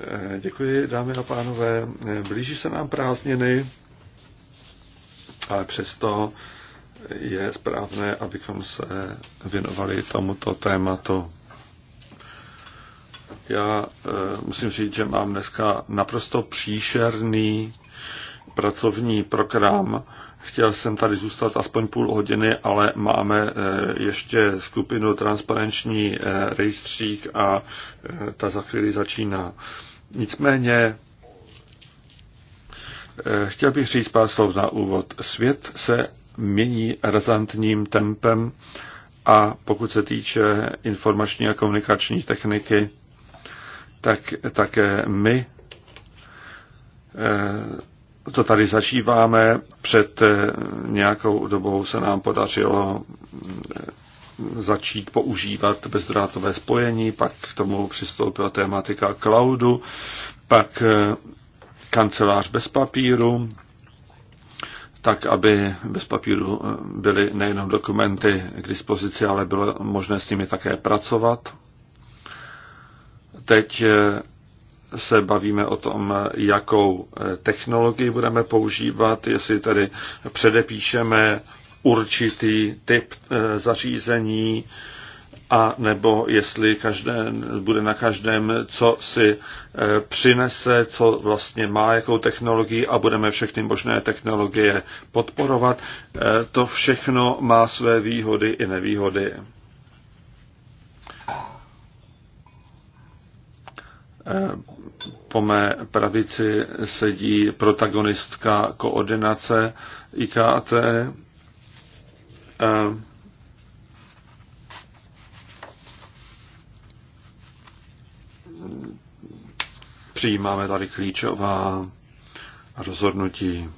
Eh, děkuji, dámy a pánové. Eh, blíží se nám prázdniny, ale přesto je správné, abychom se věnovali tomuto tématu. Já eh, musím říct, že mám dneska naprosto příšerný pracovní program. Chtěl jsem tady zůstat aspoň půl hodiny, ale máme eh, ještě skupinu transparenční eh, rejstřík a eh, ta za chvíli začíná. Nicméně chtěl bych říct pár slov na úvod. Svět se mění razantním tempem a pokud se týče informační a komunikační techniky, tak také my co tady zažíváme, před eh, nějakou dobou se nám podařilo eh, začít používat bezdrátové spojení, pak k tomu přistoupila tématika cloudu, pak eh, kancelář bez papíru, tak, aby bez papíru byly nejenom dokumenty k dispozici, ale bylo možné s nimi také pracovat. Teď se bavíme o tom, jakou eh, technologii budeme používat, jestli tedy předepíšeme určitý typ eh, zařízení, a nebo jestli každé, bude na každém, co si eh, přinese, co vlastně má, jakou technologii a budeme všechny možné technologie podporovat. To všechno má své výhody i nevýhody. Po mé pravici sedí protagonistka koordinace IKT. Přijímáme tady klíčová rozhodnutí.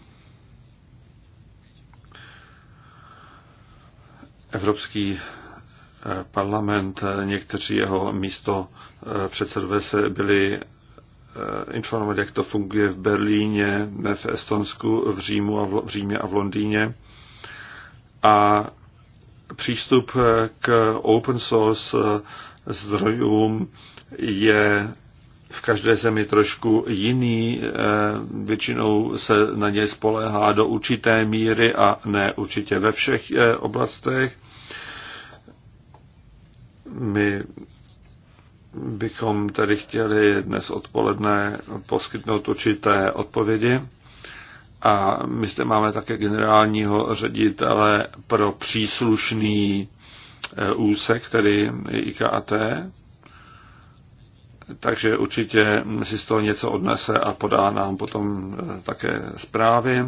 Evropský parlament, někteří jeho místo eh, předsedové se byli eh, informovat, jak to funguje v Berlíně, v Estonsku, v, Římu a v, v Římě a v Londýně. A přístup eh, k open source zdrojům je v každé zemi trošku jiný. Většinou se na něj spolehá do určité míry a ne určitě ve všech oblastech. My bychom tedy chtěli dnes odpoledne poskytnout určité odpovědi. A my zde máme také generálního ředitele pro příslušný e, úsek, tedy IKAT. Takže určitě si z toho něco odnese a podá nám potom e, také zprávy.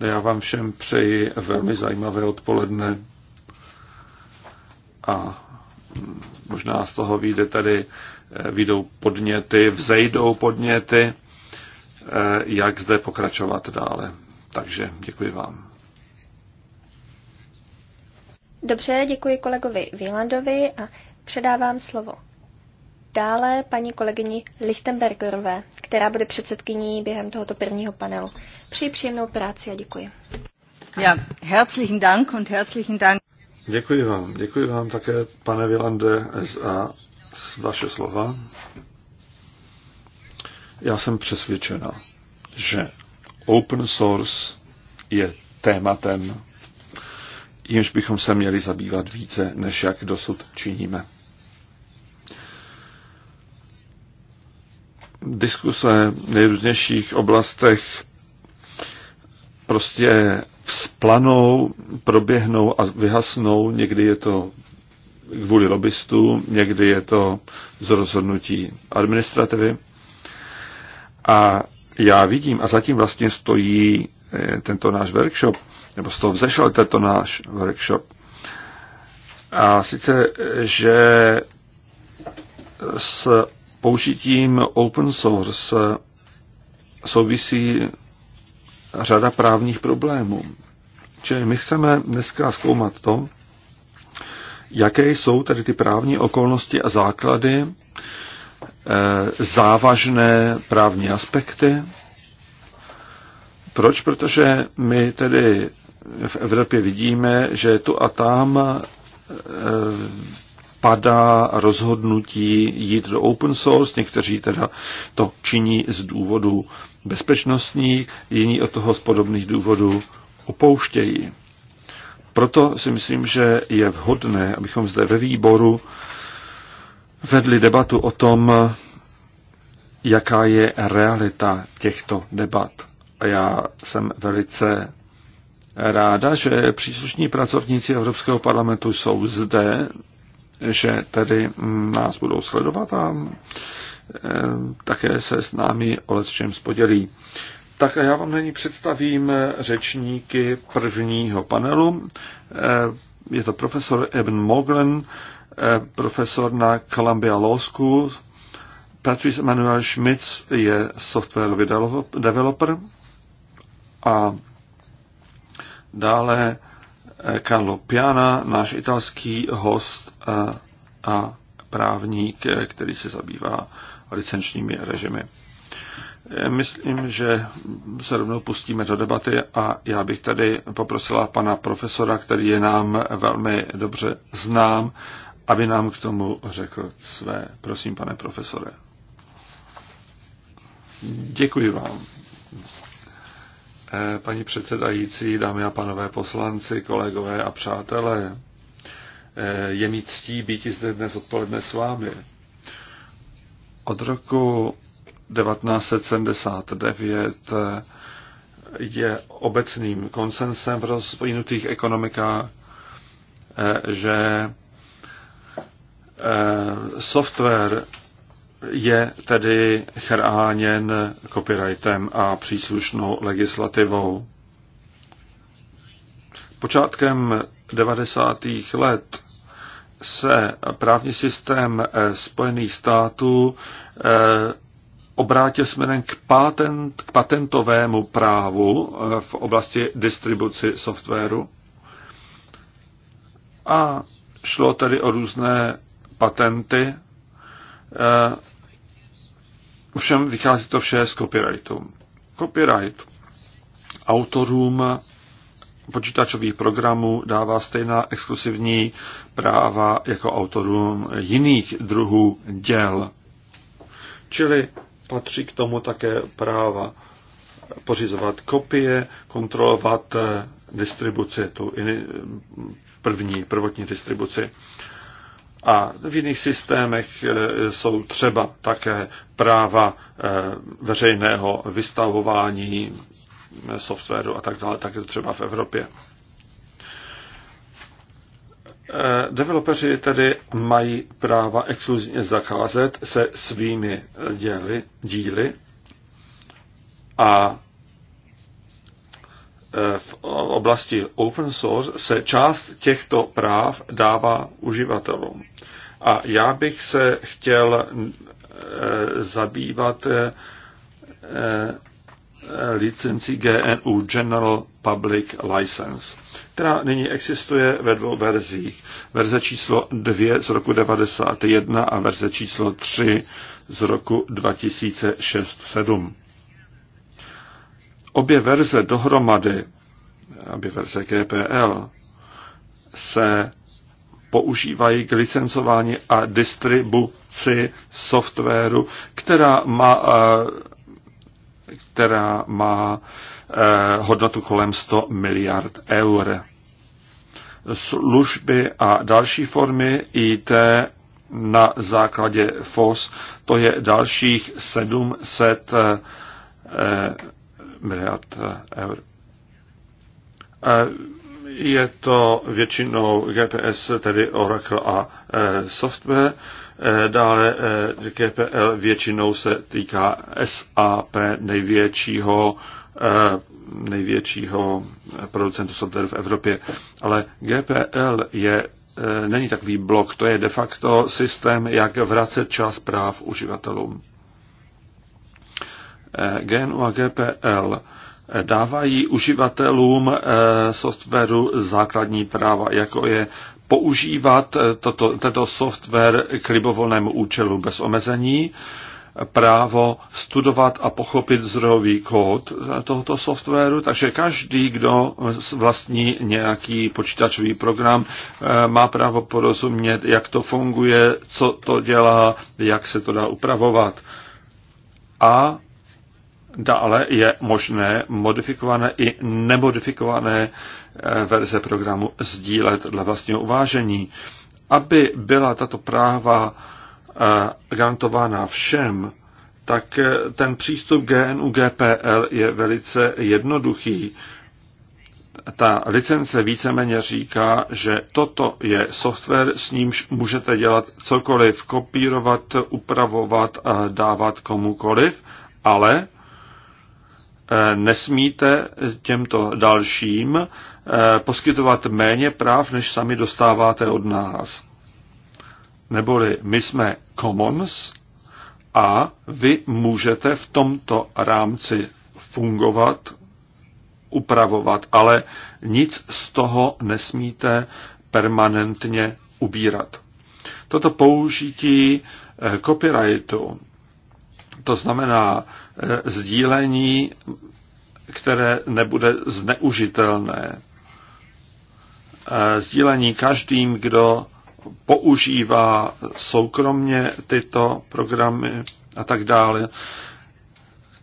No, já vám všem přeji velmi zajímavé odpoledne a možná z toho vyjde tady, eh, vyjdou podněty, vzejdou podněty, eh, jak zde pokračovat dále. Takže děkuji vám. Dobře, děkuji kolegovi Výlandovi a předávám slovo. Dále paní kolegyni Lichtenbergerové, která bude předsedkyní během tohoto prvního panelu. Přeji příjemnou práci a děkuji. Ja, herzlichen Dank und herzlichen Dank. Děkuji vám. Děkuji vám také, pane Vilande, za vaše slova. Já jsem přesvědčena, že open source je tématem, jimž bychom se měli zabývat více, než jak dosud činíme. Diskuse v nejrůznějších oblastech prostě vzplanou, proběhnou a vyhasnou. Někdy je to kvůli lobbystům, někdy je to z rozhodnutí administrativy. A já vidím, a zatím vlastně stojí eh, tento náš workshop, nebo z toho vzešel tento náš workshop. A sice, že s použitím open source souvisí řada právních problémů. Čili my chceme dneska zkoumat to, jaké jsou tedy ty právní okolnosti a základy, eh, závažné právní aspekty. Proč? Protože my tedy v Evropě vidíme, že tu a tam eh, padá rozhodnutí jít do open source, někteří teda to činí z důvodu bezpečnostní, jiní od toho z podobných důvodů opouštějí. Proto si myslím, že je vhodné, abychom zde ve výboru vedli debatu o tom, jaká je realita těchto debat. A já jsem velice ráda, že příslušní pracovníci Evropského parlamentu jsou zde, že tedy nás budou sledovat a Eh, také se s námi o lecčem spodělí. Tak a já vám nyní představím řečníky prvního panelu. Eh, je to profesor Eben Moglen, eh, profesor na Columbia Law School. Patrice Manuel Schmitz je software developer a dále Carlo Piana, náš italský host a právník, který se zabývá licenčními režimy. Eh, myslím, že se rovnou pustíme do debaty a já bych tady poprosila pana profesora, který je nám velmi dobře znám, aby nám k tomu řekl své. Prosím, pane profesore. Děkuji vám. Eh, paní předsedající, dámy a panové poslanci, kolegové a přátelé, eh, je mi ctí být zde dnes odpoledne s vámi. Od roku 1979 je obecným konsensem v rozvinutých ekonomikách, že eh, software je tedy chráněn copyrightem a příslušnou legislativou. Počátkem 90. let se právní systém eh, Spojených států eh, obrátil směrem k, patent, k patentovému právu eh, v oblasti distribuci softwaru a šlo tedy o různé patenty. Ovšem vychází to vše z copyrightu. Copyright autorům počítačových programů dává stejná exkluzivní práva jako autorům jiných druhů děl. Čili patří k tomu také práva pořizovat kopie, kontrolovat eh, distribuci, tu první, prvotní distribuci. A v jiných systémech eh, jsou třeba také práva eh, veřejného vystavování softwaru a tak dále, tak je to třeba v Evropě. Eh, developeři tedy mají práva exkluzivně zacházet se svými děly, díly a eh, v oblasti open source se část těchto práv dává uživatelům. A já bych se chtěl eh, zabývat licenci GNU General Public License, která nyní existuje ve dvou verzích. Verze číslo 2 z roku 1991 a verze číslo 3 z roku 2006 2007 Obě verze dohromady, obě verze GPL, se používají k licencování a distribuci softwaru, která má eh, která má eh, hodnotu kolem 100 miliard eur. Služby a další formy IT na základě FOS, to je dalších 700 eh, eh, miliard eur. Je to většinou GPS, tedy Oracle a software Eh, dále eh, GPL většinou se týká SAP, největšího, eh, největšího producentu softwaru v Evropě. Ale GPL je není takový blok, to je de facto systém, jak vracet čas práv uživatelům. GNU a GPL dávají uživatelům softwaru základní práva, jako je používat eh, toto, tento software k libovolnému účelu bez omezení, právo studovat a pochopit zdrojový kód tohoto softwaru, takže každý, kdo vlastní nějaký počítačový program, eh, má právo porozumět, jak to funguje, co to dělá, jak se to dá upravovat. A Dále je možné modifikované i nemodifikované eh, verze programu sdílet dle vlastního uvážení. Aby byla tato práva eh, garantována všem, tak eh, ten přístup GNU GPL je velice jednoduchý. Ta licence víceméně říká, že toto je software, s nímž můžete dělat cokoliv, kopírovat, upravovat a dávat komukoliv, ale E, nesmíte těmto dalším e, poskytovat méně práv, než sami dostáváte od nás. Neboli my jsme commons a vy můžete v tomto rámci fungovat, upravovat, ale nic z toho nesmíte permanentně ubírat. Toto použití e, copyrightu to znamená eh, sdílení, které nebude zneužitelné. Eh, sdílení každým, kdo používá soukromně tyto programy a tak dále,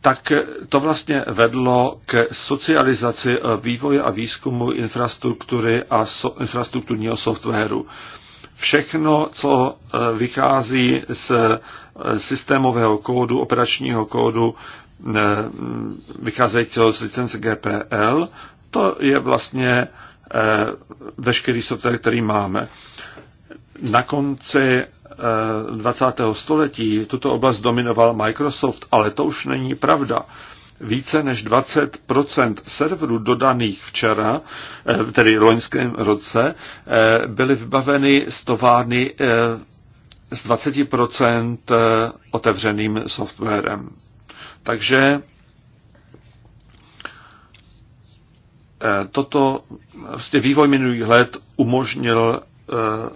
tak to vlastně vedlo k socializaci eh, vývoje a výzkumu infrastruktury a so, infrastrukturního softwaru všechno, co e, vychází z e, systémového kódu, operačního kódu, e, vycházejícího z licence GPL, to je vlastně veškerý software, který máme. Na konci 20. století tuto oblast dominoval Microsoft, ale to už není pravda více než 20 serverů dodaných včera, eh, tedy v loňském roce, eh, byly vybaveny z továrny eh, s 20 otevřeným softwarem. Takže toto vlastně vývoj minulých let umožnil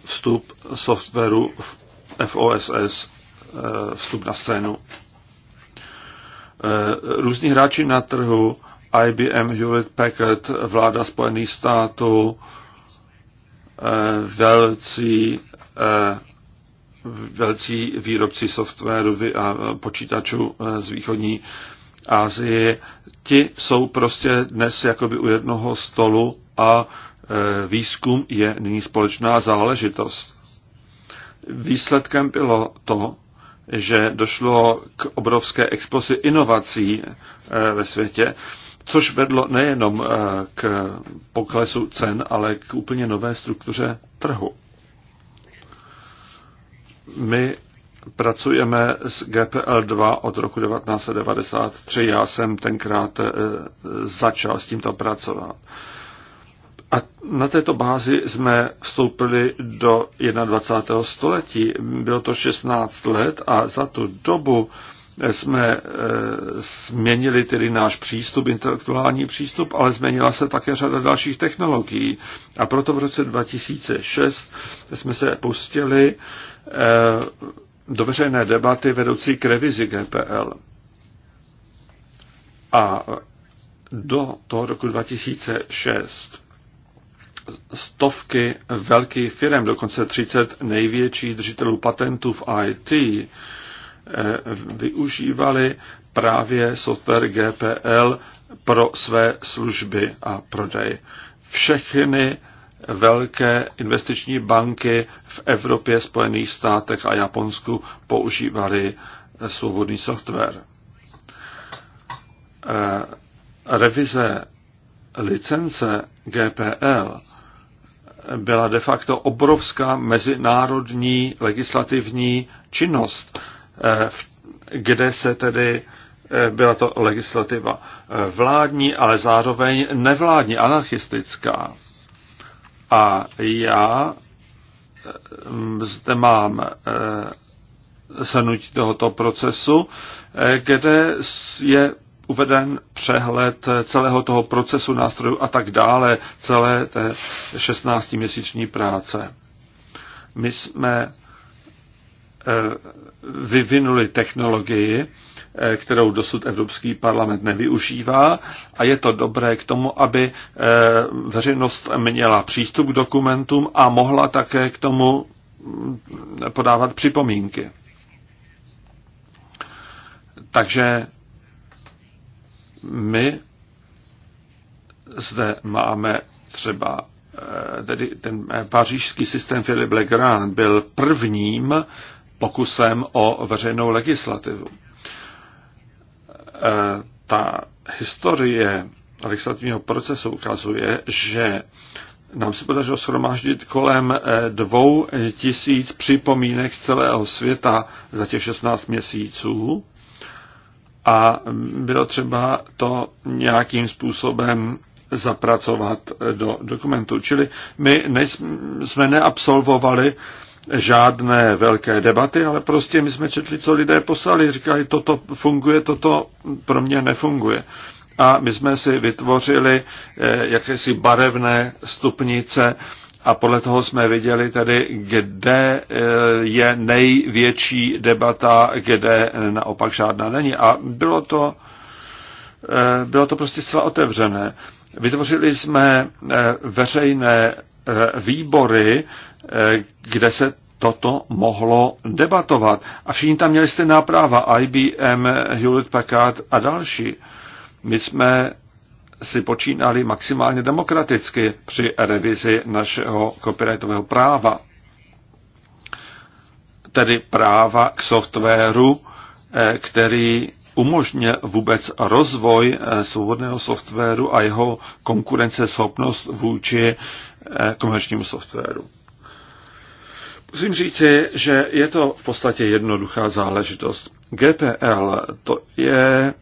vstup softwaru v FOSS, vstup na scénu Eh, různí hráči na trhu, IBM, Hewlett Packard, vláda Spojených států, eh, velcí, eh, velcí výrobci softwaru a počítačů z východní Asie, ti jsou prostě dnes jakoby u jednoho stolu a výzkum je nyní společná záležitost. Výsledkem bylo to, že došlo k obrovské explosi inovací eh, ve světě, což vedlo nejenom eh, k poklesu cen, ale k úplně nové struktuře trhu. My pracujeme s GPL2 od roku 1993. Já jsem tenkrát eh, začal s tímto pracovat. A na této bázi jsme vstoupili do 21. století. Bylo to 16 let a za tu dobu jsme e, změnili tedy náš přístup, intelektuální přístup, ale změnila se také řada dalších technologií. A proto v roce 2006 jsme se pustili e, do veřejné debaty vedoucí k revizi GPL. A do toho roku 2006 stovky velkých firm, dokonce 30 největších držitelů patentů v IT, eh, využívali právě software GPL pro své služby a prodej. Všechny velké investiční banky v Evropě, Spojených státech a Japonsku používaly eh, svobodný software. Eh, revize licence GPL byla de facto obrovská mezinárodní legislativní činnost, eh, kde se tedy eh, byla to legislativa eh, vládní, ale zároveň nevládní, anarchistická. A já zde mám shrnutí tohoto procesu, kde je uveden přehled celého toho procesu nástrojů a tak dále, celé té 16-měsíční práce. My jsme eh, vyvinuli technologii, eh, kterou dosud Evropský parlament nevyužívá a je to dobré k tomu, aby eh, veřejnost měla přístup k dokumentům a mohla také k tomu mm, podávat připomínky. Takže my zde máme třeba eh, tedy ten eh, pařížský systém Philippe Legrand byl prvním pokusem o veřejnou legislativu. Eh, ta historie legislativního procesu ukazuje, že nám se podařilo shromáždit kolem dvou tisíc připomínek z celého světa za těch 16 měsíců a bylo třeba to nějakým způsobem zapracovat do dokumentu. Čili my jsme neabsolvovali žádné velké debaty, ale prostě my jsme četli, co lidé poslali, říkali, toto funguje, toto pro mě nefunguje. A my jsme si vytvořili eh, jakési barevné stupnice, a podle toho jsme viděli tedy, kde eh, je největší debata, kde naopak žádná není. A bylo to, eh, bylo to prostě zcela otevřené. Vytvořili jsme eh, veřejné výbory, kde se toto mohlo debatovat. A všichni tam měli stejná práva, IBM, Hewlett Packard a další. My jsme si počínali maximálně demokraticky při revizi našeho copyrightového práva. Tedy práva k softwaru, eh, který umožňuje vůbec rozvoj eh, svobodného softwaru a jeho konkurenceschopnost vůči eh, komerčnímu softwaru. Musím říci, že je to v podstatě jednoduchá záležitost. GPL to je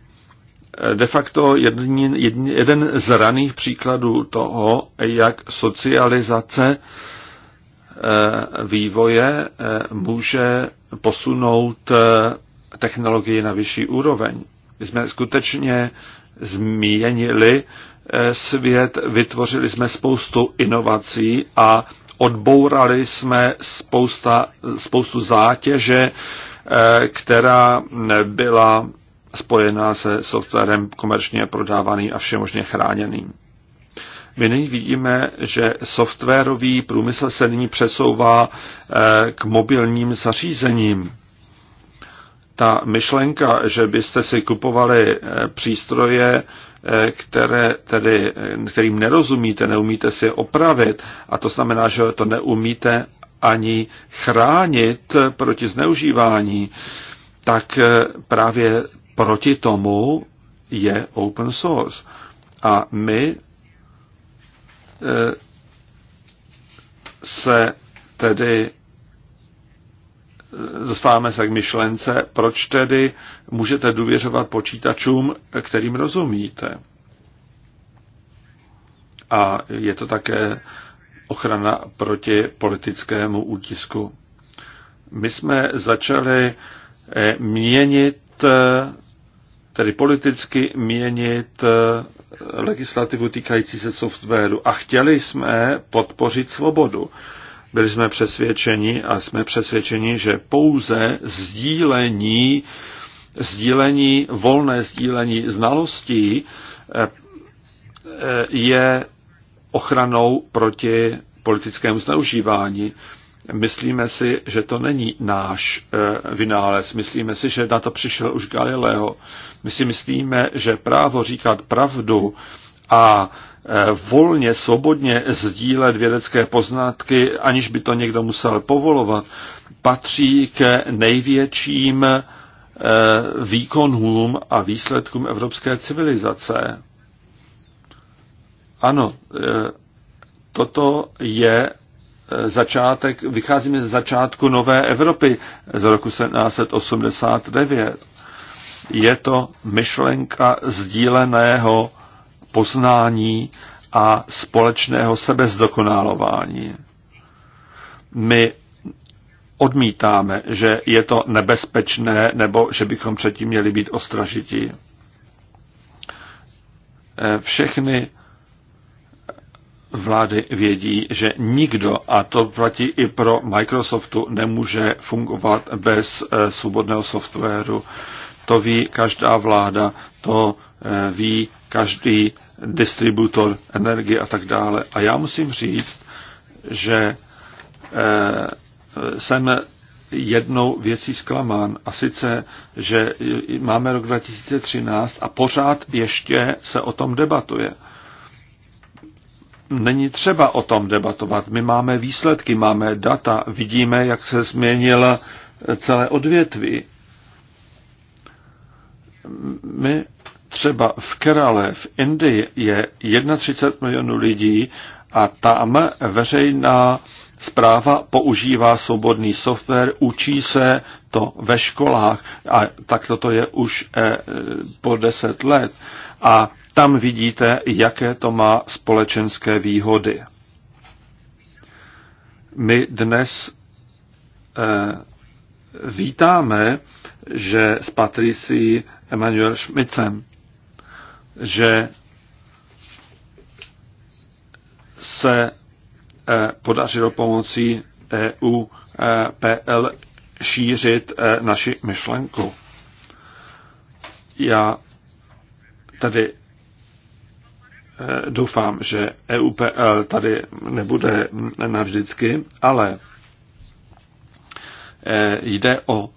de facto jedin, jedin, jeden z raných příkladů toho, jak socializace eh, vývoje eh, může posunout eh, technologii na vyšší úroveň. My jsme skutečně změnili svět, vytvořili jsme spoustu inovací a odbourali jsme spousta, spoustu zátěže, která byla spojená se softwarem komerčně prodávaný a všemožně chráněný. My nyní vidíme, že softwarový průmysl se nyní přesouvá eh, k mobilním zařízením. Ta myšlenka, že byste si kupovali eh, přístroje, eh, které, tedy, kterým nerozumíte, neumíte si opravit, a to znamená, že to neumíte ani chránit proti zneužívání, tak právě proti tomu je open source. A my eh, se tedy eh, dostáváme se k myšlence, proč tedy můžete důvěřovat počítačům, kterým rozumíte. A je to také ochrana proti politickému útisku. My jsme začali eh, měnit tedy politicky měnit eh, legislativu týkající se softwaru. A chtěli jsme podpořit svobodu. Byli jsme přesvědčeni a jsme přesvědčeni, že pouze sdílení, sdílení volné sdílení znalostí eh, eh, je ochranou proti politickému zneužívání. Myslíme si, že to není náš vynález. Myslíme si, že na to přišel už Galileo. My si myslíme, že právo říkat pravdu a e, volně, svobodně sdílet vědecké poznatky, aniž by to někdo musel povolovat, patří k největším e, výkonům a výsledkům evropské civilizace. Ano, e, toto je začátek, vycházíme ze začátku nové Evropy z roku 1789 je to myšlenka sdíleného poznání a společného sebezdokonalování. My odmítáme, že je to nebezpečné nebo že bychom předtím měli být ostražití. Všechny vlády vědí, že nikdo, a to platí i pro Microsoftu, nemůže fungovat bez eh, svobodného softwaru to ví každá vláda, to eh, ví každý distributor energie a tak dále. A já musím říct, že eh, jsem jednou věcí zklamán a sice, že máme rok 2013 a pořád ještě se o tom debatuje. Není třeba o tom debatovat. My máme výsledky, máme data, vidíme, jak se změnila eh, celé odvětví my třeba v Kerale, v Indii je 31 milionů lidí a tam veřejná zpráva používá svobodný software, učí se to ve školách a tak toto je už eh, po 10 let. A tam vidíte, jaké to má společenské výhody. My dnes eh, vítáme eh, že s Patricí Emanuel Šmicem, že se eh, podařilo pomocí EU eh, PL šířit eh, naši myšlenku. Já tady doufám, že EUPL tady nebude navždycky, ale jde o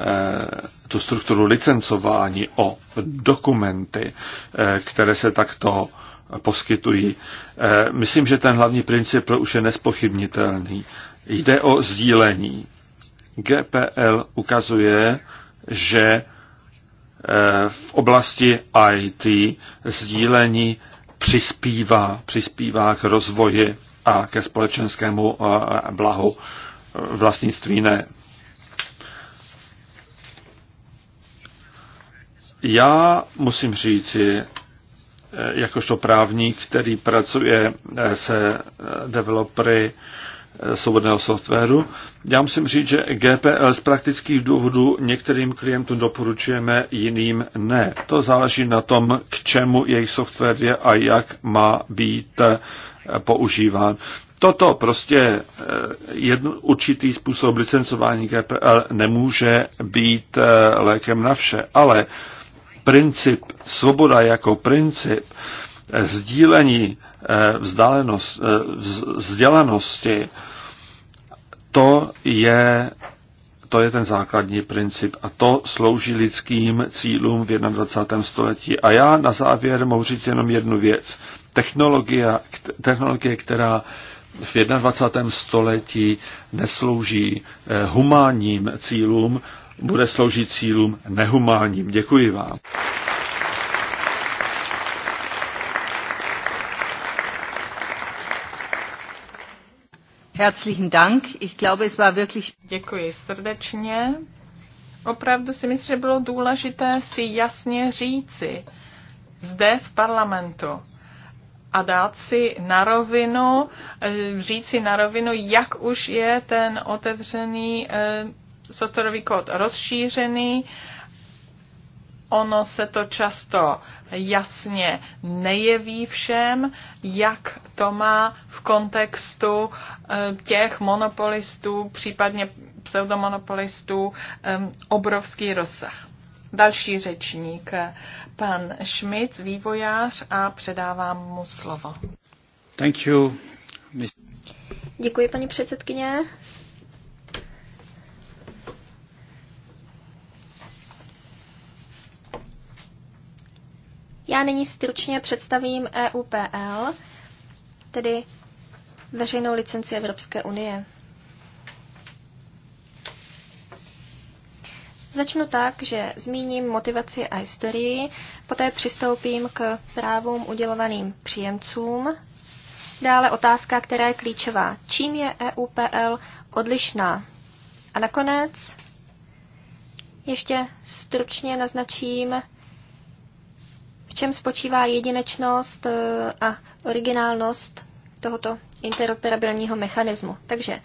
Eh, tu strukturu licencování o dokumenty, eh, které se takto poskytují. Eh, myslím, že ten hlavní princip už je nespochybnitelný. Jde o sdílení. GPL ukazuje, že v oblasti IT sdílení přispívá, přispívá k rozvoji a ke společenskému blahu vlastnictví ne. Já musím říci, eh, jakožto právník, který pracuje eh, se eh, developery svobodného softwaru. Já musím říct, že GPL z praktických důvodů některým klientům doporučujeme, jiným ne. To záleží na tom, k čemu jejich software je a jak má být používán. Toto prostě jedn, určitý způsob licencování GPL nemůže být lékem na vše, ale princip, svoboda jako princip, eh, sdílení eh, vzdálenost, eh, vzdělanosti, to je, to je ten základní princip a to slouží lidským cílům v 21. století. A já na závěr mohu říct jenom jednu věc. Technologie, technologie která v 21. století neslouží humánním cílům, bude sloužit cílům nehumánním. Děkuji vám. Herzlichen Dank. Ich glaube, es war wirklich... Děkuji srdečně. Opravdu si myslím, že bylo důležité si jasně říci zde v parlamentu a dát si na rovinu, eh, říci na rovinu, jak už je ten otevřený eh, softwarový kód rozšířený, ono se to často jasně nejeví všem, jak to má v kontextu eh, těch monopolistů, případně pseudomonopolistů, eh, obrovský rozsah. Další řečník, pan Schmidt, vývojář, a předávám mu slovo. Thank you. Děkuji, paní předsedkyně. Já nyní stručně představím EUPL, tedy veřejnou licenci Evropské unie. Začnu tak, že zmíním motivaci a historii, poté přistoupím k právům udělovaným příjemcům. Dále otázka, která je klíčová. Čím je EUPL odlišná? A nakonec ještě stručně naznačím čem spočívá jedinečnost eh, a originálnost tohoto interoperabilního mechanismu. Takže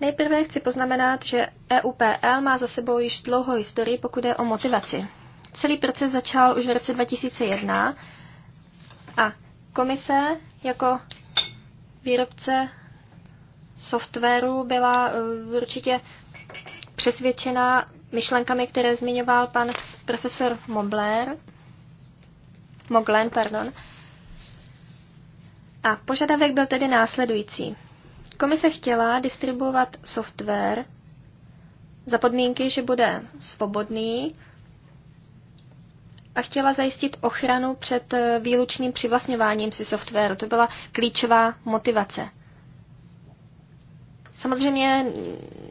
nejprve chci poznamenat, že EUPL má za sebou již dlouhou historii, pokud je o motivaci. Celý proces začal už v roce 2001 a komise jako výrobce softwaru byla eh, určitě přesvědčena myšlenkami, které zmiňoval pan profesor Mobler Moglen, pardon. A požadavek byl tedy následující. Komise chtěla distribuovat software za podmínky, že bude svobodný a chtěla zajistit ochranu před výlučným přivlastňováním si softwaru. To byla klíčová motivace. Samozřejmě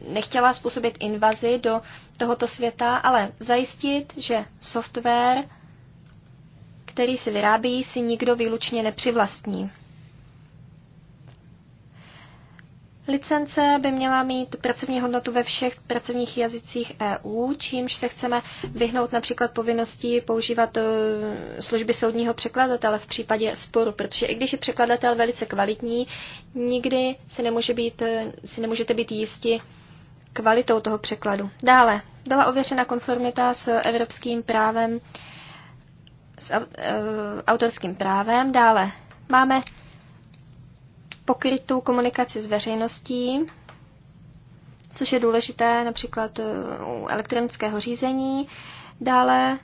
nechtěla způsobit invazi do tohoto světa, ale zajistit, že software který si vyrábí, si nikdo výlučně nepřivlastní. Licence by měla mít pracovní hodnotu ve všech pracovních jazycích EU, čímž se chceme vyhnout například povinnosti používat eh, služby soudního překladatele v případě sporu, protože i když je překladatel velice kvalitní, nikdy si, nemůže být, eh, si nemůžete být jisti kvalitou toho překladu. Dále byla ověřena konformita s evropským právem s eh, autorským právem. Dále máme pokrytou komunikaci s veřejností, což je důležité například eh, u elektronického řízení. Dále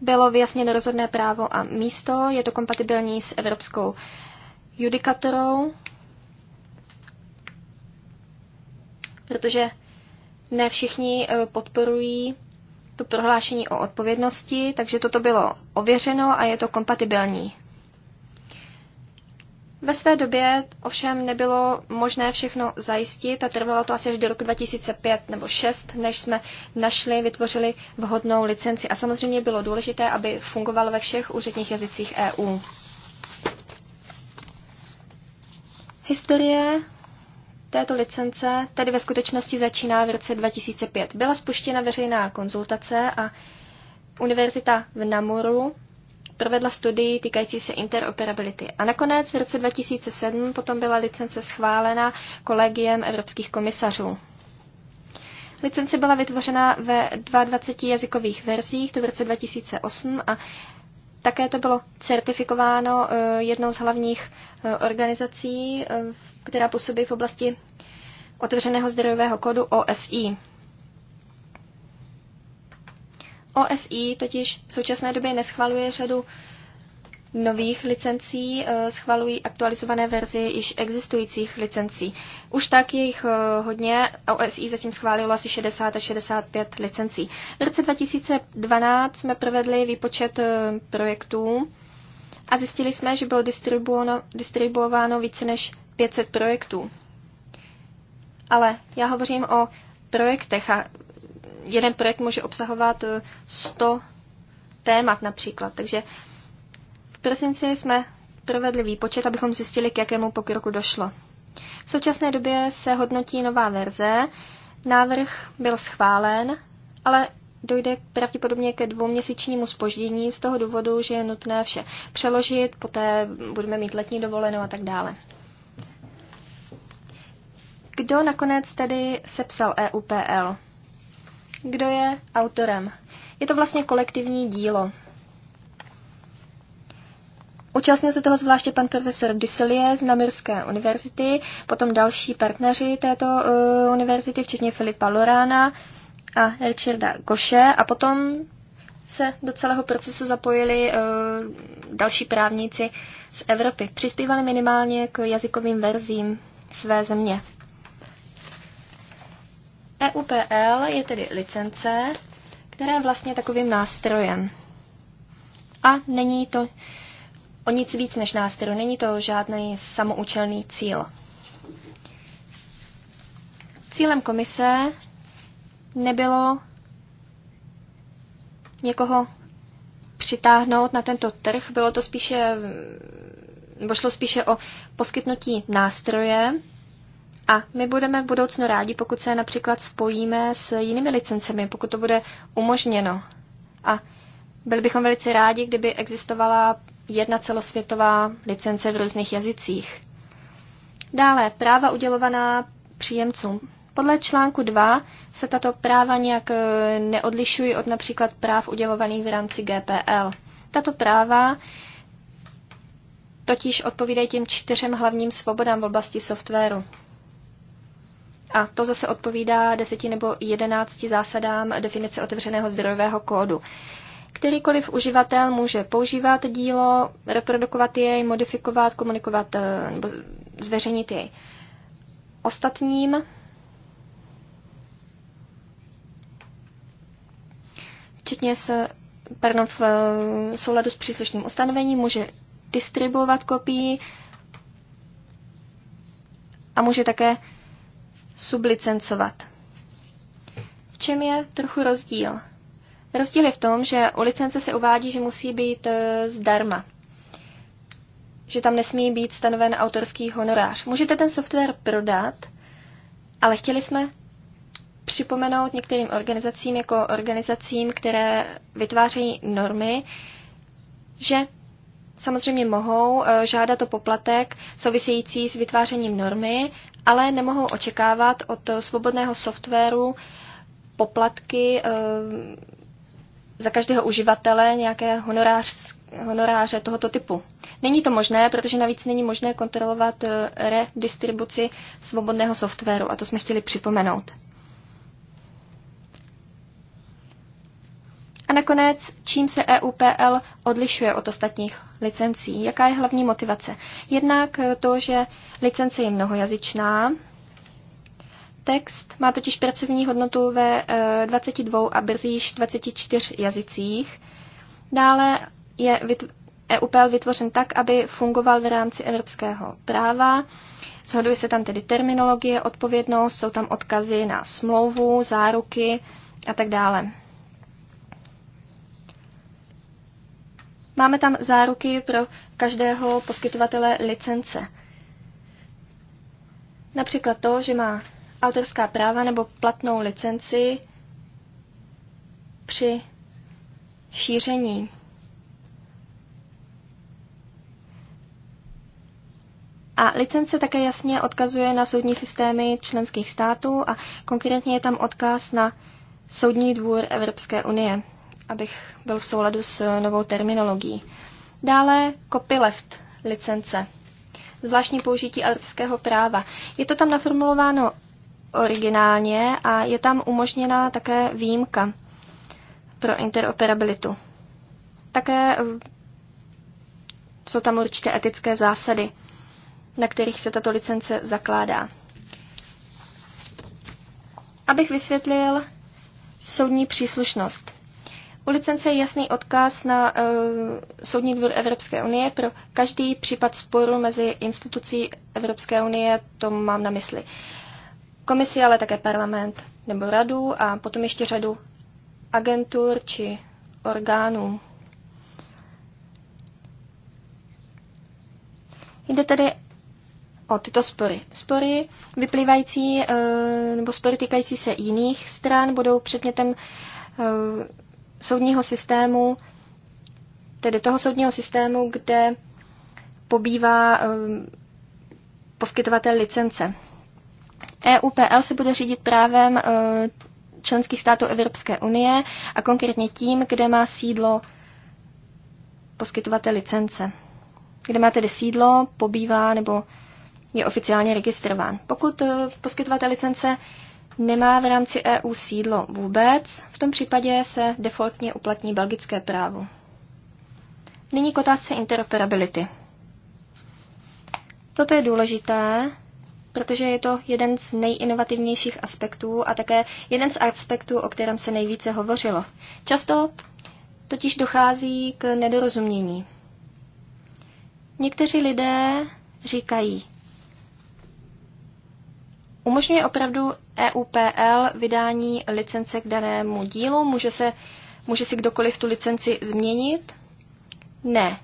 bylo vyjasněno rozhodné právo a místo, je to kompatibilní s evropskou judikatorou, protože ne všichni eh, podporují to prohlášení o odpovědnosti, takže toto bylo ověřeno a je to kompatibilní. Ve své době ovšem nebylo možné všechno zajistit a trvalo to asi až do roku 2005 nebo 6, než jsme našli, vytvořili vhodnou licenci. A samozřejmě bylo důležité, aby fungoval ve všech úředních jazycích EU. Historie této licence tedy ve skutečnosti začíná v roce 2005. Byla spuštěna veřejná konzultace a univerzita v Namuru provedla studii týkající se interoperability. A nakonec v roce 2007 potom byla licence schválena kolegiem evropských komisařů. Licence byla vytvořena ve 22 jazykových verzích, to v roce 2008 a také to bylo certifikováno eh, jednou z hlavních eh, organizací, eh, která působí v oblasti otevřeného zdrojového kodu OSI. OSI totiž v současné době neschvaluje řadu nových licencí, eh, schvalují aktualizované verzi již existujících licencí. Už tak je jich eh, hodně, OSI zatím schválilo asi 60 a 65 licencí. V roce 2012 jsme provedli výpočet eh, projektů a zjistili jsme, že bylo distribuováno, distribuováno více než 500 projektů. Ale já hovořím o projektech a jeden projekt může obsahovat 100 témat například. Takže prosinci jsme provedli výpočet, abychom zjistili, k jakému pokroku došlo. V současné době se hodnotí nová verze, návrh byl schválen, ale dojde pravděpodobně ke dvouměsíčnímu spoždění z toho důvodu, že je nutné vše přeložit, poté budeme mít letní dovolenou a tak dále. Kdo nakonec tedy sepsal EUPL? Kdo je autorem? Je to vlastně kolektivní dílo. Účastnil se toho zvláště pan profesor Dusselier z Namurské univerzity, potom další partneři této uh, univerzity, včetně Filipa Lorána a Richarda Goše a potom se do celého procesu zapojili uh, další právníci z Evropy. Přispívali minimálně k jazykovým verzím své země. EUPL je tedy licence, která je vlastně takovým nástrojem. A není to o nic víc než nástroj. Není to žádný samoučelný cíl. Cílem komise nebylo někoho přitáhnout na tento trh, bylo to spíše, nebo šlo spíše o poskytnutí nástroje a my budeme v budoucnu rádi, pokud se například spojíme s jinými licencemi, pokud to bude umožněno. A byli bychom velice rádi, kdyby existovala jedna celosvětová licence v různých jazycích. Dále práva udělovaná příjemcům. Podle článku 2 se tato práva nějak eh, neodlišují od například práv udělovaných v rámci GPL. Tato práva totiž odpovídají těm čtyřem hlavním svobodám v oblasti softwaru. A to zase odpovídá deseti nebo jedenácti zásadám definice otevřeného zdrojového kódu. Kterýkoliv uživatel může používat dílo, reprodukovat jej, modifikovat, komunikovat eh, nebo zveřejnit jej ostatním. Včetně s, pardon, v eh, souladu s příslušným ustanovením může distribuovat kopii a může také sublicencovat. V čem je trochu rozdíl? Rozdíl je v tom, že u licence se uvádí, že musí být e, zdarma. Že tam nesmí být stanoven autorský honorář. Můžete ten software prodat, ale chtěli jsme připomenout některým organizacím, jako organizacím, které vytvářejí normy, že samozřejmě mohou e, žádat o poplatek související s vytvářením normy, ale nemohou očekávat od svobodného softwaru poplatky e, za každého uživatele nějaké honorář, honoráře tohoto typu. Není to možné, protože navíc není možné kontrolovat eh, redistribuci svobodného softwaru a to jsme chtěli připomenout. A nakonec, čím se EUPL odlišuje od ostatních licencí? Jaká je hlavní motivace? Jednak eh, to, že licence je mnohojazyčná, Text má totiž pracovní hodnotu ve 22 e, a brzy již 24 jazycích. Dále je EUPL vytvořen tak, aby fungoval v rámci evropského práva. Shoduje se tam tedy terminologie, odpovědnost, jsou tam odkazy na smlouvu, záruky a tak dále. Máme tam záruky pro každého poskytovatele licence. Například to, že má autorská práva nebo platnou licenci při šíření. A licence také jasně odkazuje na soudní systémy členských států a konkrétně je tam odkaz na Soudní dvůr Evropské unie, abych byl v souladu s novou terminologií. Dále copyleft licence, zvláštní použití autorského práva. Je to tam naformulováno originálně a je tam umožněna také výjimka pro interoperabilitu. Také eh, jsou tam určité etické zásady, na kterých se tato licence zakládá. Abych vysvětlil soudní příslušnost. U licence je jasný odkaz na uh, Soudní dvůr Evropské unie pro každý případ sporu mezi institucí Evropské unie, to mám na mysli komisi, ale také parlament nebo radu a potom ještě řadu agentur či orgánů. Jde tedy o tyto spory. Spory vyplývající eh, nebo spory týkající se jiných stran budou předmětem eh, soudního systému, tedy toho soudního systému, kde pobývá eh, poskytovatel licence. EUPL se bude řídit právem eh, členských států Evropské unie a konkrétně tím, kde má sídlo poskytovatel licence. Kde má tedy sídlo, pobývá nebo je oficiálně registrován. Pokud eh, poskytovatel licence nemá v rámci EU sídlo vůbec, v tom případě se defaultně uplatní belgické právo. Nyní k otázce interoperability. Toto je důležité protože je to jeden z nejinovativnějších aspektů a také jeden z aspektů, o kterém se nejvíce hovořilo. Často totiž dochází k nedorozumění. Někteří lidé říkají, umožňuje opravdu EUPL vydání licence k danému dílu, může, se, může si kdokoliv tu licenci změnit? Ne,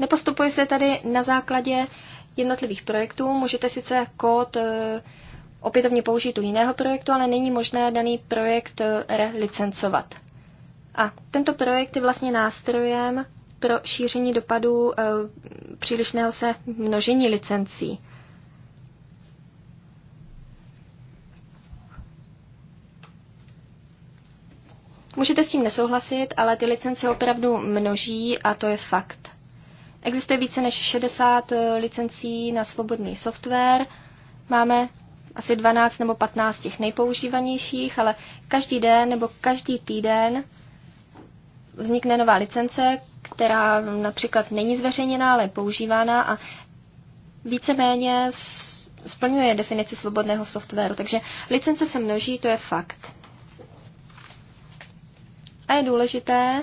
Nepostupuje se tady na základě jednotlivých projektů. Můžete sice kód eh, opětovně použít u jiného projektu, ale není možné daný projekt eh, relicencovat. A tento projekt je vlastně nástrojem pro šíření dopadů eh, přílišného se množení licencí. Můžete s tím nesouhlasit, ale ty licence opravdu množí a to je fakt. Existuje více než 60 eh, licencí na svobodný software. Máme asi 12 nebo 15 těch nejpoužívanějších, ale každý den nebo každý týden vznikne nová licence, která například není zveřejněná, ale používána a víceméně splňuje definici svobodného softwaru. Takže licence se množí, to je fakt. A je důležité,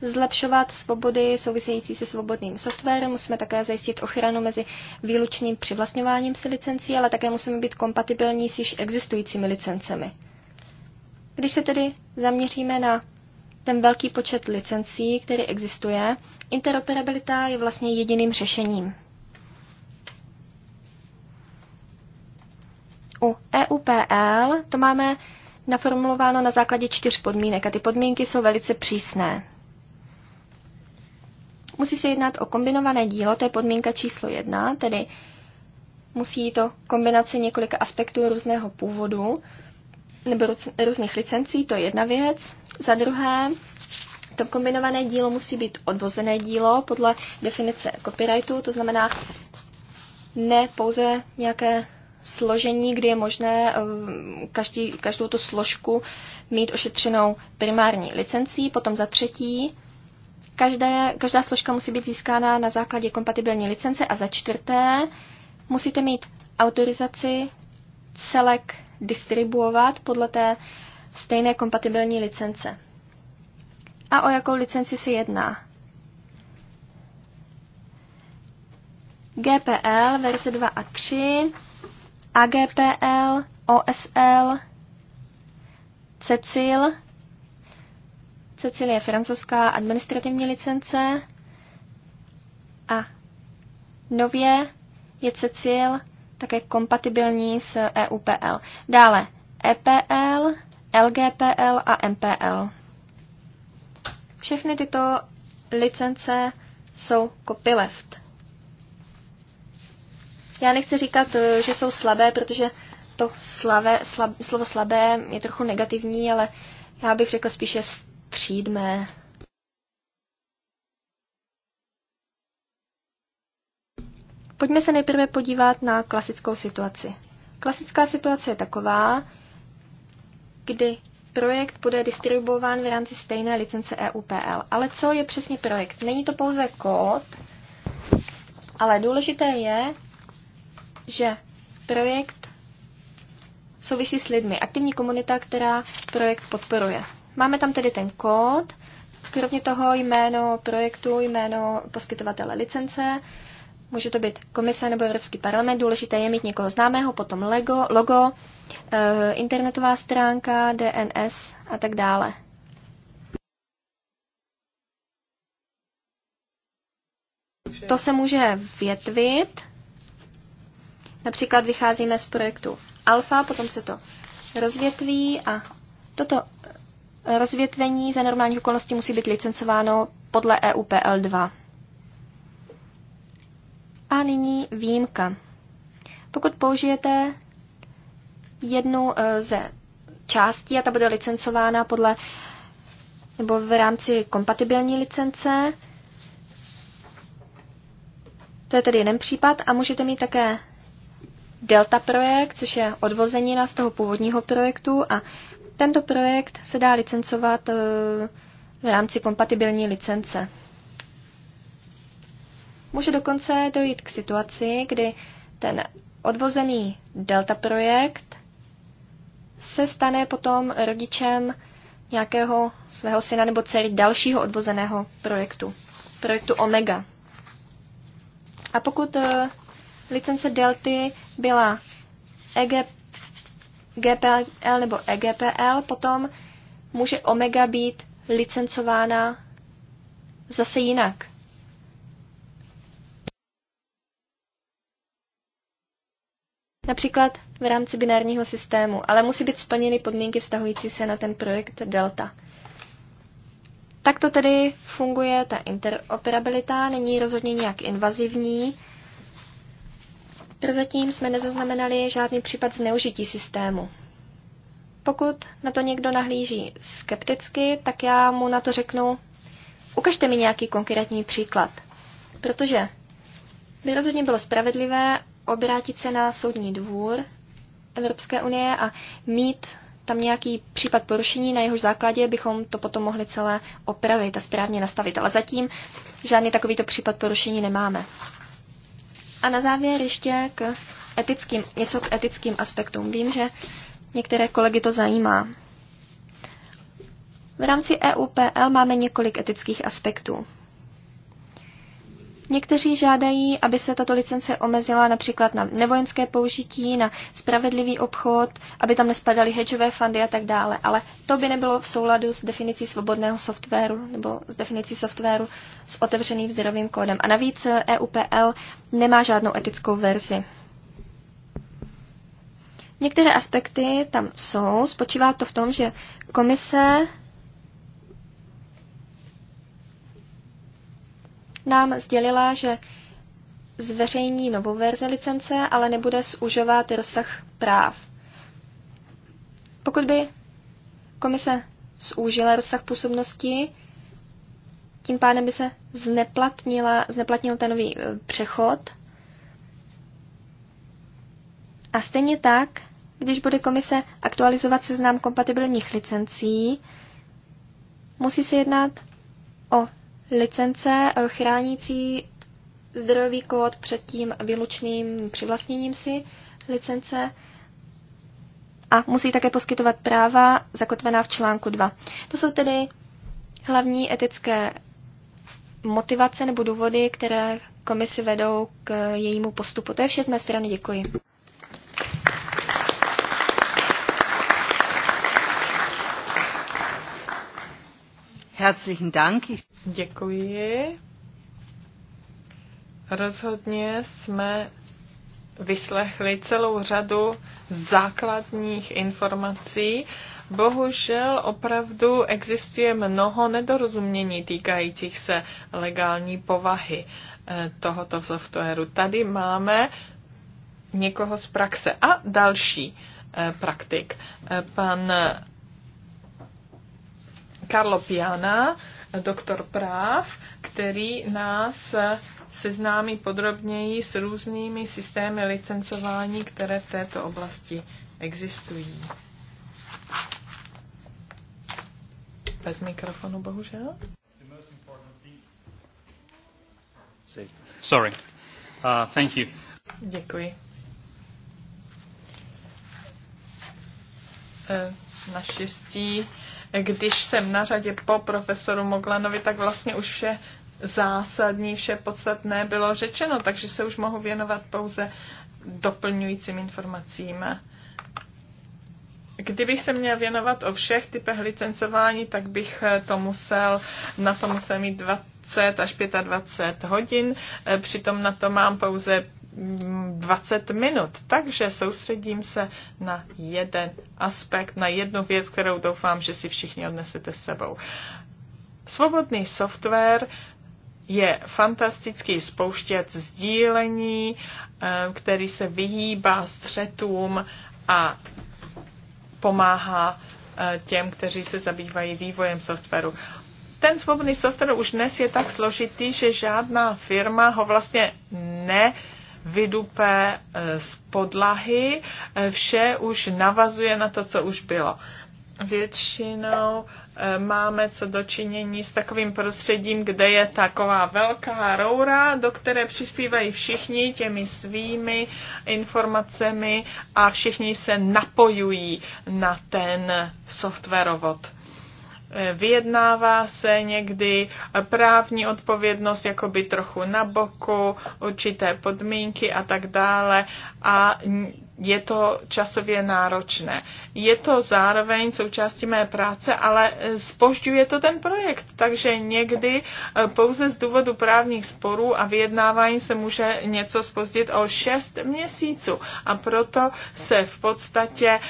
zlepšovat svobody související se svobodným softwarem, musíme také zajistit ochranu mezi výlučným přivlastňováním si licencí, ale také musíme být kompatibilní s již existujícími licencemi. Když se tedy zaměříme na ten velký počet licencí, který existuje, interoperabilita je vlastně jediným řešením. U EUPL to máme naformulováno na základě čtyř podmínek a ty podmínky jsou velice přísné. Musí se jednat o kombinované dílo, to je podmínka číslo jedna, tedy musí to kombinace několika aspektů různého původu nebo různých licencí, to je jedna věc. Za druhé, to kombinované dílo musí být odvozené dílo podle definice copyrightu, to znamená ne pouze nějaké složení, kdy je možné eh, každý, každou tu složku mít ošetřenou primární licencí. Potom za třetí, Každé, každá složka musí být získána na základě kompatibilní licence a za čtvrté musíte mít autorizaci celek distribuovat podle té stejné kompatibilní licence. A o jakou licenci se jedná? GPL verze 2 a 3, AGPL, OSL, CECIL Cecilie je francouzská administrativní licence a nově je Cecil také kompatibilní s EUPL. Dále EPL, LGPL a MPL. Všechny tyto licence jsou copyleft. Já nechci říkat, eh, že jsou slabé, protože to slavé, slab, slovo slabé je trochu negativní, ale já bych řekl spíše střídmé. Pojďme se nejprve podívat na klasickou situaci. Klasická situace je taková, kdy projekt bude distribuován v rámci stejné licence EUPL. Ale co je přesně projekt? Není to pouze kód, ale důležité je, že projekt souvisí s lidmi, aktivní komunita, která projekt podporuje. Máme tam tedy ten kód, kromě toho jméno projektu, jméno poskytovatele licence, může to být komise nebo Evropský parlament, důležité je mít někoho známého, potom logo, logo eh, internetová stránka, DNS a tak dále. To se může větvit. Například vycházíme z projektu Alfa, potom se to rozvětví a toto Rozvětvení za normálních okolností musí být licencováno podle EUPL 2. A nyní výjimka. Pokud použijete jednu e, ze částí a ta bude licencována podle nebo v rámci kompatibilní licence, to je tedy jeden případ a můžete mít také Delta projekt, což je odvozenina z toho původního projektu a tento projekt se dá licencovat eh, v rámci kompatibilní licence. Může dokonce dojít k situaci, kdy ten odvozený delta projekt se stane potom rodičem nějakého svého syna nebo celý dalšího odvozeného projektu, projektu Omega. A pokud eh, licence delty byla EGP GPL nebo EGPL, potom může Omega být licencována zase jinak. Například v rámci binárního systému, ale musí být splněny podmínky vztahující se na ten projekt Delta. Takto tedy funguje ta interoperabilita, není rozhodně nějak invazivní, Prozatím jsme nezaznamenali žádný případ zneužití systému. Pokud na to někdo nahlíží skepticky, tak já mu na to řeknu, ukažte mi nějaký konkrétní příklad. Protože by rozhodně bylo spravedlivé obrátit se na soudní dvůr Evropské unie a mít tam nějaký případ porušení, na jehož základě bychom to potom mohli celé opravit a správně nastavit. Ale zatím žádný takovýto případ porušení nemáme. A na závěr ještě k etickým, něco k etickým aspektům. Vím, že některé kolegy to zajímá. V rámci EUPL máme několik etických aspektů. Někteří žádají, aby se tato licence omezila například na nevojenské použití, na spravedlivý obchod, aby tam nespadaly hedžové fundy a tak dále, ale to by nebylo v souladu s definicí svobodného softwaru nebo s definicí softwaru s otevřeným zdrojovým kódem. A navíc EUPL nemá žádnou etickou verzi. Některé aspekty tam jsou, spočívá to v tom, že komise nám sdělila, že zveřejní novou verzi licence, ale nebude zužovat rozsah práv. Pokud by komise zúžila rozsah působnosti, tím pádem by se zneplatnila, zneplatnil ten nový eh, přechod. A stejně tak, když bude komise aktualizovat seznam kompatibilních licencí, musí se jednat o licence eh, chránící zdrojový kód před tím výlučným přivlastněním si licence a musí také poskytovat práva zakotvená v článku 2. To jsou tedy hlavní etické motivace nebo důvody, které komisi vedou k jejímu postupu. To je vše z mé strany, děkuji. Herzlichen Dank. Děkuji. Rozhodně jsme vyslechli celou řadu základních informací. Bohužel opravdu existuje mnoho nedorozumění týkajících se legální povahy eh, tohoto softwaru. Tady máme někoho z praxe a další eh, praktik. Eh, pan Karlo Piana, doktor práv, který nás seznámí podrobněji s různými systémy licencování, které v této oblasti existují. Bez mikrofonu, bohužel. Sorry. Uh, thank you. Děkuji. Eh, naštěstí když jsem na řadě po profesoru Moglanovi, tak vlastně už vše zásadní, vše podstatné bylo řečeno, takže se už mohu věnovat pouze doplňujícím informacím. Kdybych se měl věnovat o všech typech licencování, tak bych to musel, na to musel mít 20 až 25 hodin, přitom na to mám pouze 20 minut, takže soustředím se na jeden aspekt, na jednu věc, kterou doufám, že si všichni odnesete s sebou. Svobodný software je fantastický spouštět sdílení, eh, který se vyhýbá střetům a pomáhá eh, těm, kteří se zabývají vývojem softwaru ten svobodný software už dnes je tak složitý, že žádná firma ho vlastně ne vydupé eh, z podlahy. Eh, vše už navazuje na to, co už bylo. Většinou eh, máme co dočinění s takovým prostředím, kde je taková velká roura, do které přispívají všichni těmi svými informacemi a všichni se napojují na ten softwarovod Eh, vyjednává se někdy právní odpovědnost jakoby trochu na boku, určité podmínky a tak dále a je to časově náročné. Je to zároveň součástí mé práce, ale spožďuje eh, to ten projekt, takže někdy eh, pouze z důvodu právních sporů a vyjednávání se může něco spozdit o 6 měsíců a proto se v podstatě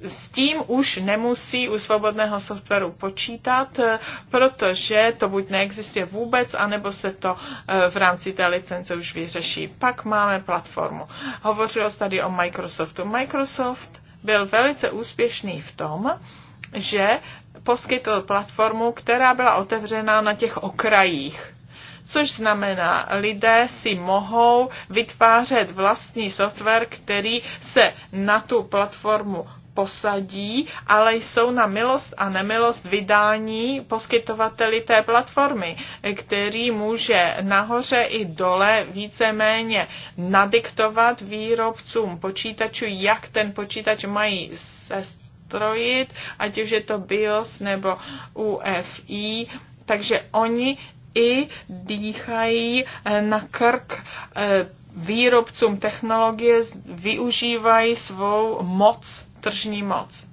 s tím už nemusí u svobodného softwaru počítat, eh, protože to buď neexistuje vůbec, anebo se to eh, v rámci té licence už vyřeší. Pak máme platformu. Hovořilo se tady o Microsoftu. Microsoft byl velice úspěšný v tom, že poskytl platformu, která byla otevřená na těch okrajích což znamená, lidé si mohou vytvářet vlastní software, který se na tu platformu posadí, ale jsou na milost a nemilost vydání poskytovateli té platformy, který může nahoře i dole víceméně nadiktovat výrobcům počítačů, jak ten počítač mají sestrojit, ať už je to BIOS nebo UFI, takže oni i dýchají eh, na krk eh, výrobcům technologie, využívají svou moc tržní moc.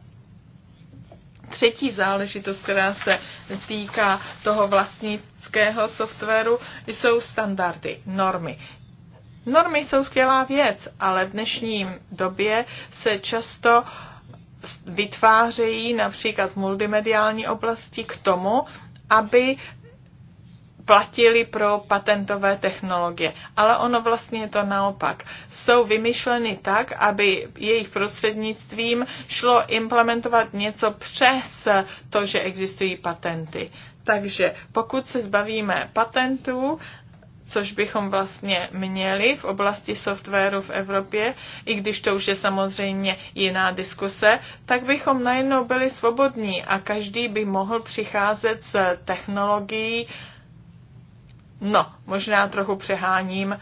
Třetí záležitost, která se týká toho vlastnického softwaru, jsou standardy, normy. Normy jsou skvělá věc, ale v dnešním době se často vytvářejí například v multimediální oblasti k tomu, aby platili pro patentové technologie. Ale ono vlastně je to naopak. Jsou vymyšleny tak, aby jejich prostřednictvím šlo implementovat něco přes to, že existují patenty. Takže pokud se zbavíme patentů, což bychom vlastně měli v oblasti softwaru v Evropě, i když to už je samozřejmě jiná diskuse, tak bychom najednou byli svobodní a každý by mohl přicházet s technologií, No, možná trochu přeháním,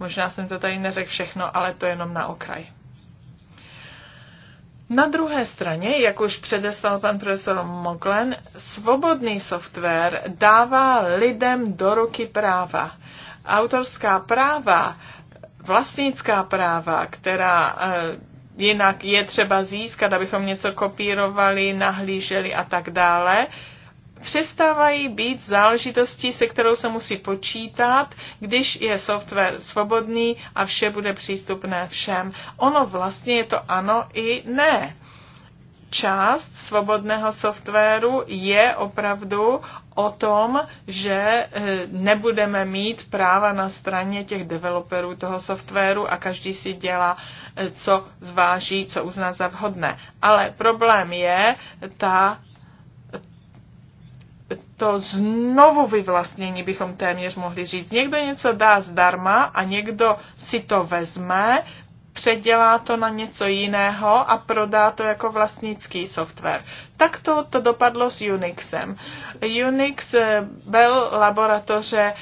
možná jsem to tady neřekl všechno, ale to jenom na okraj. Na druhé straně, jak už předeslal pan profesor Moglen, svobodný software dává lidem do ruky práva. Autorská práva, vlastnická práva, která eh, jinak je třeba získat, abychom něco kopírovali, nahlíželi a tak dále, přestávají být záležitostí, se kterou se musí počítat, když je software svobodný a vše bude přístupné všem. Ono vlastně je to ano i ne. Část svobodného softwaru je opravdu o tom, že e, nebudeme mít práva na straně těch developerů toho softwaru a každý si dělá, e, co zváží, co uzná za vhodné. Ale problém je ta to znovu vyvlastnění bychom téměř mohli říct. Někdo něco dá zdarma a někdo si to vezme, předělá to na něco jiného a prodá to jako vlastnický software. Tak to, to dopadlo s Unixem. Unix eh, byl laboratoře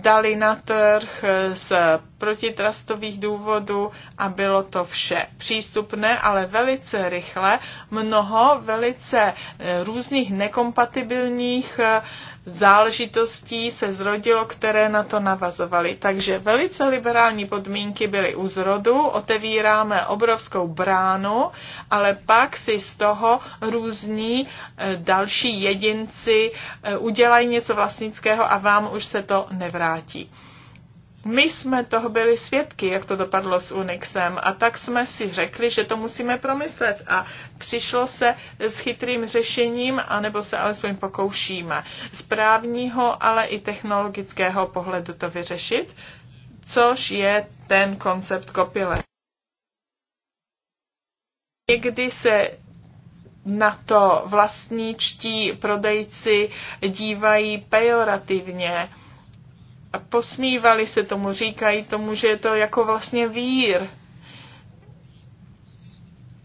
dali na trh z protitrastových důvodů a bylo to vše přístupné, ale velice rychle mnoho velice eh, různých nekompatibilních eh, záležitostí se zrodilo, které na to navazovaly. Takže velice liberální podmínky byly u zrodu, otevíráme obrovskou bránu, ale pak si z toho různí e, další jedinci e, udělají něco vlastnického a vám už se to nevrátí. My jsme toho byli svědky, jak to dopadlo s Unixem a tak jsme si řekli, že to musíme promyslet a přišlo se s chytrým řešením, anebo se alespoň pokoušíme z právního, ale i technologického pohledu to vyřešit, což je ten koncept kopile. Někdy se na to vlastníčtí prodejci dívají pejorativně, posmívali se tomu, říkají tomu, že je to jako vlastně vír.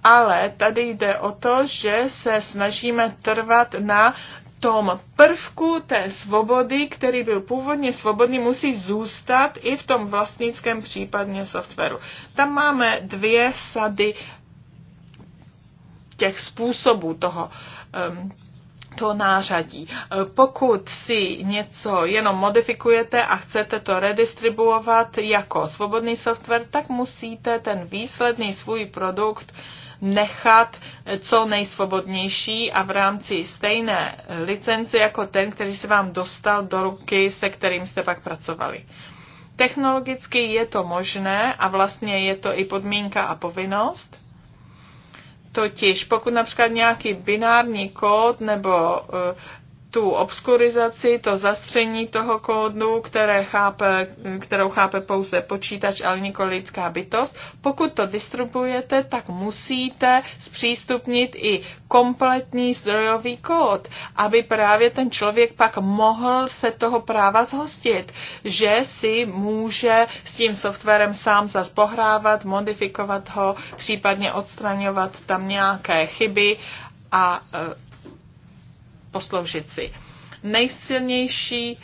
Ale tady jde o to, že se snažíme trvat na tom prvku té svobody, který byl původně svobodný, musí zůstat i v tom vlastnickém případně softwaru. Tam máme dvě sady těch způsobů toho um, to nářadí. E, pokud si něco jenom modifikujete a chcete to redistribuovat jako svobodný software, tak musíte ten výsledný svůj produkt nechat co nejsvobodnější a v rámci stejné licence jako ten, který se vám dostal do ruky, se kterým jste pak pracovali. Technologicky je to možné a vlastně je to i podmínka a povinnost, Totiž pokud například nějaký binární kód nebo eh, tu obskurizaci, to zastření toho kódu, které chápe, kterou chápe pouze počítač, ale nikoli lidská bytost. Pokud to distribuujete, tak musíte zpřístupnit i kompletní zdrojový kód, aby právě ten člověk pak mohl se toho práva zhostit, že si může s tím softwarem sám zas pohrávat, modifikovat ho, případně odstraňovat tam nějaké chyby a e, posloužit si. Nejsilnější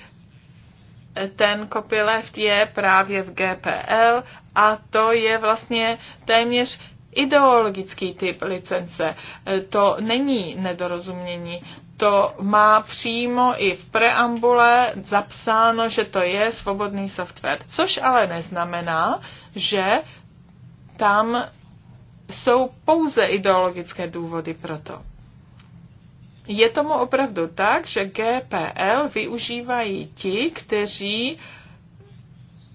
eh, ten copyleft je právě v GPL a to je vlastně téměř ideologický typ licence. Eh, to není nedorozumění. To má přímo i v preambule zapsáno, že to je svobodný software. Což ale neznamená, že tam jsou pouze ideologické důvody pro to. Je tomu opravdu tak, že GPL využívají ti, kteří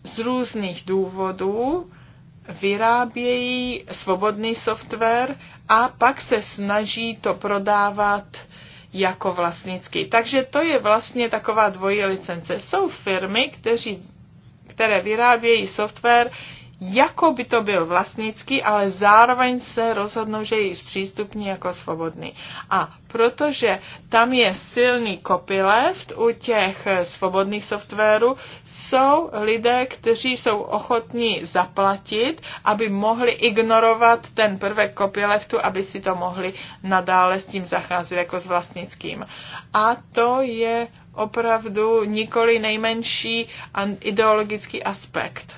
z různých důvodů vyrábějí svobodný software a pak se snaží to prodávat jako vlastnický. Takže to je vlastně taková dvojí licence. Jsou firmy, kteří, které vyrábějí software jako by to byl vlastnický, ale zároveň se rozhodnou, že ji zpřístupní jako svobodný. A protože tam je silný copyleft u těch svobodných softwarů, jsou lidé, kteří jsou ochotní zaplatit, aby mohli ignorovat ten prvek copyleftu, aby si to mohli nadále s tím zacházet jako s vlastnickým. A to je opravdu nikoli nejmenší ideologický aspekt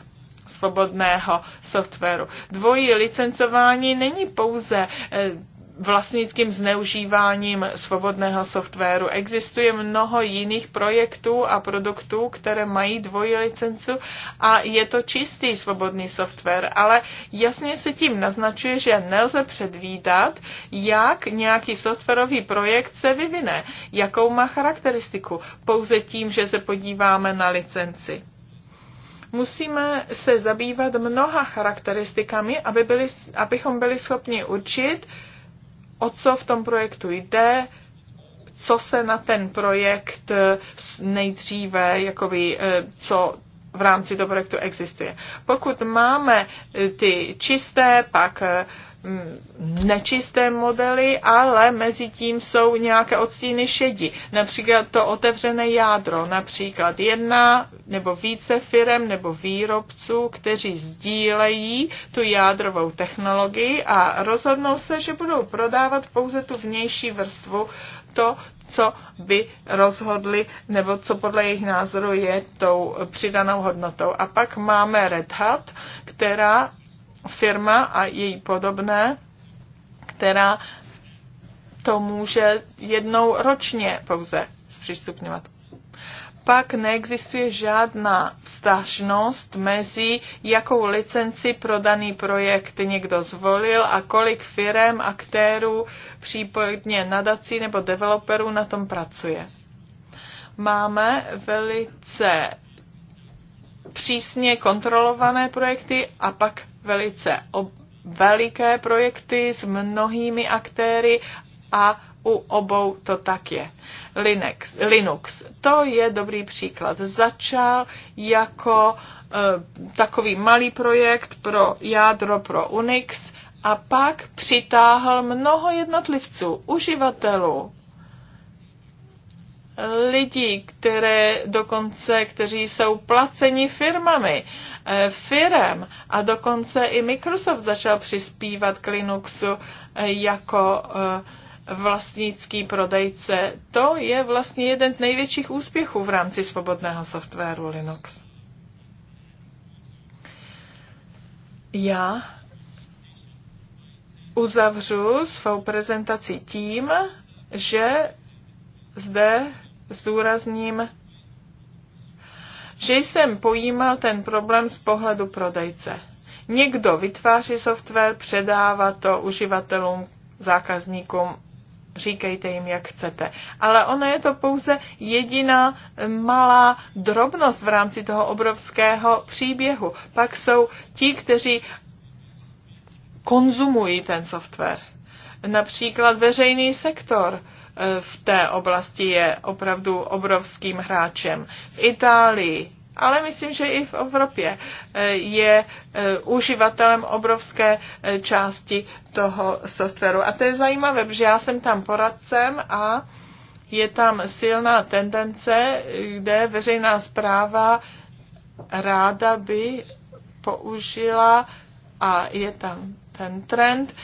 svobodného softwaru. Dvojí licencování není pouze eh, vlastnickým zneužíváním svobodného softwaru. Existuje mnoho jiných projektů a produktů, které mají dvojí licencu a je to čistý svobodný software, ale jasně se tím naznačuje, že nelze předvídat, jak nějaký softwarový projekt se vyvine, jakou má charakteristiku, pouze tím, že se podíváme na licenci musíme se zabývat mnoha charakteristikami, aby byli, abychom byli schopni určit, o co v tom projektu jde, co se na ten projekt eh, nejdříve, jakoby, eh, co v rámci toho projektu existuje. Pokud máme eh, ty čisté, pak Mm, nečisté modely, ale mezi tím jsou nějaké odstíny šedi. Například to otevřené jádro, například jedna nebo více firm nebo výrobců, kteří sdílejí tu jádrovou technologii a rozhodnou se, že budou prodávat pouze tu vnější vrstvu, to, co by rozhodli, nebo co podle jejich názoru je tou přidanou hodnotou. A pak máme Red Hat, která firma a její podobné, která to může jednou ročně pouze zpřístupňovat. Pak neexistuje žádná vztažnost mezi, jakou licenci pro daný projekt někdo zvolil a kolik firm, aktérů, případně nadací nebo developerů na tom pracuje. Máme velice přísně kontrolované projekty a pak velice veliké projekty s mnohými aktéry a u obou to tak je. Linux, Linux. To je dobrý příklad. Začal jako e, takový malý projekt pro jádro pro Unix a pak přitáhl mnoho jednotlivců, uživatelů, lidí, které dokonce, kteří jsou placeni firmami. E, Eh, firem a dokonce i Microsoft začal přispívat k Linuxu eh, jako eh, vlastnický prodejce. To je vlastně jeden z největších úspěchů v rámci svobodného softwaru Linux. Já uzavřu svou prezentaci tím, že zde zdůrazním že jsem pojímal ten problém z pohledu prodejce. Někdo vytváří software, předává to uživatelům, zákazníkům, říkejte jim, jak chcete. Ale ona je to pouze jediná malá drobnost v rámci toho obrovského příběhu. Pak jsou ti, kteří konzumují ten software. Například veřejný sektor v té oblasti je opravdu obrovským hráčem. V Itálii ale myslím, že i v Evropě eh, je eh, uživatelem obrovské eh, části toho softwaru. A to je zajímavé, protože já jsem tam poradcem a je tam silná tendence, kde veřejná zpráva ráda by použila a je tam ten trend,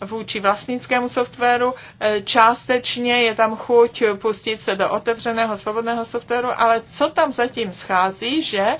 vůči vlastnickému softwaru. E, částečně je tam chuť pustit se do otevřeného svobodného softwaru, ale co tam zatím schází, že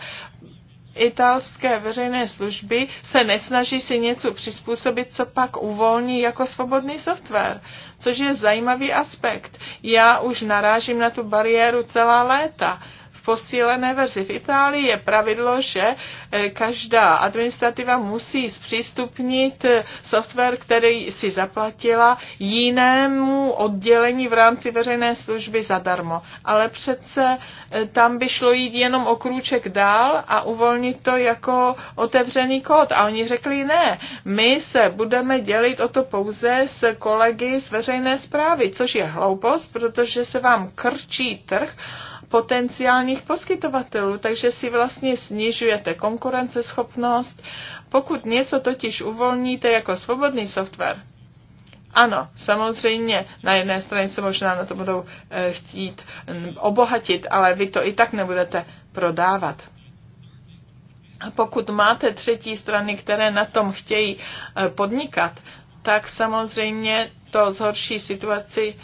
italské veřejné služby se nesnaží si něco přizpůsobit, co pak uvolní jako svobodný software, což je zajímavý aspekt. Já už narážím na tu bariéru celá léta posílené verzi. V Itálii je pravidlo, že eh, každá administrativa musí zpřístupnit eh, software, který si zaplatila jinému oddělení v rámci veřejné služby zadarmo. Ale přece eh, tam by šlo jít jenom o krůček dál a uvolnit to jako otevřený kód. A oni řekli ne, my se budeme dělit o to pouze s kolegy z veřejné zprávy, což je hloupost, protože se vám krčí trh potenciálních poskytovatelů, takže si vlastně snižujete konkurenceschopnost. Pokud něco totiž uvolníte jako svobodný software, ano, samozřejmě, na jedné straně se možná na to budou eh, chtít mm, obohatit, ale vy to i tak nebudete prodávat. A pokud máte třetí strany, které na tom chtějí eh, podnikat, tak samozřejmě to zhorší situaci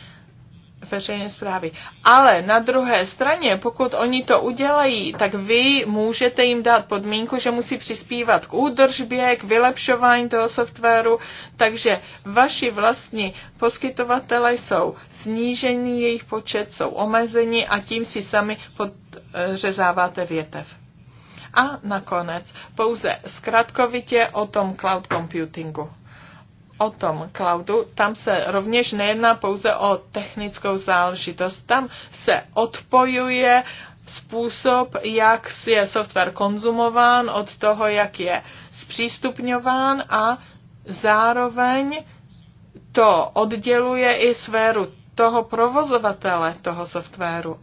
veřejné zprávy. Ale na druhé straně, pokud oni to udělají, tak vy můžete jim dát podmínku, že musí přispívat k údržbě, k vylepšování toho softwaru, takže vaši vlastní poskytovatele jsou snížení jejich počet jsou omezeni a tím si sami podřezáváte větev. A nakonec pouze zkratkovitě o tom cloud computingu o tom cloudu, tam se rovněž nejedná pouze o technickou záležitost, tam se odpojuje způsob, jak je software konzumován od toho, jak je zpřístupňován a zároveň to odděluje i sféru toho provozovatele toho softwaru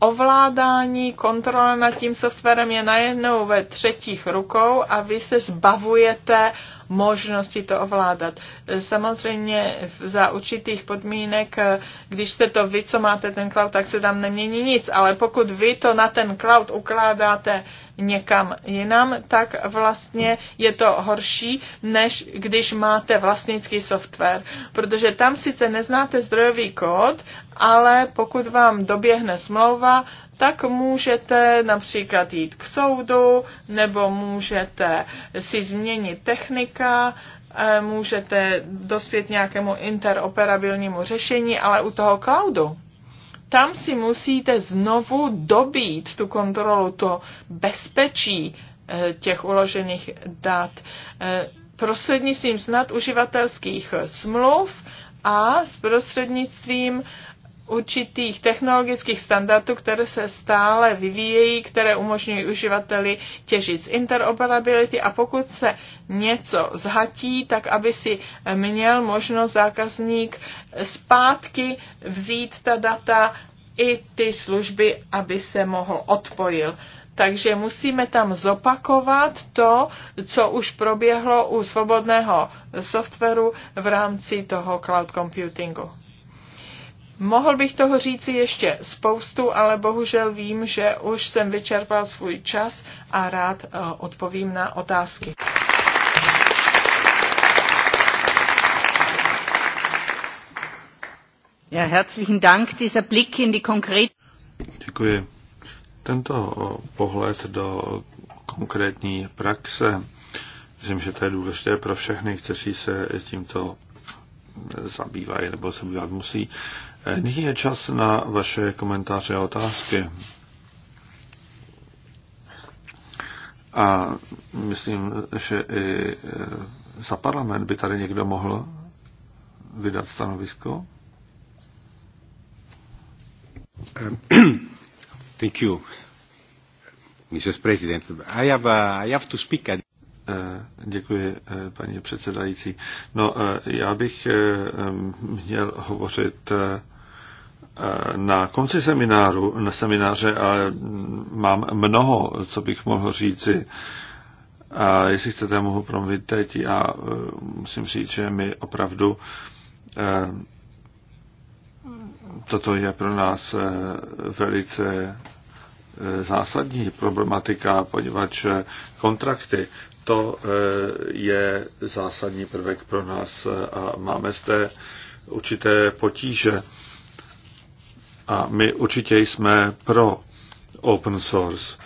ovládání, kontrola nad tím softwarem je najednou ve třetích rukou a vy se zbavujete možnosti to ovládat. Samozřejmě za určitých podmínek, když jste to vy, co máte ten cloud, tak se tam nemění nic, ale pokud vy to na ten cloud ukládáte někam jinam, tak vlastně je to horší, než když máte vlastnický software, protože tam sice neznáte zdrojový kód, ale pokud vám doběhne smlouva, tak můžete například jít k soudu, nebo můžete si změnit technika, eh, můžete dospět nějakému interoperabilnímu řešení, ale u toho cloudu tam si musíte znovu dobít tu kontrolu, to bezpečí eh, těch uložených dat eh, prostřednictvím snad uživatelských smluv a s prostřednictvím určitých technologických standardů, které se stále vyvíjejí, které umožňují uživateli těžit z interoperability a pokud se něco zhatí, tak aby si měl možnost zákazník zpátky vzít ta data i ty služby, aby se mohl odpojil. Takže musíme tam zopakovat to, co už proběhlo u svobodného softwaru v rámci toho cloud computingu. Mohl bych toho říci ještě spoustu, ale bohužel vím, že už jsem vyčerpal svůj čas a rád eh, odpovím na otázky. Ja, herzlichen Dank. Dieser Blick in die konkret... Děkuji. Tento eh, pohled do konkrétní praxe, myslím, že to je důležité pro všechny, kteří se tímto zabývají nebo se zabývat musí. Nyní je čas na vaše komentáře a otázky. A myslím, že i e, za parlament by tady někdo mohl vydat stanovisko. Thank you, Mrs. President. I have, uh, I have to speak. Eh, děkuji, eh, paní předsedající. No, eh, já bych měl hovořit na konci semináru, na semináře, ale mm, mám mnoho, co bych mohl říci. A jestli chcete, mohu promluvit teď. Já musím říct, že my opravdu toto je pro nás velice Eh, zásadní problematika, poněvadž eh, kontrakty to eh, je zásadní prvek pro nás a máme zde určité potíže. A my určitě jsme pro open source.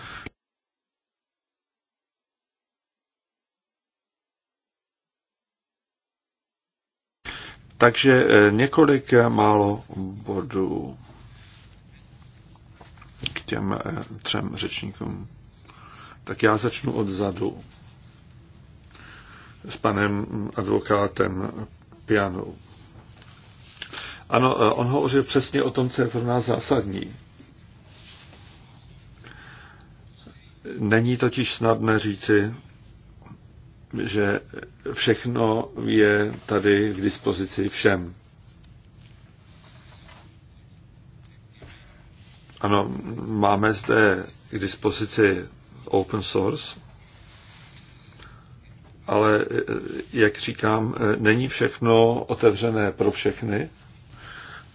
Takže několik málo bodů k těm eh, třem řečníkům. Tak já začnu odzadu s panem advokátem Pianou. Ano, eh, on hovořil přesně o tom, co je pro nás zásadní. Není totiž snadné říci, že všechno je tady k dispozici všem. Ano, máme zde k dispozici open source, ale eh, jak říkám, eh, není všechno otevřené pro všechny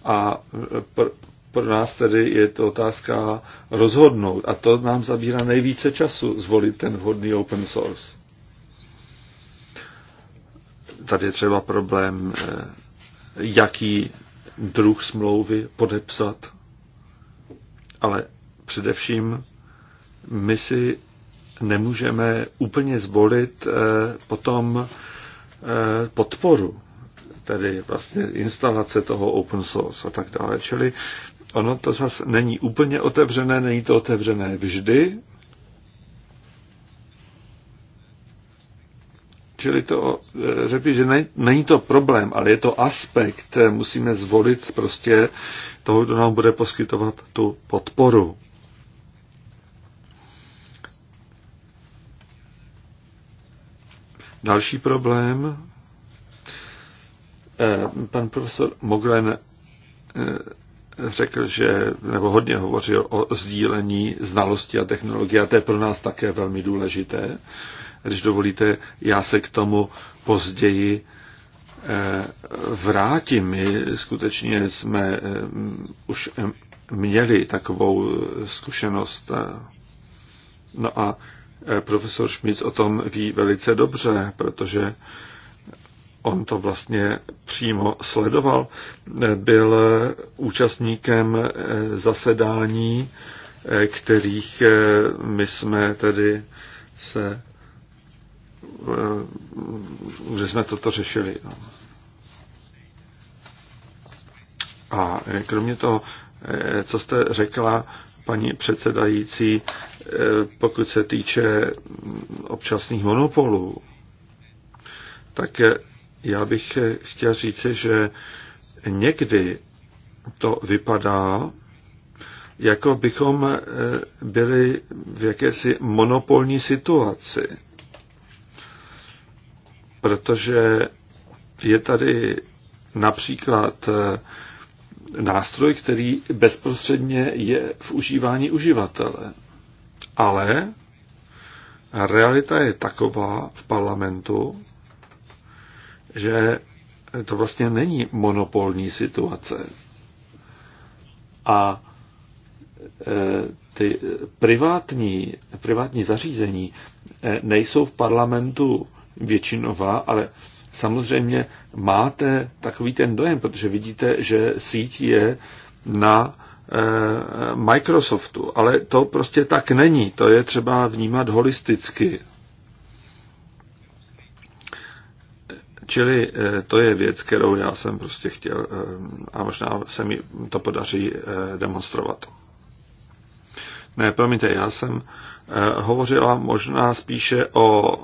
a eh, pr- pro nás tedy je to otázka rozhodnout a to nám zabírá nejvíce času zvolit ten vhodný open source. Tady je třeba problém, jaký druh smlouvy podepsat ale především my si nemůžeme úplně zvolit eh, potom eh, podporu, tedy vlastně instalace toho open source a tak dále. Čili ono to zase není úplně otevřené, není to otevřené vždy, Čili to eh, řekli, že není to problém, ale je to aspekt. který Musíme zvolit prostě toho, kdo nám bude poskytovat tu podporu. Další problém. Eh, pan profesor Moglen eh, řekl, že, nebo hodně hovořil o sdílení znalosti a technologie a to je pro nás také velmi důležité. Když dovolíte, já se k tomu později eh, vrátím. My skutečně jsme eh, už eh, měli takovou zkušenost. No a profesor Šmic o tom ví velice dobře, protože on to vlastně přímo sledoval. Byl účastníkem zasedání, kterých my jsme tedy se Eh, že jsme toto řešili. A kromě toho, eh, co jste řekla, paní předsedající, eh, pokud se týče občasných monopolů, tak já bych chtěl říci, že někdy to vypadá, jako bychom byli v jakési monopolní situaci protože je tady například eh, nástroj, který bezprostředně je v užívání uživatele. Ale realita je taková v parlamentu, že to vlastně není monopolní situace. A eh, ty privátní, privátní zařízení eh, nejsou v parlamentu většinová, ale samozřejmě máte takový ten dojem, protože vidíte, že síť je na eh, Microsoftu, ale to prostě tak není. To je třeba vnímat holisticky. Čili eh, to je věc, kterou já jsem prostě chtěl eh, a možná se mi to podaří demonstrovat. Ne, promiňte, já jsem hovořila možná spíše o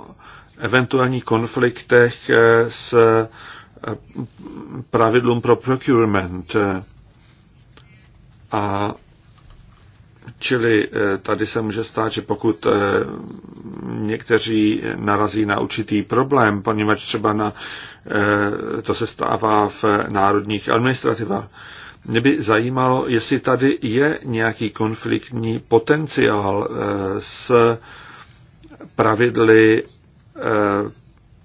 eventuálních konfliktech eh, s eh, pravidlům pro procurement. A Čili eh, tady se může stát, že pokud někteří narazí na určitý problém, poněvadž třeba na, to se stává v národních administrativách, mě by zajímalo, jestli tady je nějaký konfliktní potenciál s pravidly Eh,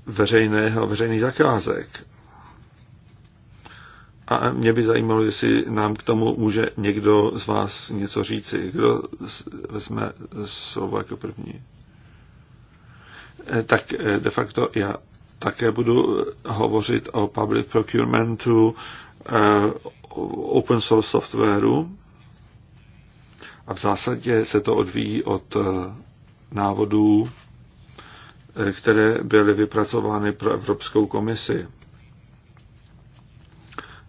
veřejného, veřejných zakázek. A mě by zajímalo, jestli nám k tomu může někdo z vás něco říci. Kdo vezme slovo jako první? Eh, tak eh, de facto já také budu hovořit o public procurementu, open source softwaru. A v zásadě se to odvíjí od návodů které byly vypracovány pro Evropskou komisi.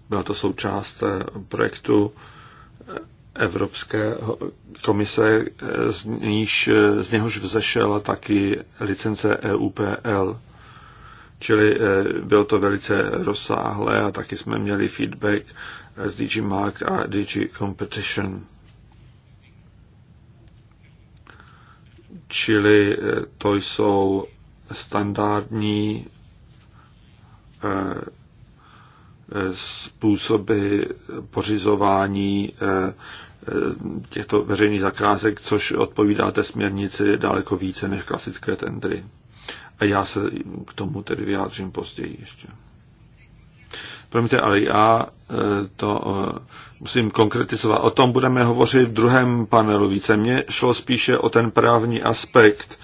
Byla to součást eh, projektu eh, Evropské komise, eh, z, níž, z něhož vzešel taky licence EUPL. Čili bylo to velice rozsáhlé a taky jsme měli feedback z DG Markt a DG Competition. Čili to jsou standardní eh, eh, způsoby pořizování eh, těchto veřejných zakázek, což odpovídá té směrnici daleko více než klasické tendry. A já se k tomu tedy vyjádřím později ještě. Promiňte, ale já to musím konkretizovat. O tom budeme hovořit v druhém panelu více. Mně šlo spíše o ten právní aspekt,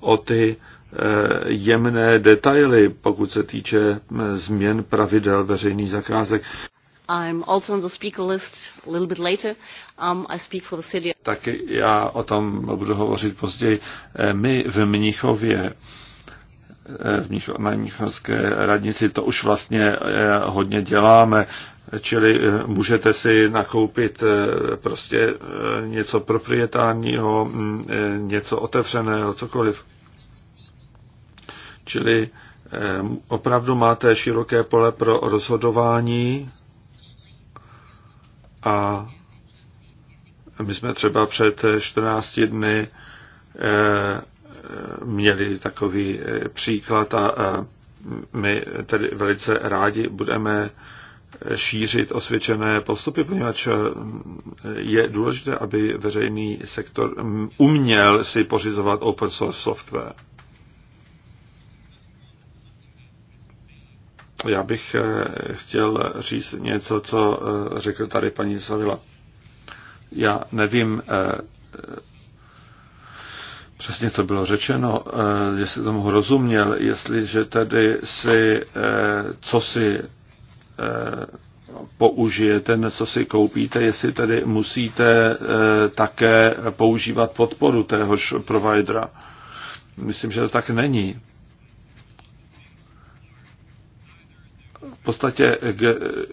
o ty Eh, jemné detaily, pokud se týče eh, změn pravidel veřejných zakázek. I'm also on the speaker list a little bit later. Um, I speak for the city. Tak já o tom budu hovořit později. Eh, my v Mnichově v Mnicho, na Mnichovské radnici to už vlastně hodně děláme, čili můžete si nakoupit prostě něco proprietárního, mm, něco otevřeného, cokoliv. Čili eh, opravdu máte široké pole pro rozhodování a my jsme třeba před 14 dny eh, eh, měli takový příklad a my tedy velice rádi budeme šířit osvědčené postupy, poněvadž je důležité, aby veřejný sektor mm, uměl si pořizovat open source software. Já bych eh, chtěl říct něco, co eh, řekl tady paní Savila. Já nevím eh, přesně, co bylo řečeno, jestli tomu rozuměl, jestliže tedy si, co si použijete, co si koupíte, jestli tedy musíte také používat podporu téhož providera. Myslím, že to tak není. v podstatě eh, eh,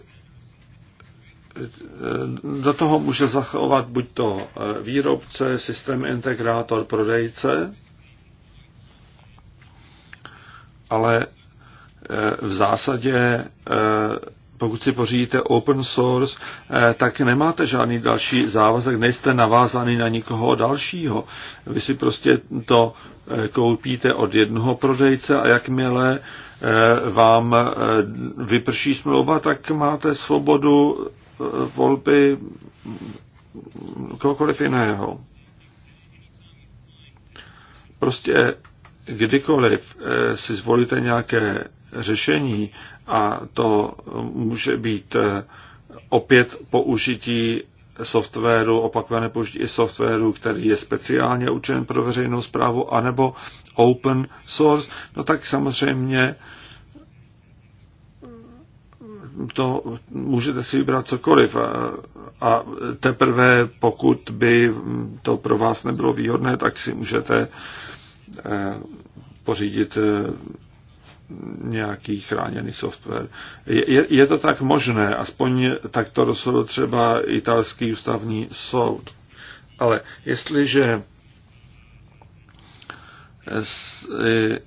do toho může zachovat buď to eh, výrobce, systém integrátor, prodejce, ale v zásadě pokud si pořídíte open source, eh, tak nemáte žádný další závazek, nejste navázaný na nikoho dalšího. Vy si prostě to eh, koupíte od jednoho prodejce a jakmile eh, vám vyprší smlouva, tak máte svobodu volby mm, kohokoliv jiného. Prostě kdykoliv si zvolíte nějaké řešení a to může být eh, opět použití softwaru, opakované použití i softwaru, který je speciálně učen pro veřejnou zprávu, anebo open source, no tak samozřejmě eh, to můžete si vybrat cokoliv. A teprve pokud by mm, to pro vás nebylo výhodné, tak si můžete eh, pořídit nějaký chráněný software. Je, je, je to tak možné, aspoň tak to rozhodl třeba italský ústavní soud. Ale jestliže e,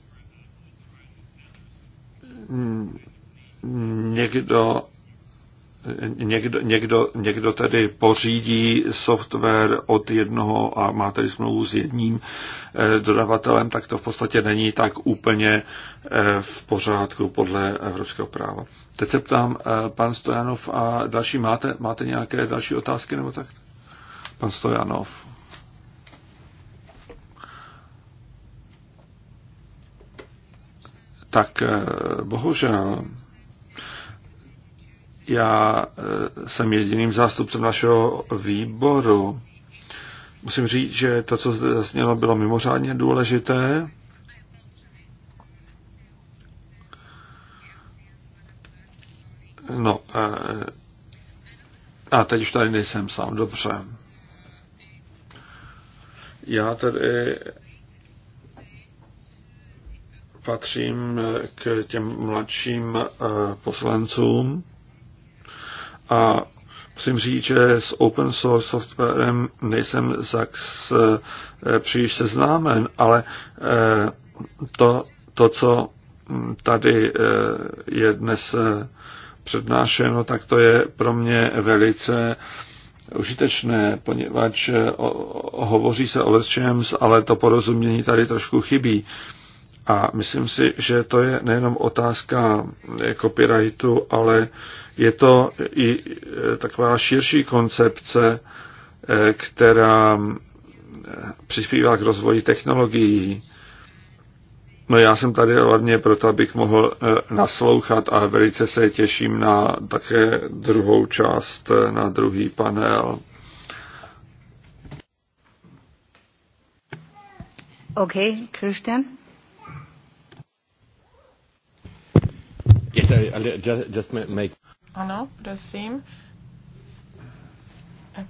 někdo někdo, někdo, někdo tedy pořídí software od jednoho a má tedy smlouvu s jedním eh, dodavatelem, tak to v podstatě není tak úplně eh, v pořádku podle evropského práva. Teď se ptám, eh, pan Stojanov a další, máte, máte nějaké další otázky nebo tak? Pan Stojanov. Tak bohužel já eh, jsem jediným zástupcem našeho výboru. Musím říct, že to, co zde zasnělo, bylo mimořádně důležité. No, eh, a teď už tady nejsem sám, dobře. Já tedy patřím k těm mladším eh, poslancům a musím říct, že s open source softwarem nejsem zax eh, příliš seznámen, ale eh, to, to co hm, tady eh, je dnes přednášeno, tak to je pro mě velice užitečné, poněvadž hovoří se o lesčems, ale to porozumění tady trošku chybí. A myslím si, že to je nejenom otázka eh, copyrightu, ale je to i eh, taková širší koncepce, eh, která přispívá k rozvoji technologií. No já jsem tady hlavně proto, abych mohl naslouchat a velice se těším na také druhou část, na druhý panel. Okay, Christian. Sorry, just, just make... Ano, prosím.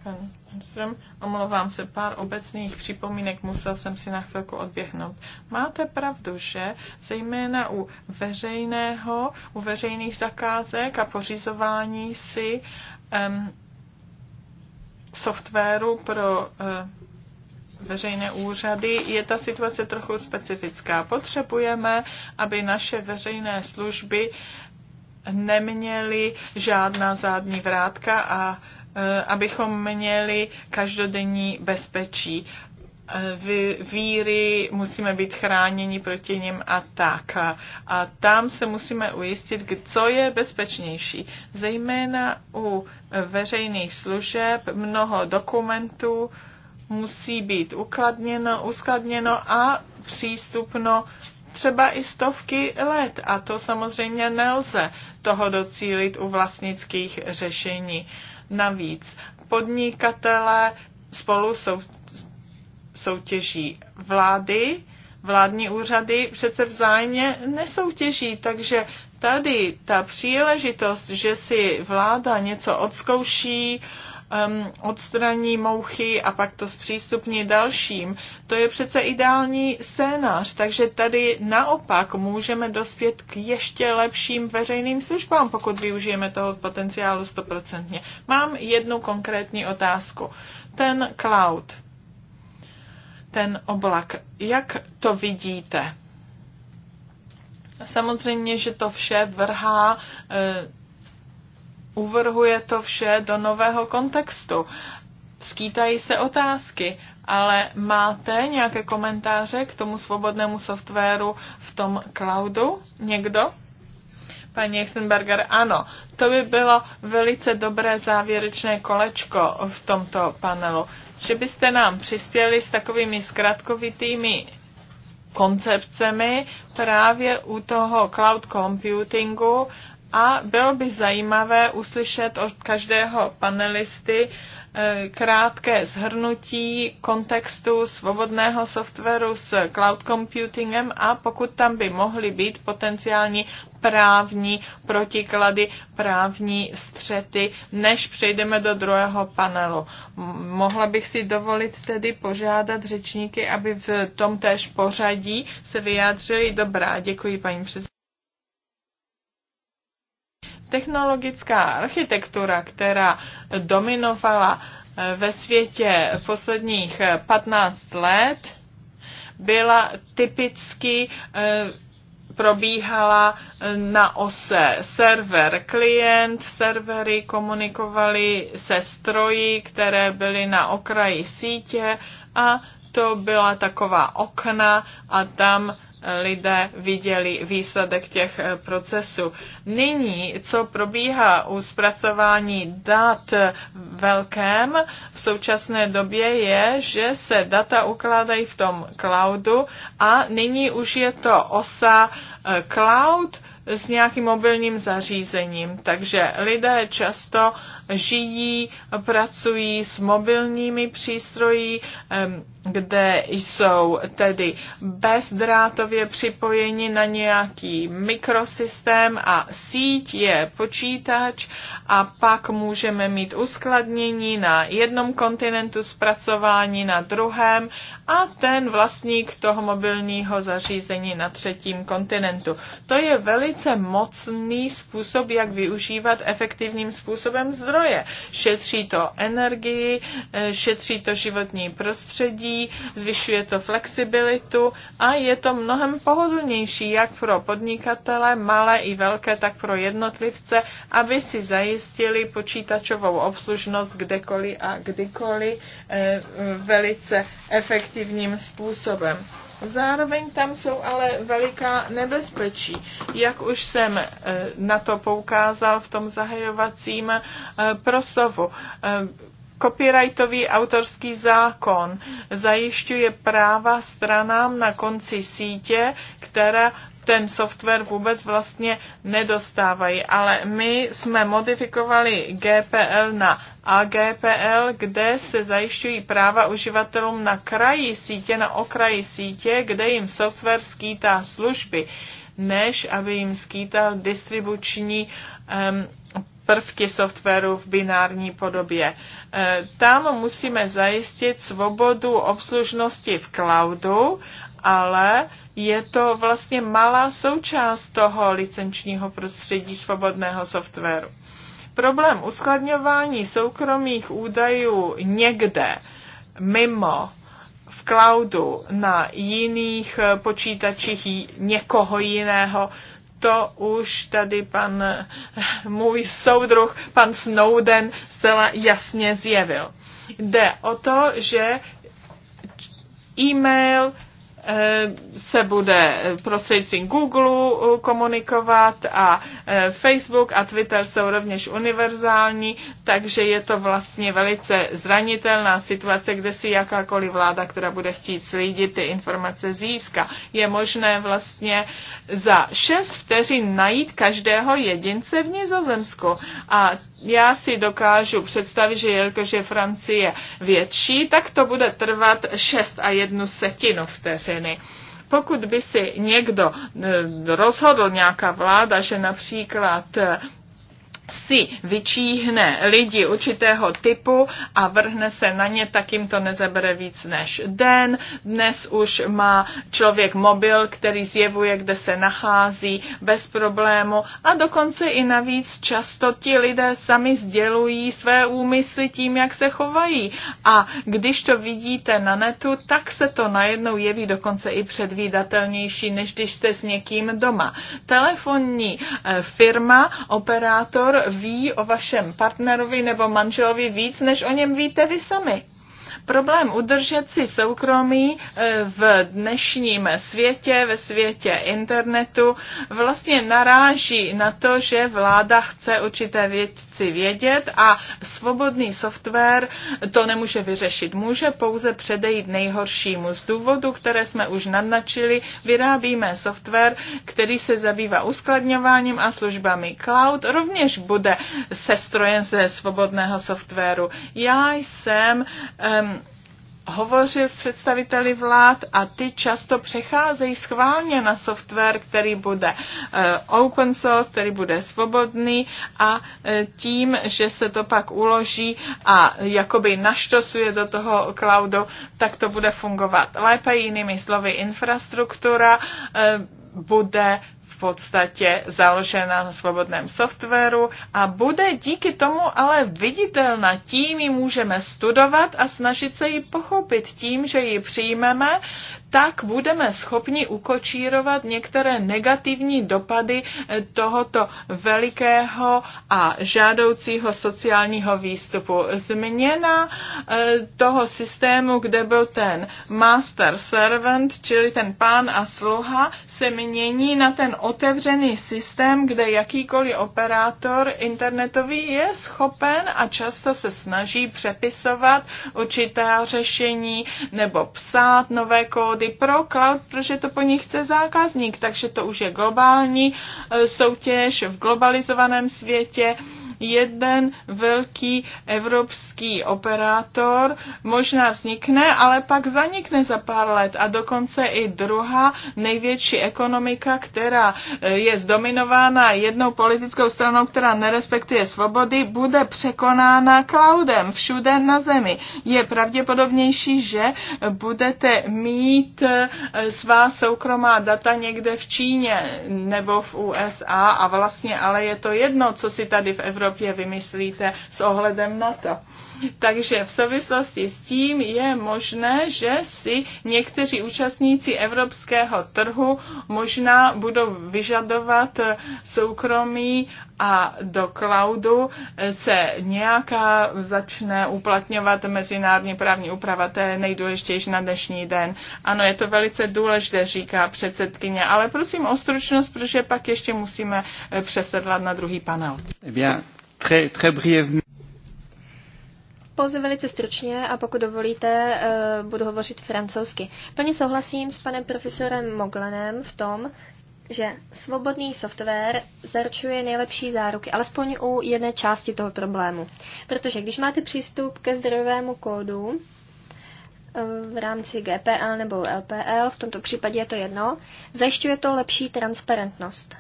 Pan Ström, omlouvám se, pár obecných připomínek, musel jsem si na chvilku odběhnout. Máte pravdu, že zejména u veřejného, u veřejných zakázek a pořizování si um, softwaru pro uh, veřejné úřady, je ta situace trochu specifická. Potřebujeme, aby naše veřejné služby neměli žádná zádní vrátka a e, abychom měli každodenní bezpečí. E, víry musíme být chráněni proti něm a tak. A tam se musíme ujistit, co je bezpečnější. Zejména u veřejných služeb mnoho dokumentů musí být ukladněno, uskladněno a přístupno třeba i stovky let a to samozřejmě nelze toho docílit u vlastnických řešení. Navíc podnikatele spolu sou, soutěží vlády, vládní úřady přece vzájemně nesoutěží, takže tady ta příležitost, že si vláda něco odzkouší, uh, um, odstraní mouchy a pak to zpřístupní dalším. To je přece ideální scénář, takže tady naopak můžeme dospět k ještě lepším veřejným službám, pokud využijeme toho potenciálu stoprocentně. Mám jednu konkrétní otázku. Ten cloud, ten oblak, jak to vidíte? Samozřejmě, že to vše vrhá eh, uvrhuje to vše do nového kontextu. Skýtají se otázky, ale máte nějaké komentáře k tomu svobodnému softwaru v tom cloudu? Někdo? Paní Echtenberger, ano, to by bylo velice dobré závěrečné kolečko v tomto panelu. Že byste nám přispěli s takovými zkratkovitými koncepcemi právě u toho cloud computingu, a bylo by zajímavé uslyšet od každého panelisty eh, krátké zhrnutí kontextu svobodného softwaru s cloud computingem a pokud tam by mohly být potenciální právní protiklady, právní střety, než přejdeme do druhého panelu. Mohla bych si dovolit tedy požádat řečníky, aby v tom též pořadí se vyjádřili. Dobrá, děkuji paní předsedkyně. Technologická architektura, která dominovala eh, ve světě posledních 15 eh, let, byla typicky eh, probíhala na ose server klient, servery komunikovaly se stroji, které byly na okraji sítě a to byla taková okna a tam lidé viděli výsledek těch eh, procesů. Nyní, co probíhá u zpracování dat velkém v současné době je, že se data ukládají v tom cloudu a nyní už je to osa eh, cloud s nějakým mobilním zařízením. Takže lidé často žijí, pracují s mobilními přístroji, kde jsou tedy bezdrátově připojeni na nějaký mikrosystém a síť je počítač a pak můžeme mít uskladnění na jednom kontinentu, zpracování na druhém a ten vlastník toho mobilního zařízení na třetím kontinentu. To je velice mocný způsob, jak využívat efektivním způsobem zdroje zdroje. Šetří to energii, eh, šetří to životní prostředí, zvyšuje to flexibilitu a je to mnohem pohodlnější jak pro podnikatele, malé i velké, tak pro jednotlivce, aby si zajistili počítačovou obslužnost kdekoliv a kdykoliv eh, velice efektivním způsobem. Zároveň tam jsou ale veliká nebezpečí. Jak už jsem eh, na to poukázal v tom zahajovacím eh, proslovu, eh, Copyrightový autorský zákon zajišťuje práva stranám na konci sítě, která ten software vůbec vlastně nedostávají. Ale my jsme modifikovali GPL na AGPL, kde se zajišťují práva uživatelům na kraji sítě, na okraji sítě, kde jim software skýtá služby, než aby jim skýtal distribuční um, prvky softwaru v binární podobě. E, tam musíme zajistit svobodu obslužnosti v cloudu ale je to vlastně malá součást toho licenčního prostředí svobodného softwaru. Problém uskladňování soukromých údajů někde mimo v cloudu na jiných počítačích někoho jiného, to už tady pan můj soudruh, pan Snowden, zcela jasně zjevil. Jde o to, že e-mail Eh, se bude eh, prostřednictvím Google eh, komunikovat a Facebook a Twitter jsou rovněž univerzální, takže je to vlastně velice zranitelná situace, kde si jakákoliv vláda, která bude chtít slídit, ty informace získá. Je možné vlastně za 6 vteřin najít každého jedince v Nizozemsku a já si dokážu představit, že jelikož je Francie větší, tak to bude trvat 6 a jednu setinu vteřiny. Pokud by si někdo eh, rozhodl, nějaká vláda, že například eh, si vyčíhne lidi určitého typu a vrhne se na ně, tak jim to nezabere víc než den. Dnes už má člověk mobil, který zjevuje, kde se nachází bez problému a dokonce i navíc často ti lidé sami sdělují své úmysly tím, jak se chovají. A když to vidíte na netu, tak se to najednou jeví dokonce i předvídatelnější, než když jste s někým doma. Telefonní eh, firma, operátor ví o vašem partnerovi nebo manželovi víc, než o něm víte vy sami. Problém udržet si soukromí eh, v dnešním světě, ve světě internetu, vlastně naráží na to, že vláda chce určité věci chci vědět a svobodný software to nemůže vyřešit. Může pouze předejít nejhoršímu. Z důvodu, které jsme už nadnačili. vyrábíme software, který se zabývá uskladňováním a službami cloud. Rovněž bude sestrojen ze svobodného softwaru. Já jsem um, hovořil s představiteli vlád a ty často přecházejí schválně na software, který bude eh, open source, který bude svobodný a eh, tím, že se to pak uloží a jakoby naštosuje do toho cloudu, tak to bude fungovat lépe, jinými slovy infrastruktura eh, bude podstatě založena na svobodném softwaru a bude díky tomu ale viditelná. Tím ji můžeme studovat a snažit se ji pochopit tím, že ji přijmeme, tak budeme schopni ukočírovat některé negativní dopady eh, tohoto velikého a žádoucího sociálního výstupu. Změna eh, toho systému, kde byl ten master servant, čili ten pán a sluha, se mění na ten otevřený systém, kde jakýkoliv operátor internetový je schopen a často se snaží přepisovat určitá řešení nebo psát nové kódy, cloudy pro cloud, protože to po nich chce zákazník, takže to už je globální eh, soutěž v globalizovaném světě jeden velký evropský operátor možná vznikne, ale pak zanikne za pár let a dokonce i druhá největší ekonomika, která eh, je zdominována jednou politickou stranou, která nerespektuje svobody, bude překonána cloudem všude na zemi. Je pravděpodobnější, že budete mít eh, svá soukromá data někde v Číně nebo v USA a vlastně ale je to jedno, co si tady v Evropě Evropě vymyslíte s ohledem na to. Takže v souvislosti s tím je možné, že si někteří účastníci evropského trhu možná budou vyžadovat soukromí a do cloudu se nějaká začne uplatňovat mezinárodní právní úprava. To je nejdůležitější na dnešní den. Ano, je to velice důležité, říká předsedkyně, ale prosím o stručnost, protože pak ještě musíme přesedlat na druhý panel. Eh bien très, très brièvement. Pouze velice stručně a pokud dovolíte, eh, budu hovořit francouzsky. Plně souhlasím s panem profesorem Moglenem v tom, že svobodný software zaručuje nejlepší záruky, alespoň u jedné části toho problému. Protože když máte přístup ke zdrojovému kódu eh, v rámci GPL nebo LPL, v tomto případě je to jedno, zajišťuje to lepší transparentnost.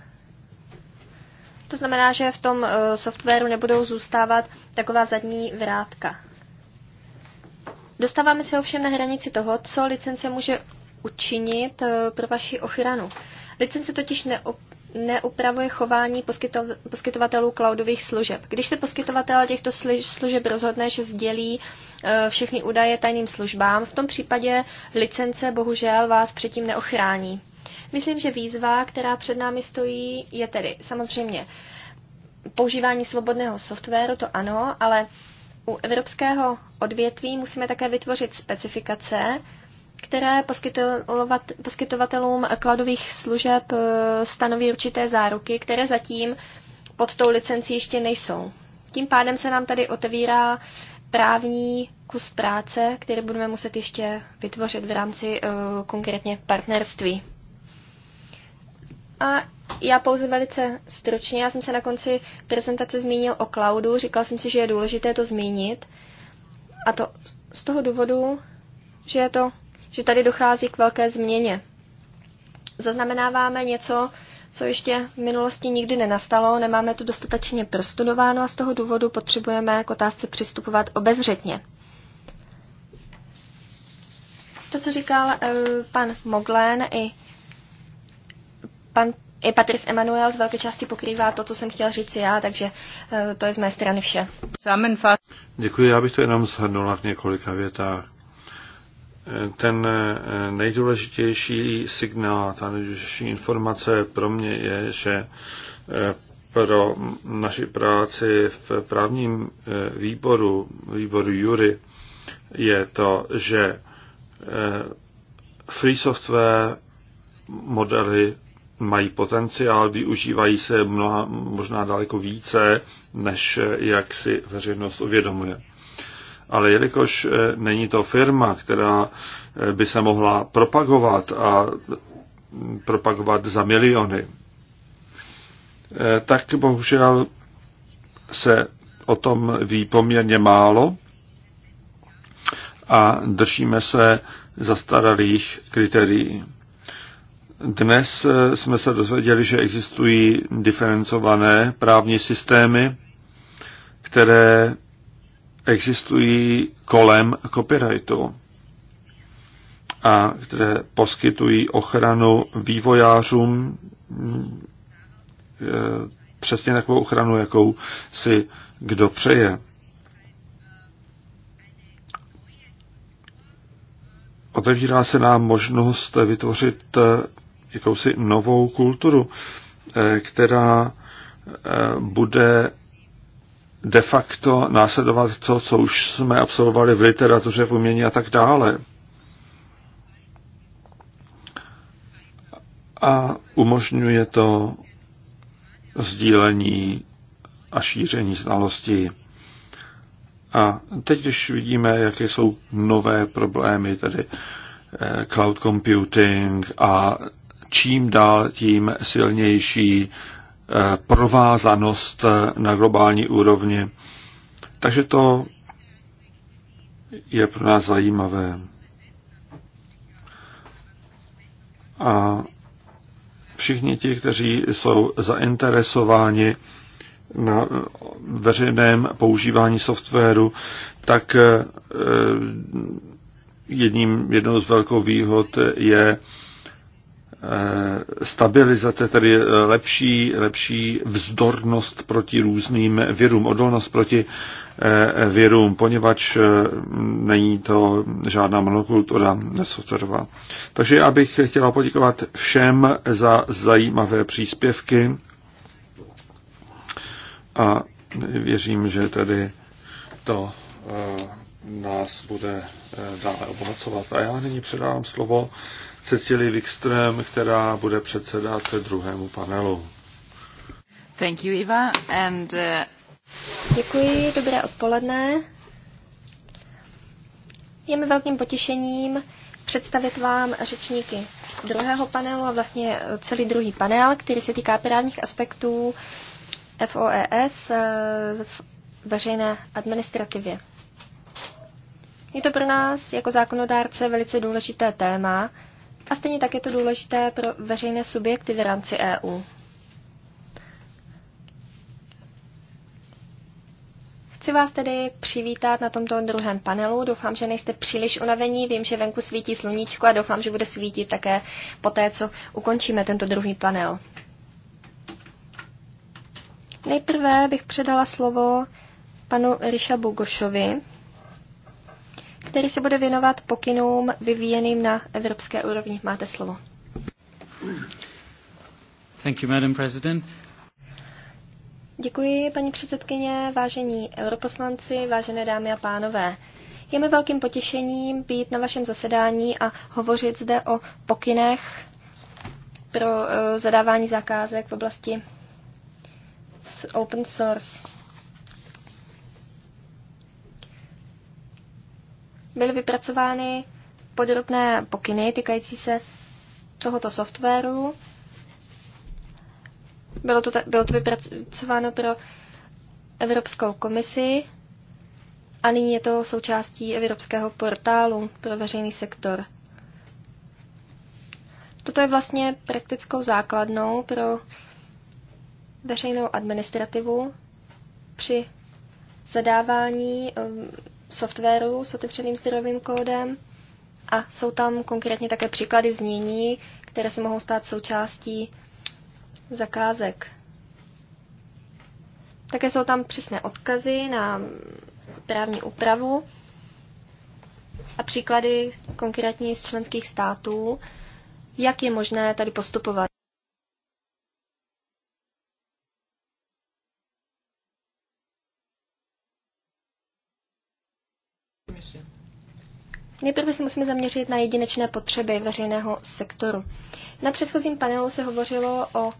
To znamená, že v tom eh, softwaru nebudou zůstávat taková zadní vrátka. Dostáváme se ovšem na hranici toho, co licence může učinit eh, pro vaši ochranu. Licence totiž neop- neupravuje chování poskytovatelů cloudových služeb. Když se poskytovatel těchto služeb rozhodne, že sdělí eh, všechny údaje tajným službám, v tom případě licence bohužel vás předtím neochrání. Myslím, že výzva, která před námi stojí, je tedy samozřejmě používání svobodného softwaru, to ano, ale u evropského odvětví musíme také vytvořit specifikace, které poskytovatelům kladových služeb eh, stanoví určité záruky, které zatím pod tou licencí ještě nejsou. Tím pádem se nám tady otevírá právní kus práce, který budeme muset ještě vytvořit v rámci eh, konkrétně partnerství. A já pouze velice stručně, já jsem se na konci prezentace zmínil o cloudu, říkal jsem si, že je důležité to zmínit. A to z toho důvodu, že, je to, že tady dochází k velké změně. Zaznamenáváme něco, co ještě v minulosti nikdy nenastalo, nemáme to dostatečně prostudováno a z toho důvodu potřebujeme k otázce přistupovat obezřetně. To, co říkal e, pan Moglen i Pan i Patrice Emanuel z velké části pokrývá to, co jsem chtěl říct já, takže eh, to je z mé strany vše. Děkuji, já bych to jenom shrnula v několika větách. Eh, ten eh, nejdůležitější signál, ta nejdůležitější informace pro mě je, že pro naši práci v právním výboru, výboru Jury, je to, že free software modely mají potenciál, využívají se mnoha, možná daleko více, než jak si veřejnost uvědomuje. Ale jelikož eh, není to firma, která eh, by se mohla propagovat a propagovat za miliony, eh, tak bohužel se o tom ví poměrně málo a držíme se zastaralých kritérií. Dnes eh, jsme se dozvěděli, že existují diferencované právní systémy, které existují kolem copyrightu a které poskytují ochranu vývojářům eh, přesně takovou ochranu, jakou si kdo přeje. Otevírá se nám možnost vytvořit eh, jakousi novou kulturu, eh, která eh, bude de facto následovat to, co už jsme absolvovali v literatuře, v umění a tak dále. A umožňuje to sdílení a šíření znalostí. A teď, když vidíme, jaké jsou nové problémy, tedy eh, cloud computing a čím dál tím silnější eh, provázanost eh, na globální úrovni. Takže to je pro nás zajímavé. A všichni ti, kteří jsou zainteresováni na veřejném používání softwaru, tak eh, jedním, jednou z velkou výhod je Eh, stabilizace, tedy eh, lepší, lepší vzdornost proti různým virům, odolnost proti eh, virům, poněvadž není to žádná monokultura softwarová. Takže já bych chtěla poděkovat všem za zajímavé příspěvky a věřím, že tedy to nás bude dále obohacovat. A já nyní předávám slovo Cecily Wikström, která bude předsedat druhému panelu. Thank you, Iva, and, uh... Děkuji, dobré odpoledne. Je mi velkým potěšením představit vám řečníky druhého panelu a vlastně celý druhý panel, který se týká právních aspektů FOES eh, v veřejné administrativě. Je to pro nás jako zákonodárce velice důležité téma, a stejně tak je to důležité pro veřejné subjekty v rámci EU. Chci vás tedy přivítat na tomto druhém panelu. Doufám, že nejste příliš unavení. Vím, že venku svítí sluníčko a doufám, že bude svítit také po té, co ukončíme tento druhý panel. Nejprve bych předala slovo panu Ryša Bugošovi, který se bude věnovat pokynům vyvíjeným na evropské úrovni. Máte slovo. Thank you, Madam President. Děkuji, paní předsedkyně, vážení europoslanci, vážené dámy a pánové. Je mi velkým potěšením být na vašem zasedání a hovořit zde o pokynech pro eh, zadávání zakázek v oblasti open source. byly vypracovány podrobné pokyny týkající se tohoto softwaru. Bylo to, bylo to vypracováno pro Evropskou komisi a nyní je to součástí Evropského portálu pro veřejný sektor. Toto je vlastně praktickou základnou pro veřejnou administrativu při zadávání um, softwaru s otevřeným zdrojovým kódem a jsou tam konkrétně také příklady znění, které se mohou stát součástí zakázek. Také jsou tam přesné odkazy na právní úpravu a příklady konkrétní z členských států, jak je možné tady postupovat. Nejprve se musíme zaměřit na jedinečné potřeby veřejného sektoru. Na předchozím panelu se hovořilo o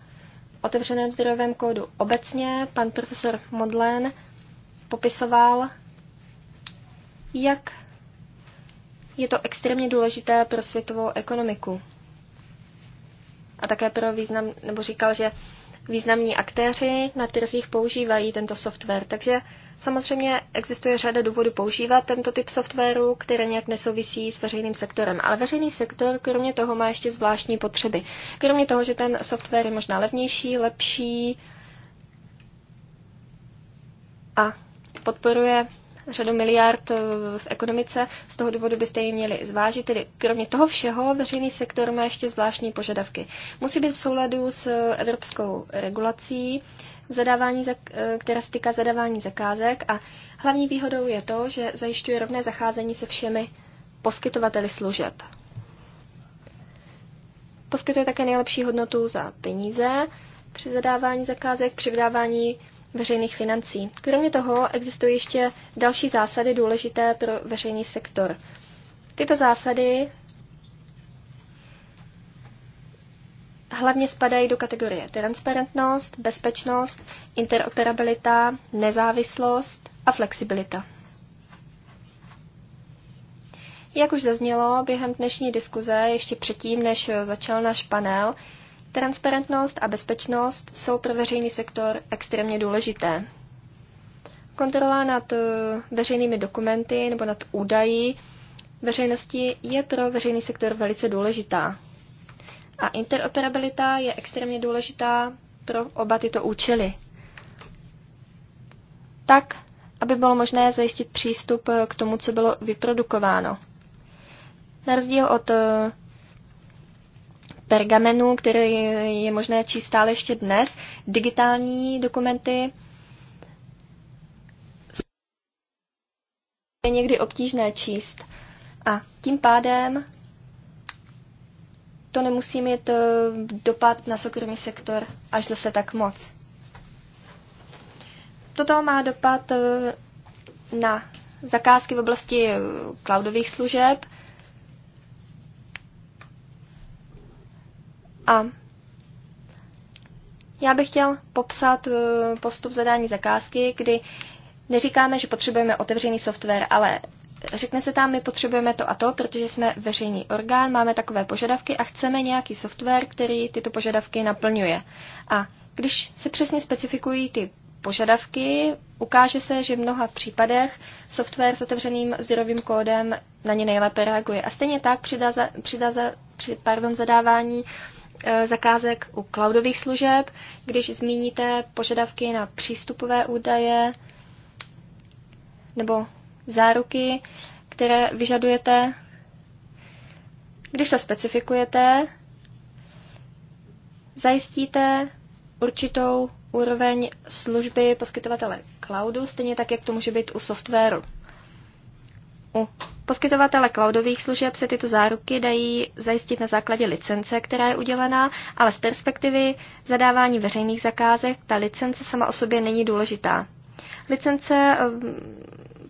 otevřeném zdrojovém kódu obecně. Pan profesor Modlen popisoval, jak je to extrémně důležité pro světovou ekonomiku. A také pro význam, nebo říkal, že významní aktéři na trzích používají tento software. Takže Samozřejmě existuje řada důvodů používat tento typ softwaru, které nějak nesouvisí s veřejným sektorem, ale veřejný sektor kromě toho má ještě zvláštní potřeby. Kromě toho, že ten software je možná levnější, lepší a podporuje řadu miliard eh, v ekonomice, z toho důvodu byste ji měli zvážit. Tedy kromě toho všeho veřejný sektor má ještě zvláštní požadavky. Musí být v souladu s eh, evropskou regulací, zadávání, eh, která se týká zadávání zakázek a hlavní výhodou je to, že zajišťuje rovné zacházení se všemi poskytovateli služeb. Poskytuje také nejlepší hodnotu za peníze při zadávání zakázek, při vydávání veřejných financí. Kromě toho existují ještě další zásady důležité pro veřejný sektor. Tyto zásady hlavně spadají do kategorie transparentnost, bezpečnost, interoperabilita, nezávislost a flexibilita. Jak už zaznělo během dnešní diskuze, ještě předtím, než začal náš panel, transparentnost a bezpečnost jsou pro veřejný sektor extrémně důležité. Kontrola nad eh, veřejnými dokumenty nebo nad údaji veřejnosti je pro veřejný sektor velice důležitá. A interoperabilita je extrémně důležitá pro oba tyto účely. Tak, aby bylo možné zajistit přístup k tomu, co bylo vyprodukováno. Na rozdíl od eh, pergamenu, který je možné číst stále ještě dnes, digitální dokumenty je někdy obtížné číst. A tím pádem to nemusí mít eh, dopad na soukromý sektor až zase tak moc. Toto má dopad eh, na zakázky v oblasti eh, cloudových služeb a já bych chtěl popsat postup zadání zakázky, kdy neříkáme, že potřebujeme otevřený software, ale řekne se tam, my potřebujeme to a to, protože jsme veřejný orgán, máme takové požadavky a chceme nějaký software, který tyto požadavky naplňuje. A když se přesně specifikují ty požadavky, ukáže se, že v mnoha případech software s otevřeným zdrojovým kódem na ně nejlépe reaguje. A stejně tak přidá za, přidá za, při, pardon, zadávání e, zakázek u cloudových služeb, když zmíníte požadavky na přístupové údaje nebo záruky, které vyžadujete, když to specifikujete, zajistíte určitou úroveň služby poskytovatele cloudu, stejně tak, jak to může být u softwaru. U poskytovatele cloudových služeb se tyto záruky dají zajistit na základě licence, která je udělená, ale z perspektivy zadávání veřejných zakázek ta licence sama o sobě není důležitá. Licence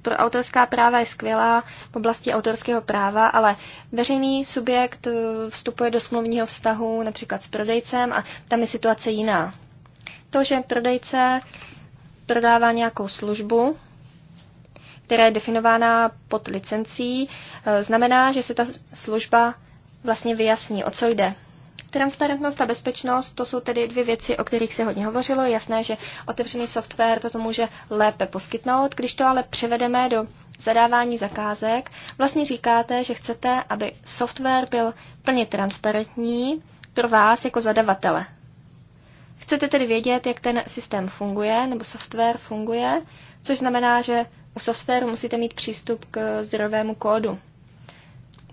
pro autorská práva je skvělá v oblasti autorského práva, ale veřejný subjekt eh, vstupuje do smluvního vztahu například s prodejcem a tam je situace jiná. To, že prodejce prodává nějakou službu, která je definována pod licencí, eh, znamená, že se ta služba vlastně vyjasní, o co jde. Transparentnost a bezpečnost, to jsou tedy dvě věci, o kterých se hodně hovořilo. Je jasné, že otevřený software toto může lépe poskytnout. Když to ale převedeme do zadávání zakázek, vlastně říkáte, že chcete, aby software byl plně transparentní pro vás jako zadavatele. Chcete tedy vědět, jak ten systém funguje nebo software funguje, což znamená, že u softwaru musíte mít přístup k zdrojovému kódu.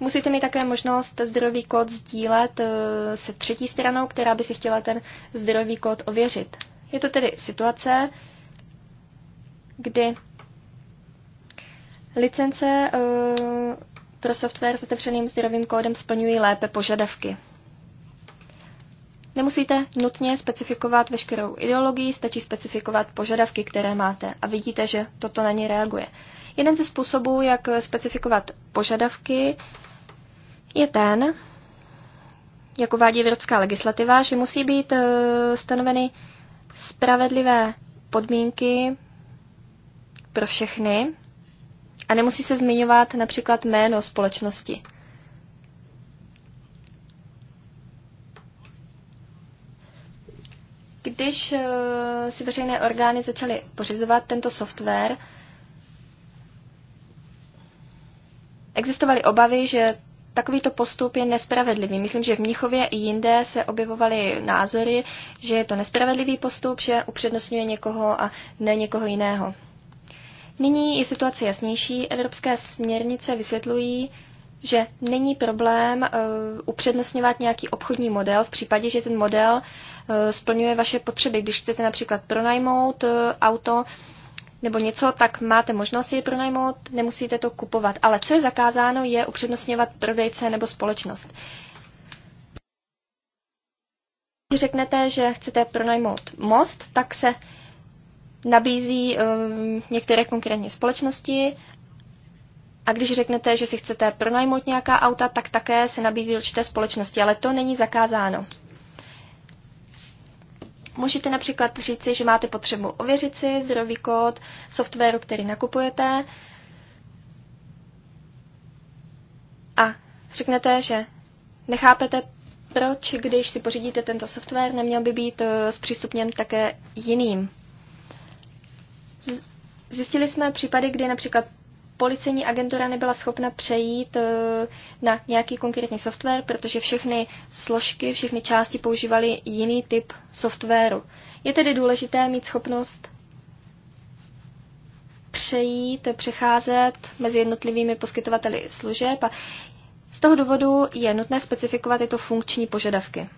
Musíte mít také možnost zdrojový kód sdílet eh, se třetí stranou, která by si chtěla ten zdrojový kód ověřit. Je to tedy situace, kdy licence eh, pro software s otevřeným zdrojovým kódem splňují lépe požadavky. Nemusíte nutně specifikovat veškerou ideologii, stačí specifikovat požadavky, které máte a vidíte, že toto na ně reaguje. Jeden ze způsobů, jak specifikovat požadavky, je ten, jak uvádí evropská legislativa, že musí být eh, stanoveny spravedlivé podmínky pro všechny a nemusí se zmiňovat například jméno společnosti. Když eh, si veřejné orgány začaly pořizovat tento software, existovaly obavy, že takovýto postup je nespravedlivý. Myslím, že v Mnichově i jinde se objevovaly názory, že je to nespravedlivý postup, že upřednostňuje někoho a ne někoho jiného. Nyní je situace jasnější. Evropské směrnice vysvětlují, že není problém uh, upřednostňovat nějaký obchodní model v případě, že ten model uh, splňuje vaše potřeby. Když chcete například pronajmout uh, auto, uh, nebo něco, tak máte možnost je pronajmout, nemusíte to kupovat. Ale co je zakázáno, je upřednostňovat prodejce nebo společnost. Když řeknete, že chcete pronajmout most, tak se nabízí um, některé konkrétní společnosti. A když řeknete, že si chcete pronajmout nějaká auta, tak také se nabízí určité společnosti, ale to není zakázáno. Můžete například říci, že máte potřebu ověřit si zdrojový kód softwaru, který nakupujete a řeknete, že nechápete, proč, když si pořídíte tento software, neměl by být eh, zpřístupněn také jiným. Zjistili jsme případy, kdy například policejní agentura nebyla schopna přejít eh, na nějaký konkrétní software, protože všechny složky, všechny části používaly jiný typ softwaru. Je tedy důležité mít schopnost přejít, přecházet mezi jednotlivými poskytovateli služeb a z toho důvodu je nutné specifikovat tyto funkční požadavky.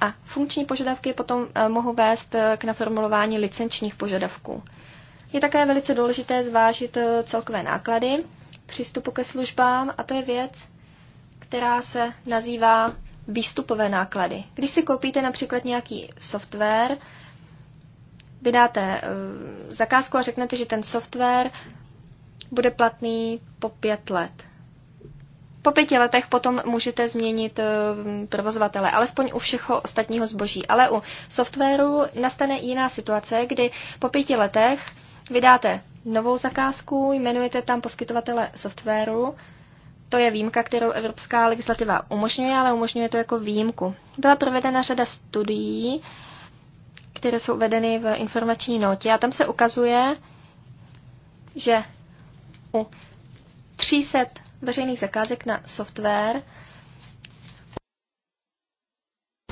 A funkční požadavky potom eh, mohou vést eh, k naformulování licenčních požadavků. Je také velice důležité zvážit eh, celkové náklady přístupu ke službám a to je věc, která se nazývá výstupové náklady. Když si koupíte například nějaký software, vydáte eh, zakázku a řeknete, že ten software bude platný po pět let. Po pěti letech potom můžete změnit eh, provozovatele, alespoň u všeho ostatního zboží. Ale u softwaru nastane jiná situace, kdy po pěti letech Vydáte novou zakázku, jmenujete tam poskytovatele softwaru. To je výjimka, kterou evropská legislativa umožňuje, ale umožňuje to jako výjimku. Byla provedena řada studií, které jsou vedeny v informační notě a tam se ukazuje, že u 300 veřejných zakázek na software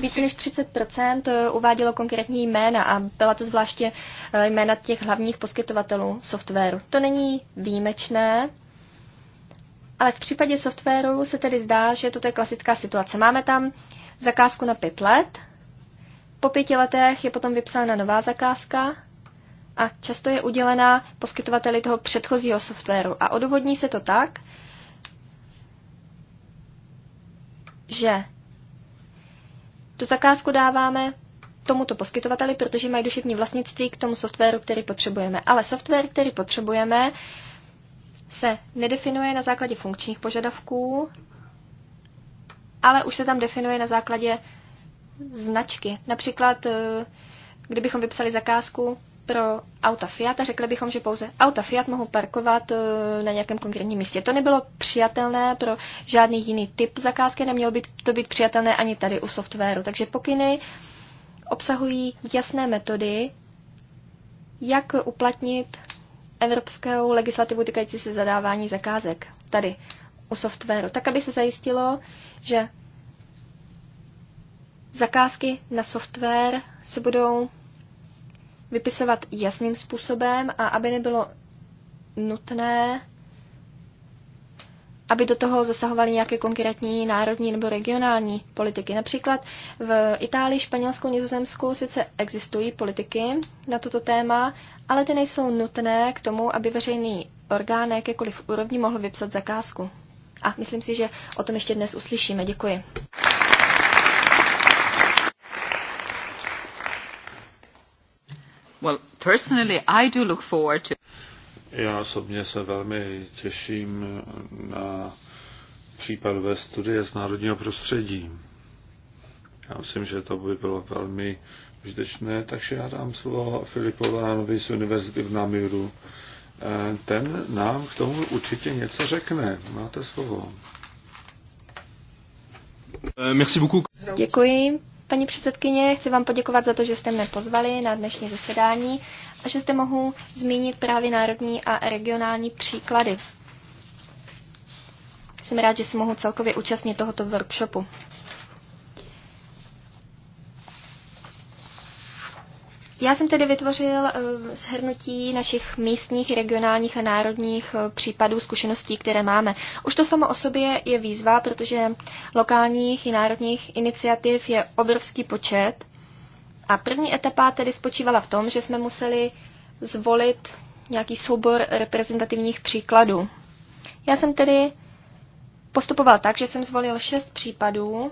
více než 30% eh, uvádělo konkrétní jména a byla to zvláště eh, jména těch hlavních poskytovatelů softwaru. To není výjimečné, ale v případě softwaru se tedy zdá, že toto je klasická situace. Máme tam zakázku na pět let, po pěti letech je potom vypsána nová zakázka a často je udělená poskytovateli toho předchozího softwaru. A odůvodní se to tak, že tu zakázku dáváme tomuto poskytovateli, protože mají duševní vlastnictví k tomu softwaru, který potřebujeme. Ale software, který potřebujeme, se nedefinuje na základě funkčních požadavků, ale už se tam definuje na základě značky. Například, eh, kdybychom vypsali zakázku pro auta Fiat a řekli bychom, že pouze auta Fiat mohou parkovat eh, na nějakém konkrétním místě. To nebylo přijatelné pro žádný jiný typ zakázky, nemělo by to být přijatelné ani tady u softwaru. Takže pokyny obsahují jasné metody, jak uplatnit evropskou legislativu týkající se zadávání zakázek tady u softwaru, tak aby se zajistilo, že zakázky na software se budou vypisovat jasným způsobem a aby nebylo nutné, aby do toho zasahovaly nějaké konkrétní národní nebo regionální politiky. Například v Itálii, Španělsku, Nizozemsku sice existují politiky na toto téma, ale ty nejsou nutné k tomu, aby veřejný orgán jakékoliv úrovni mohl vypsat zakázku. A myslím si, že o tom ještě dnes uslyšíme. Děkuji. Well, personally, I do look forward to... Já osobně se velmi těším na případové studie z národního prostředí. Já myslím, že to by bylo velmi užitečné, takže já dám slovo Filipu Lánovi z Univerzity v Namíru. Eh, ten nám k tomu určitě něco řekne. Máte slovo. Eh, Děkuji. Paní předsedkyně, chci vám poděkovat za to, že jste mě pozvali na dnešní zasedání a že zde mohu zmínit právě národní a regionální příklady. Jsem rád, že se mohu celkově účastnit tohoto workshopu. Já jsem tedy vytvořil ehm, shrnutí našich místních, regionálních a národních eh, případů zkušeností, které máme. Už to samo o sobě je výzva, protože lokálních i národních iniciativ je obrovský počet. A první etapa tedy spočívala v tom, že jsme museli zvolit nějaký soubor reprezentativních příkladů. Já jsem tedy postupoval tak, že jsem zvolil šest případů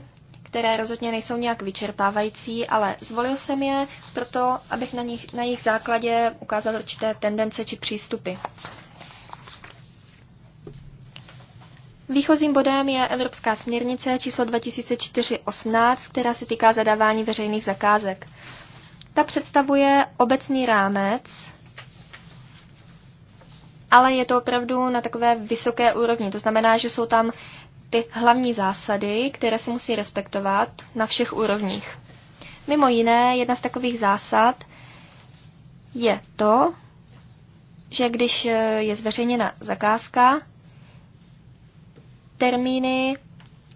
které rozhodně nejsou nějak vyčerpávající, ale zvolil jsem je proto, abych na, nich, na jejich základě ukázal určité tendence či přístupy. Výchozím bodem je Evropská směrnice číslo 2004-18, která se týká zadávání veřejných zakázek. Ta představuje obecný rámec, ale je to opravdu na takové vysoké úrovni. To znamená, že jsou tam ty hlavní zásady, které se musí respektovat na všech úrovních. Mimo jiné, jedna z takových zásad je to, že když e, je zveřejněna zakázka, termíny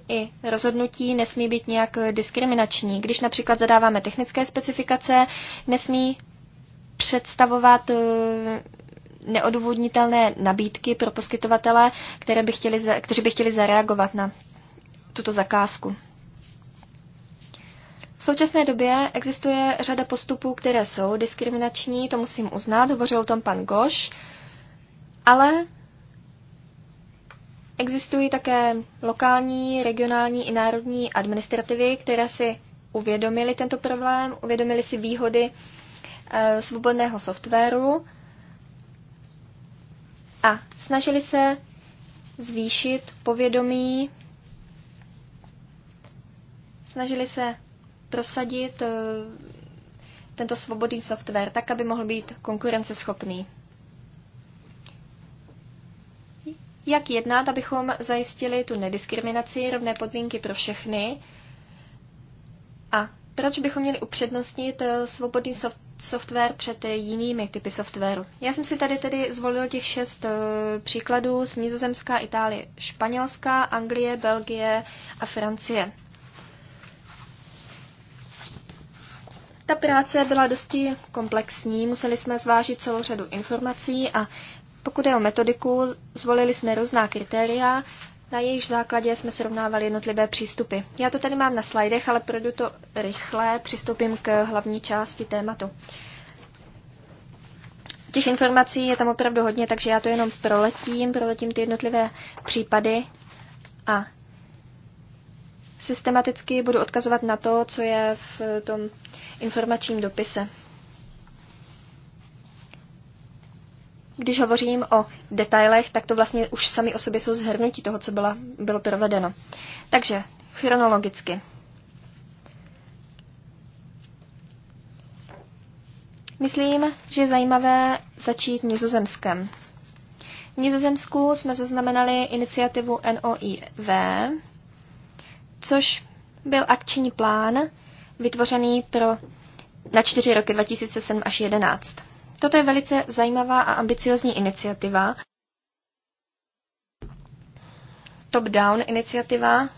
i rozhodnutí nesmí být nějak diskriminační. Když například zadáváme technické specifikace, nesmí představovat e, neodůvodnitelné nabídky pro poskytovatele, které by chtěli, kteří by chtěli zareagovat na tuto zakázku. V současné době existuje řada postupů, které jsou diskriminační, to musím uznat, hovořil o tom pan Goš, ale existují také lokální, regionální i národní administrativy, které si uvědomili tento problém, uvědomili si výhody eh, svobodného softwaru a snažili se zvýšit povědomí, snažili se prosadit eh, tento svobodný software tak, aby mohl být konkurenceschopný. Jak jednat, abychom zajistili tu nediskriminaci, rovné podmínky pro všechny a proč bychom měli upřednostnit eh, svobodný software software před jinými typy softwaru. Já jsem si tady tedy zvolil těch šest eh, příkladů z Nizozemská, Itálie, Španělská, Anglie, Belgie a Francie. Ta práce byla dosti komplexní, museli jsme zvážit celou řadu informací a pokud je o metodiku, zvolili jsme různá kritéria na jejich základě jsme srovnávali jednotlivé přístupy. Já to tady mám na slajdech, ale projdu to rychle, přistoupím k hlavní části tématu. Těch informací je tam opravdu hodně, takže já to jenom proletím, proletím ty jednotlivé případy a systematicky budu odkazovat na to, co je v tom informačním dopise. když hovořím o detailech, tak to vlastně už sami o sobě jsou zhrnutí toho, co byla, bylo provedeno. Takže chronologicky. Myslím, že je zajímavé začít Nizozemskem. V Nizozemsku jsme zaznamenali iniciativu NOIV, což byl akční plán vytvořený pro na čtyři roky 2007 až 2011. Toto je velice zajímavá a ambiciozní iniciativa. Top-down iniciativa,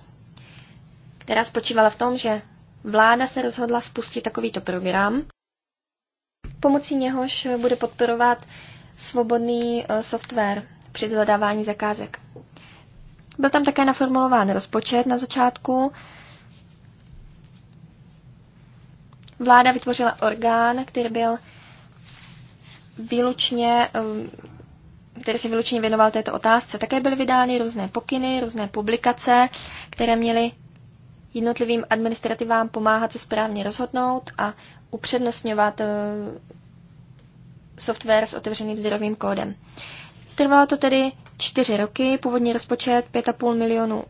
která spočívala v tom, že vláda se rozhodla spustit takovýto program, pomocí něhož bude podporovat svobodný eh, software při zadávání zakázek. Byl tam také naformulován rozpočet na začátku. Vláda vytvořila orgán, který byl výlučně um, který se výlučně věnoval této otázce. Také byly vydány různé pokyny, různé publikace, které měly jednotlivým administrativám pomáhat se správně rozhodnout a upřednostňovat uh, software s otevřeným zdrojovým kódem. Trvalo to tedy čtyři roky, původní rozpočet 5,5 milionů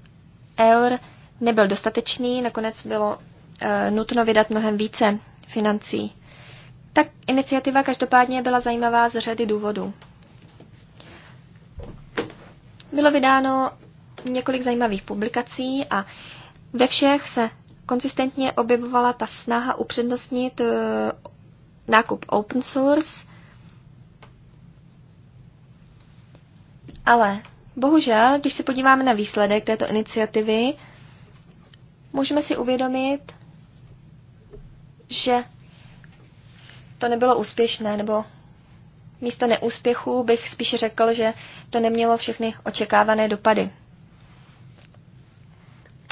eur nebyl dostatečný, nakonec bylo uh, nutno vydat mnohem více financí. Tak iniciativa každopádně byla zajímavá z řady důvodů. Bylo vydáno několik zajímavých publikací a ve všech se konzistentně objevovala ta snaha upřednostnit eh, nákup open source, ale bohužel, když se podíváme na výsledek této iniciativy, můžeme si uvědomit, že to nebylo úspěšné, nebo místo neúspěchu bych spíše řekl, že to nemělo všechny očekávané dopady.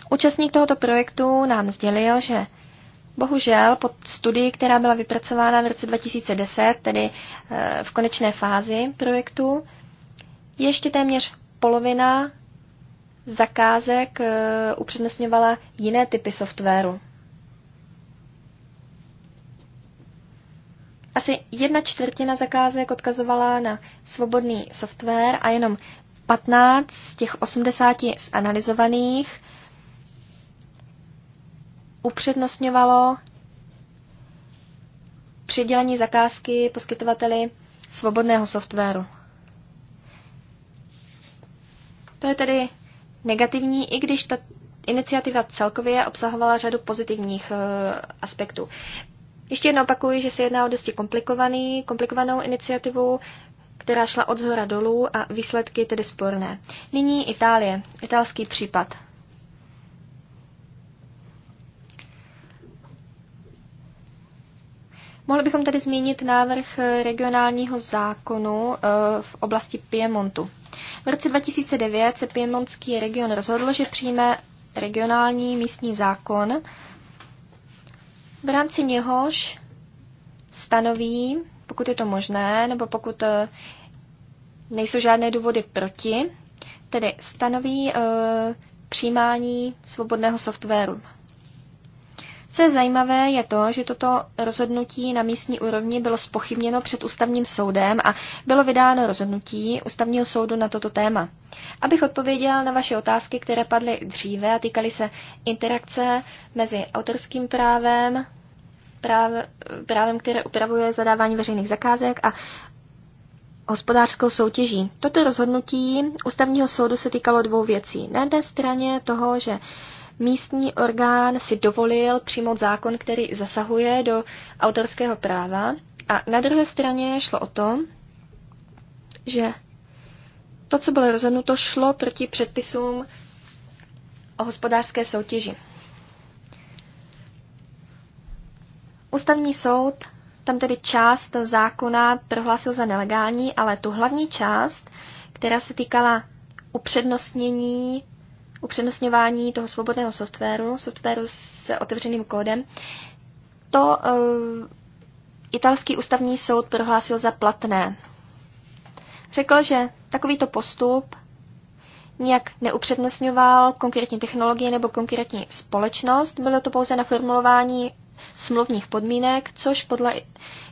Účastník tohoto projektu nám sdělil, že bohužel pod studii, která byla vypracována v roce 2010, tedy eh, v konečné fázi projektu, ještě téměř polovina zakázek eh, upřednostňovala jiné typy softwaru. asi jedna čtvrtina zakázek odkazovala na svobodný software a jenom 15 z těch 80 zanalizovaných upřednostňovalo přidělení zakázky poskytovateli svobodného softwaru. To je tedy negativní, i když ta iniciativa celkově obsahovala řadu pozitivních eh, aspektů. Ještě jednou opakuju, že se jedná o dosti komplikovaný, komplikovanou iniciativu, která šla od zhora dolů a výsledky tedy sporné. Nyní Itálie, italský případ. Mohli bychom tady zmínit návrh regionálního zákonu eh, v oblasti Piemontu. V roce 2009 se Piemontský region rozhodl, že přijme regionální místní zákon, v rámci něhož stanoví, pokud je to možné, nebo pokud eh, nejsou žádné důvody proti, tedy stanoví e, přijímání svobodného softwaru co je zajímavé, je to, že toto rozhodnutí na místní úrovni bylo spochybněno před ústavním soudem a bylo vydáno rozhodnutí ústavního soudu na toto téma. Abych odpověděl na vaše otázky, které padly dříve a týkaly se interakce mezi autorským právem, práv, právem, které upravuje zadávání veřejných zakázek a hospodářskou soutěží. Toto rozhodnutí ústavního soudu se týkalo dvou věcí. Na jedné straně toho, že místní orgán si dovolil přijmout zákon, který zasahuje do autorského práva. A na druhé straně šlo o to, že to, co bylo rozhodnuto, šlo proti předpisům o hospodářské soutěži. Ústavní soud tam tedy část zákona prohlásil za nelegální, ale tu hlavní část, která se týkala upřednostnění upřednostňování toho svobodného softwaru, softwaru s otevřeným kódem, to uh, italský ústavní soud prohlásil za platné. Řekl, že takovýto postup nijak neupřednostňoval konkrétní technologie nebo konkrétní společnost, bylo to pouze na formulování smluvních podmínek, což podle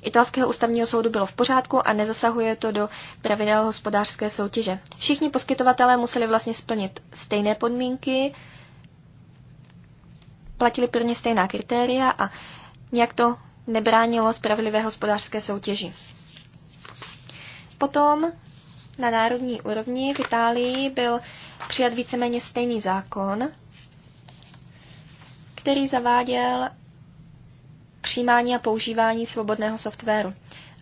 italského ústavního soudu bylo v pořádku a nezasahuje to do pravidel hospodářské soutěže. Všichni poskytovatelé museli vlastně splnit stejné podmínky, platili pro ně stejná kritéria a nějak to nebránilo spravedlivé hospodářské soutěži. Potom na národní úrovni v Itálii byl přijat víceméně stejný zákon, který zaváděl přijímání a používání svobodného softwaru.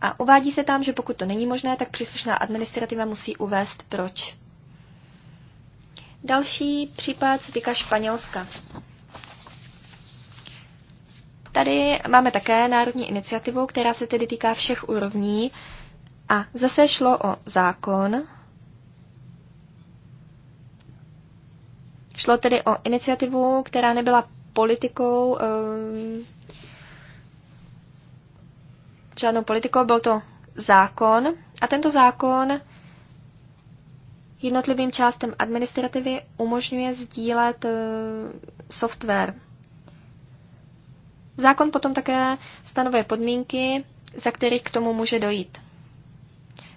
A uvádí se tam, že pokud to není možné, tak příslušná administrativa musí uvést proč. Další případ se týká Španělska. Tady máme také národní iniciativu, která se tedy týká všech úrovní. A zase šlo o zákon. Šlo tedy o iniciativu, která nebyla politikou um, žádnou politikou, byl to zákon a tento zákon jednotlivým částem administrativy umožňuje sdílet e, software. Zákon potom také stanovuje podmínky, za kterých k tomu může dojít.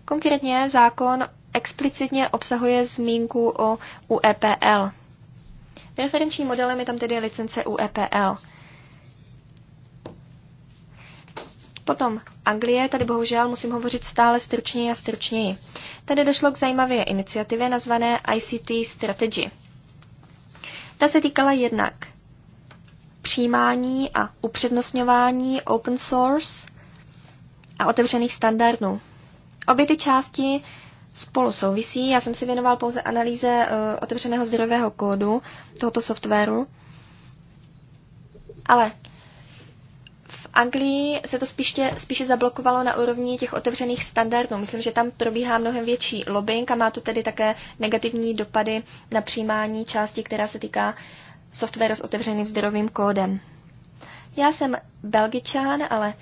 Konkrétně zákon explicitně obsahuje zmínku o UEPL. Referenčním modelem je tam tedy licence UEPL. Potom Anglie, tady bohužel musím hovořit stále stručněji a stručněji. Tady došlo k zajímavé iniciativě nazvané ICT Strategy. Ta se týkala jednak přijímání a upřednostňování open source a otevřených standardů. Obě ty části spolu souvisí. Já jsem si věnoval pouze analýze eh, otevřeného zdrojového kódu tohoto softwaru. Ale Anglii se to spíše, spíše zablokovalo na úrovni těch otevřených standardů. Myslím, že tam probíhá mnohem větší lobbying a má to tedy také negativní dopady na přijímání části, která se týká softwaru s otevřeným zdrojovým kódem. Já jsem belgičán, ale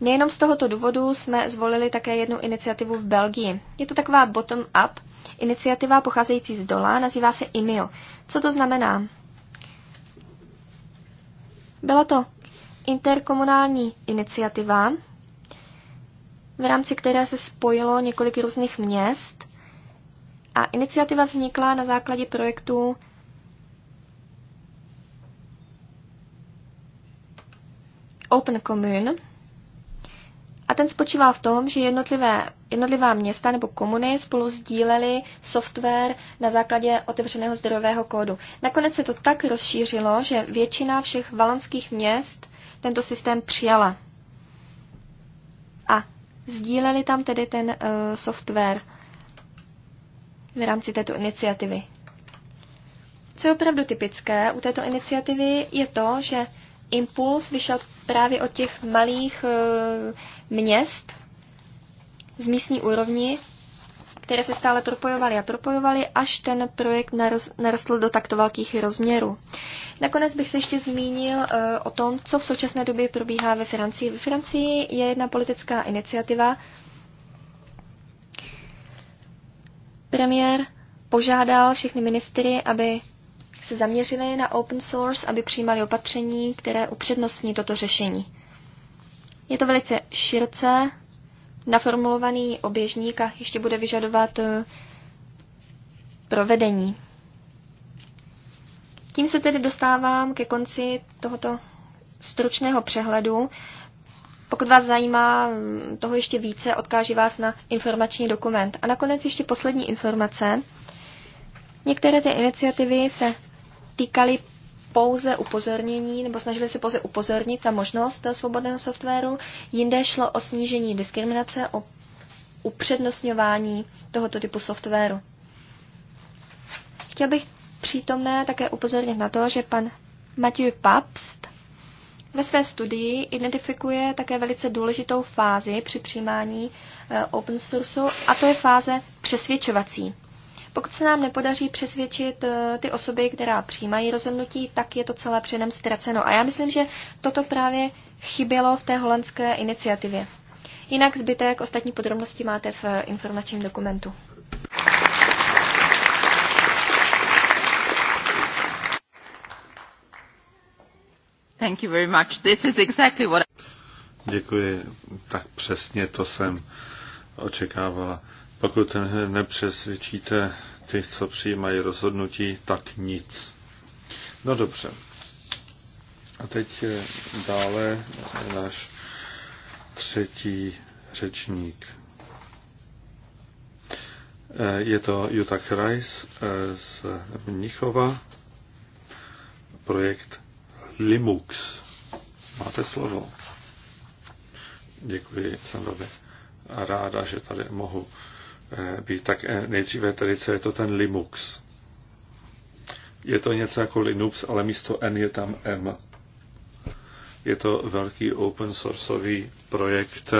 nejenom z tohoto důvodu jsme zvolili také jednu iniciativu v Belgii. Je to taková bottom-up iniciativa pocházející z dola, nazývá se IMIO. Co to znamená? Byla to interkomunální iniciativa, v rámci které se spojilo několik různých měst a iniciativa vznikla na základě projektu Open Commune. A ten spočívá v tom, že jednotlivé, jednotlivá města nebo komuny spolu sdíleli software na základě otevřeného zdrojového kódu. Nakonec se to tak rozšířilo, že většina všech valonských měst tento systém přijala. A sdíleli tam tedy ten uh, software v rámci této iniciativy. Co je opravdu typické u této iniciativy, je to, že impuls vyšel právě od těch malých uh, měst z místní úrovni které se stále propojovaly a propojovaly, až ten projekt narostl do takto velkých rozměrů. Nakonec bych se ještě zmínil eh, o tom, co v současné době probíhá ve Francii. Ve Francii je jedna politická iniciativa. Premiér požádal všechny ministry, aby se zaměřili na open source, aby přijímali opatření, které upřednostní toto řešení. Je to velice široce naformulovaný oběžník a ještě bude vyžadovat eh, provedení. Tím se tedy dostávám ke konci tohoto stručného přehledu. Pokud vás zajímá mm, toho ještě více, odkáži vás na informační dokument. A nakonec ještě poslední informace. Některé ty iniciativy se týkaly pouze upozornění, nebo snažili se pouze upozornit na možnost svobodného softwaru. Jinde šlo o snížení diskriminace, o upřednostňování tohoto typu softwaru. Chtěl bych přítomné také upozornit na to, že pan Matthew Pabst ve své studii identifikuje také velice důležitou fázi při přijímání eh, open sourceu, a to je fáze přesvědčovací. Pokud se nám nepodaří přesvědčit eh, ty osoby, která přijímají rozhodnutí, tak je to celé předem ztraceno. A já myslím, že toto právě chybělo v té holandské iniciativě. Jinak zbytek ostatní podrobnosti máte v eh, informačním dokumentu. Thank you very much. This is exactly what... Děkuji. Tak přesně to jsem očekávala. Pokud nepřesvědčíte ty, co přijímají rozhodnutí, tak nic. No dobře. A teď eh, dále náš třetí řečník. Eh, je to Jutta Kreis eh, z Mnichova, projekt Limux. Máte slovo. Děkuji, jsem velmi ráda, že tady mohu Eh, být, tak eh, nejdříve tady, co je to ten Linux. Je to něco jako Linux, ale místo N je tam M. Je to velký open sourceový projekt,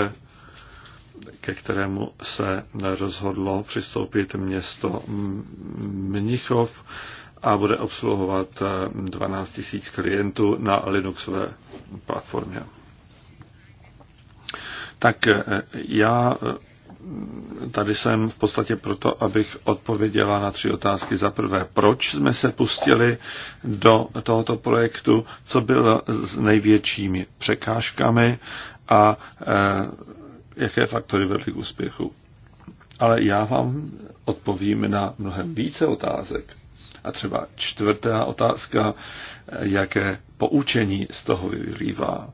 ke kterému se rozhodlo přistoupit město Mnichov a bude obsluhovat 12 eh, 000 klientů na Linuxové platformě. Tak já tady jsem v podstatě proto, abych odpověděla na tři otázky. Za prvé, proč jsme se pustili do tohoto projektu, co bylo s největšími překážkami a eh, jaké faktory vedly k úspěchu. Ale já vám odpovím na mnohem více otázek. A třeba čtvrtá otázka, jaké poučení z toho vyvývá.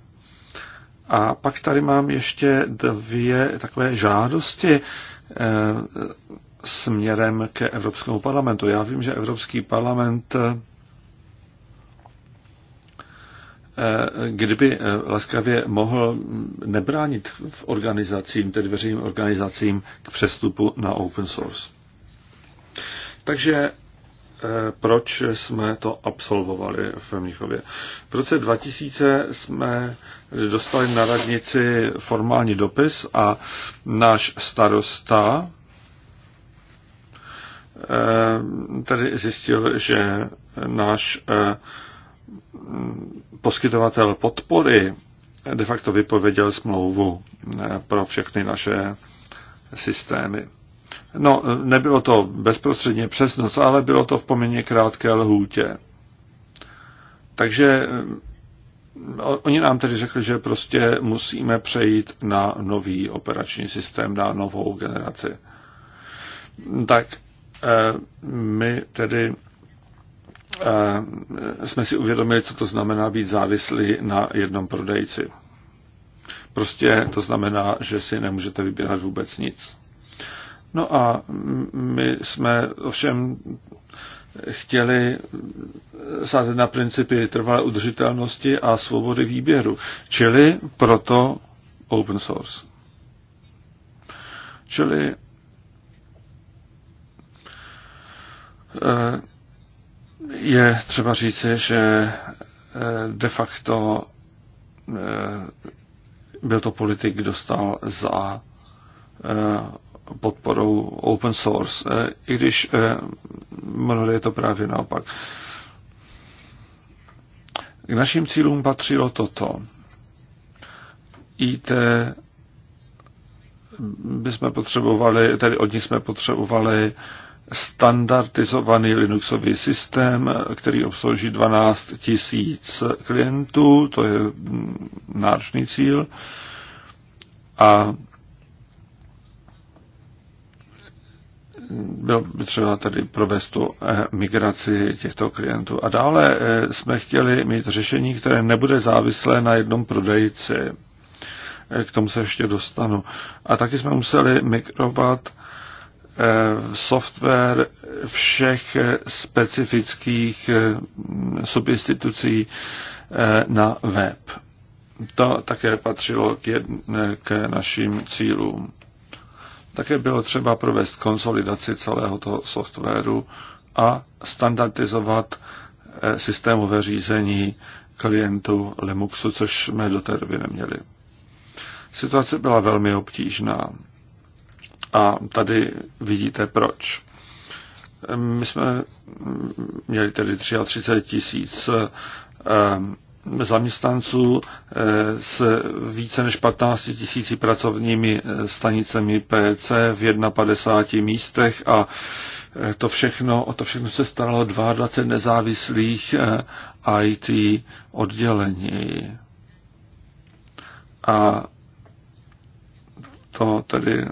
A pak tady mám ještě dvě takové žádosti eh, směrem ke Evropskému parlamentu. Já vím, že Evropský parlament eh, kdyby eh, laskavě mohl nebránit v organizacím, tedy veřejným organizacím k přestupu na open source. Takže Eh, proč jsme to absolvovali v Mnichově. V roce 2000 jsme dostali na radnici formální dopis a náš starosta eh, tady zjistil, že náš eh, poskytovatel podpory de facto vypověděl smlouvu pro všechny naše systémy. No, nebylo to bezprostředně přes noc, ale bylo to v poměrně krátké lhůtě. Takže eh, oni nám tedy řekli, že prostě musíme přejít na nový operační systém, na novou generaci. Tak eh, my tedy eh, jsme si uvědomili, co to znamená být závislí na jednom prodejci. Prostě to znamená, že si nemůžete vybírat vůbec nic. No a my jsme ovšem chtěli sázet na principy trvalé udržitelnosti a svobody výběru, čili proto open source. Čili eh, je třeba říci, že eh, de facto eh, byl to politik, kdo stal za podporou open source, eh, i když eh, mnohdy je to právě naopak. K našim cílům patřilo toto. IT bychom potřebovali, tedy od ní jsme potřebovali standardizovaný Linuxový systém, který obslouží 12 tisíc klientů, to je náročný cíl. A bylo by třeba tady provést tu eh, migraci těchto klientů. A dále eh, jsme chtěli mít řešení, které nebude závislé na jednom prodejci. Eh, k tomu se ještě dostanu. A taky jsme museli migrovat software všech specifických subinstitucí na web. To také patřilo k, jedn, k našim cílům. Také bylo třeba provést konsolidaci celého toho softwaru a standardizovat eh, systémové řízení klientů Lemuxu, což jsme do té doby neměli. Situace byla velmi obtížná a tady vidíte proč. Eh, my jsme mm, měli tedy 33 tisíc eh, zaměstnanců eh, s více než 15 tisíci pracovními eh, stanicemi PC v 51 místech a eh, to všechno, o to všechno se staralo 22 nezávislých IT oddělení. A to tedy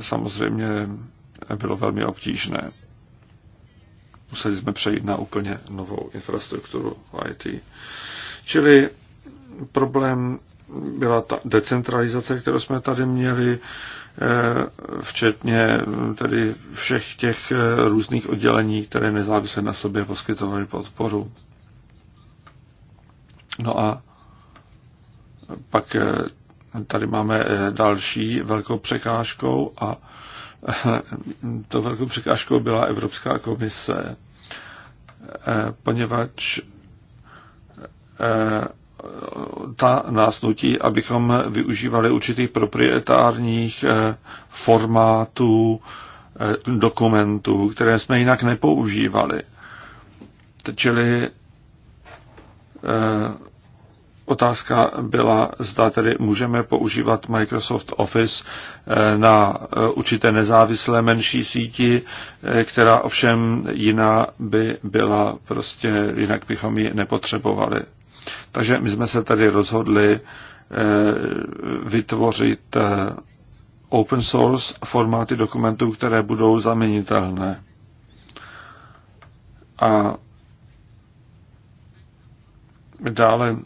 samozřejmě bylo velmi obtížné museli jsme přejít na úplně novou infrastrukturu IT. Čili problém byla ta decentralizace, kterou jsme tady měli, eh, včetně eh, tedy všech těch eh, různých oddělení, které nezávisle na sobě poskytovaly podporu. No a pak tady máme další velkou překážkou a to velkou překážkou byla Evropská komise, eh, poněvadž eh, ta nás nutí, abychom využívali určitých proprietárních eh, formátů dokumentů, které jsme jinak nepoužívali. Čili Otázka byla, zda tedy můžeme používat Microsoft Office eh, na eh, určité nezávislé menší síti, eh, která ovšem jiná by byla prostě, jinak bychom ji nepotřebovali. Takže my jsme se tady rozhodli vytvořit open source formáty dokumentů, které budou zaměnitelné. A dále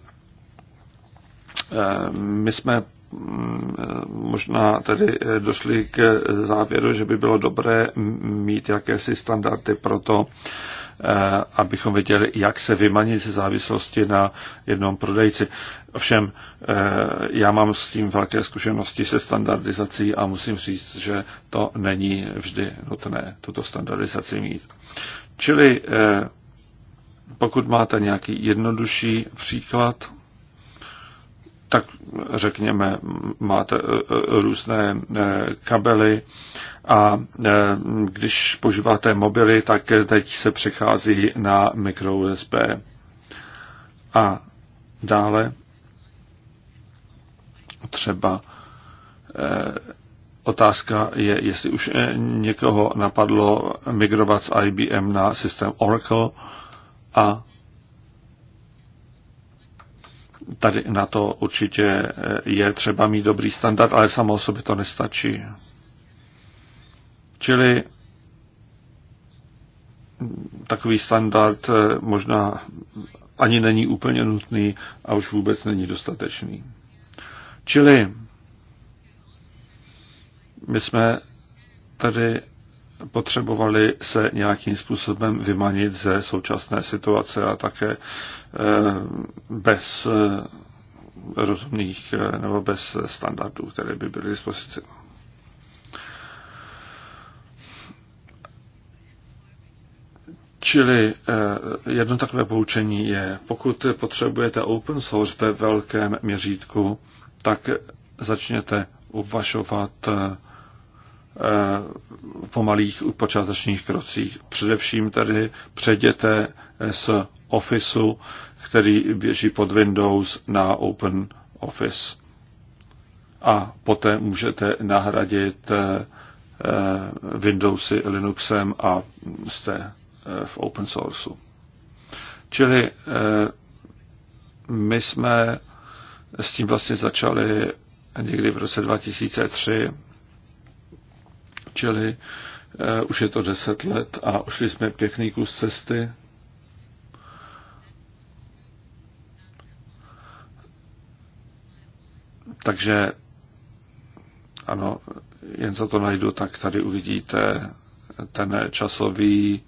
Eh, my jsme mm, možná tady eh, došli k závěru, že by bylo dobré mít jakési standardy pro to, eh, abychom věděli, jak se vymanit ze závislosti na jednom prodejci. Ovšem, já mám s tím velké zkušenosti se standardizací a musím říct, že to není vždy nutné tuto standardizaci mít. Čili pokud máte nějaký jednodušší příklad, tak řekněme, máte e, e, různé e, kabely a když používáte mobily, tak teď se přechází na micro USB. A dále třeba otázka je, jestli už někoho napadlo migrovat z IBM na systém Oracle a tady na to určitě eh, je třeba mít dobrý standard, ale samo o sobě to nestačí. Čili takový standard eh, možná ani není úplně nutný a už vůbec není dostatečný. Čili my jsme tady potřebovali se nějakým způsobem vymanit ze současné situace a také eh, bez eh, rozumných eh, nebo bez standardů, které by byly k dispozici. Čili jedno takové poučení je, pokud potřebujete open source ve velkém měřítku, tak začněte uvažovat Eh, pomalých počátečních krocích. Především tedy přejděte z Officeu, který běží pod Windows na Open Office. A poté můžete nahradit eh, eh, Windowsy Linuxem a jste v open sourceu. Čili my jsme s tím vlastně začali někdy v roce 2003 čili eh, už je to deset let a ušli jsme pěkný kus cesty. Takže ano, jen co to najdu, tak tady uvidíte ten časový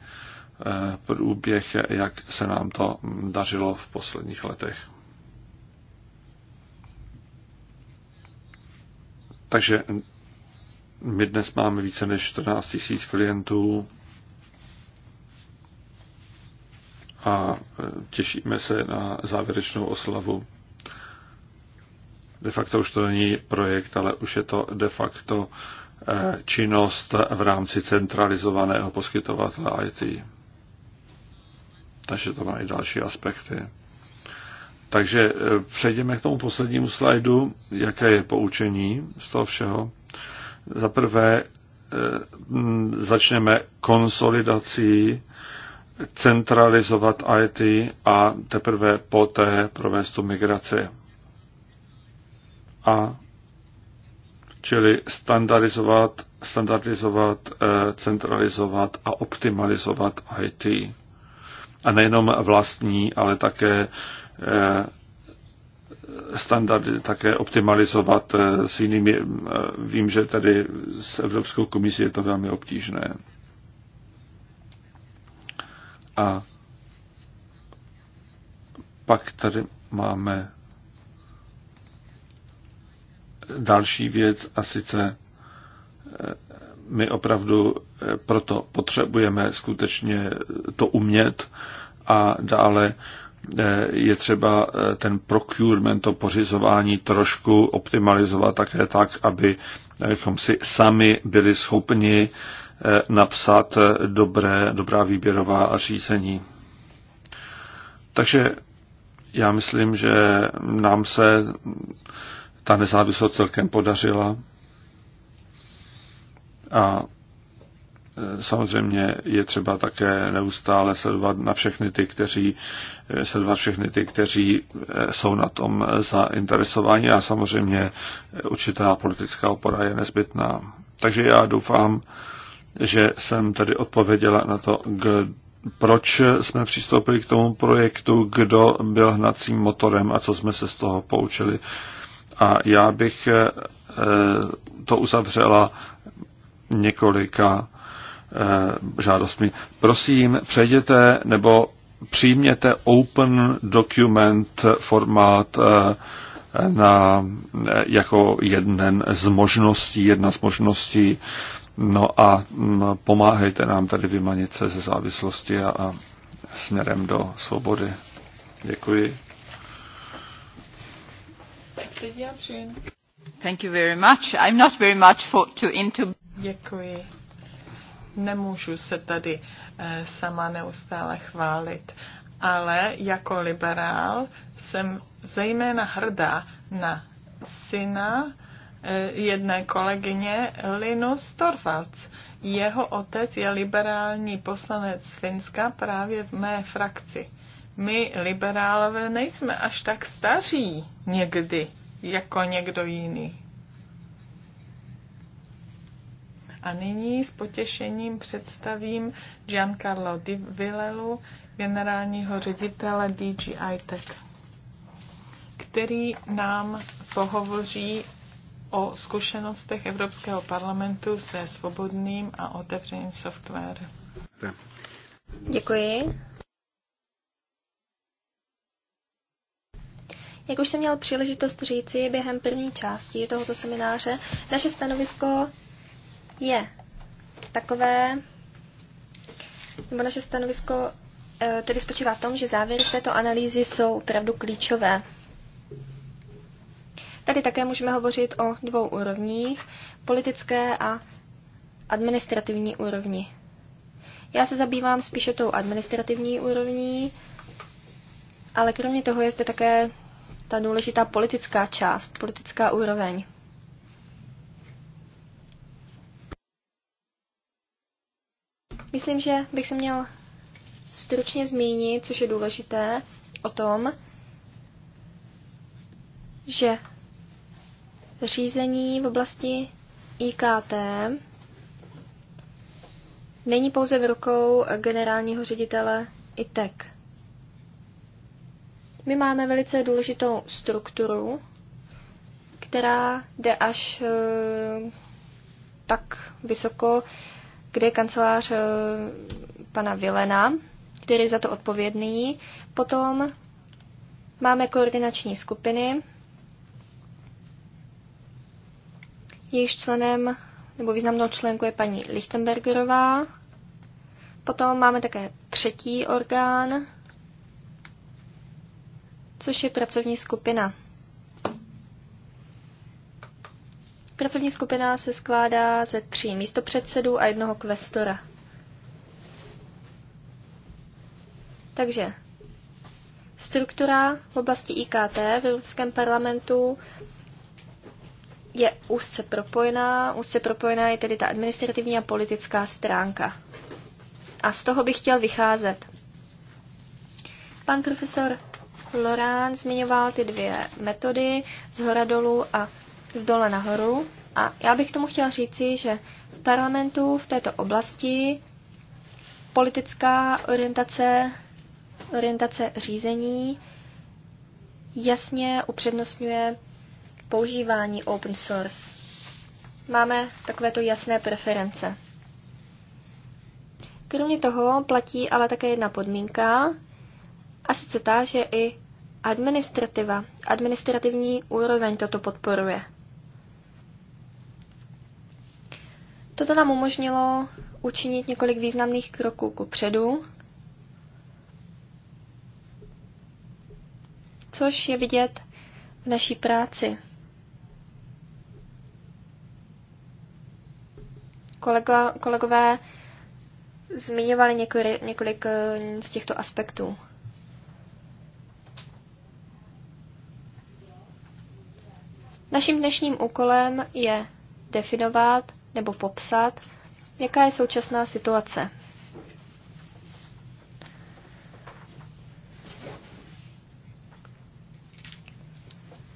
eh, průběh, jak se nám to dařilo v posledních letech. Takže my dnes máme více než 14 tisíc klientů a e, těšíme se na závěrečnou oslavu. De facto už to není projekt, ale už je to de facto e, činnost v rámci centralizovaného poskytovatele IT. Takže to má i další aspekty. Takže e, přejdeme k tomu poslednímu slajdu, jaké je poučení z toho všeho. Za prvé e, začneme konsolidací centralizovat IT a teprve poté provést tu migraci. A čili standardizovat, standardizovat, e, centralizovat a optimalizovat IT. A nejenom vlastní, ale také e, standardy také optimalizovat eh, s jinými. Eh, vím, že tady s Evropskou komisí je to velmi obtížné. A pak tady máme další věc a sice eh, my opravdu proto potřebujeme skutečně to umět a dále Eh, je třeba eh, ten procurement, to pořizování trošku optimalizovat také tak, abychom si sami byli schopni eh, napsat dobré, dobrá výběrová řízení. Takže já myslím, že nám se ta nezávislost celkem podařila a samozřejmě je třeba také neustále sledovat na všechny ty, kteří sledovat všechny ty, kteří eh, jsou na tom zainteresováni a samozřejmě eh, určitá politická opora je nezbytná. Takže já doufám, že jsem tady odpověděla na to, k, proč jsme přistoupili k tomu projektu, kdo byl hnacím motorem a co jsme se z toho poučili. A já bych eh, to uzavřela několika Eh, žádostmi. Prosím, přejděte nebo přijměte Open Document formát eh, na, eh, jako jeden z možností, jedna z možností. No a mm, pomáhejte nám tady vymanit se ze závislosti a, a směrem do svobody. Děkuji. Thank you very much. I'm not very much for, to into. Děkuji. Nemůžu se tady eh, sama neustále chválit, ale jako liberál jsem zejména hrdá na syna eh, jedné kolegyně Linus Torvalds. Jeho otec je liberální poslanec z Finska právě v mé frakci. My, liberálové, nejsme až tak staří někdy, jako někdo jiný. A nyní s potěšením představím Giancarlo Di Villelu, generálního ředitele DGI Tech, který nám pohovoří o zkušenostech Evropského parlamentu se svobodným a otevřeným softwarem. Děkuji. Jak už jsem měl příležitost říci během první části tohoto semináře, naše stanovisko je takové, nebo naše stanovisko eh, tedy spočívá v tom, že závěry z této analýzy jsou opravdu klíčové. Tady také můžeme hovořit o dvou úrovních, politické a administrativní úrovni. Já se zabývám spíše tou administrativní úrovní, ale kromě toho je zde také ta důležitá politická část, politická úroveň. Myslím, že bych se měl stručně zmínit, což je důležité, o tom, že řízení v oblasti IKT není pouze v rukou generálního ředitele ITEC. My máme velice důležitou strukturu, která jde až eh, tak vysoko kde je kancelář eh, pana Vilena, který je za to odpovědný. Potom máme koordinační skupiny, jejíž členem nebo významnou členku je paní Lichtenbergerová. Potom máme také třetí orgán, což je pracovní skupina Pracovní skupina se skládá ze tří místopředsedů a jednoho kvestora. Takže struktura v oblasti IKT v Evropském parlamentu je úzce propojená. Úzce propojená je tedy ta administrativní a politická stránka. A z toho bych chtěl vycházet. Pan profesor Lorán zmiňoval ty dvě metody z hora dolů a z dole nahoru. A já bych tomu chtěla říci, že v parlamentu v této oblasti politická orientace, orientace řízení jasně upřednostňuje používání open source. Máme takovéto jasné preference. Kromě toho platí ale také jedna podmínka, a sice ta, že i administrativa, administrativní úroveň toto podporuje. Toto nám umožnilo učinit několik významných kroků ku předu, což je vidět v naší práci. Kolega, kolegové zmiňovali několik, několik eh, z těchto aspektů. Naším dnešním úkolem je definovat nebo popsat, jaká je současná situace.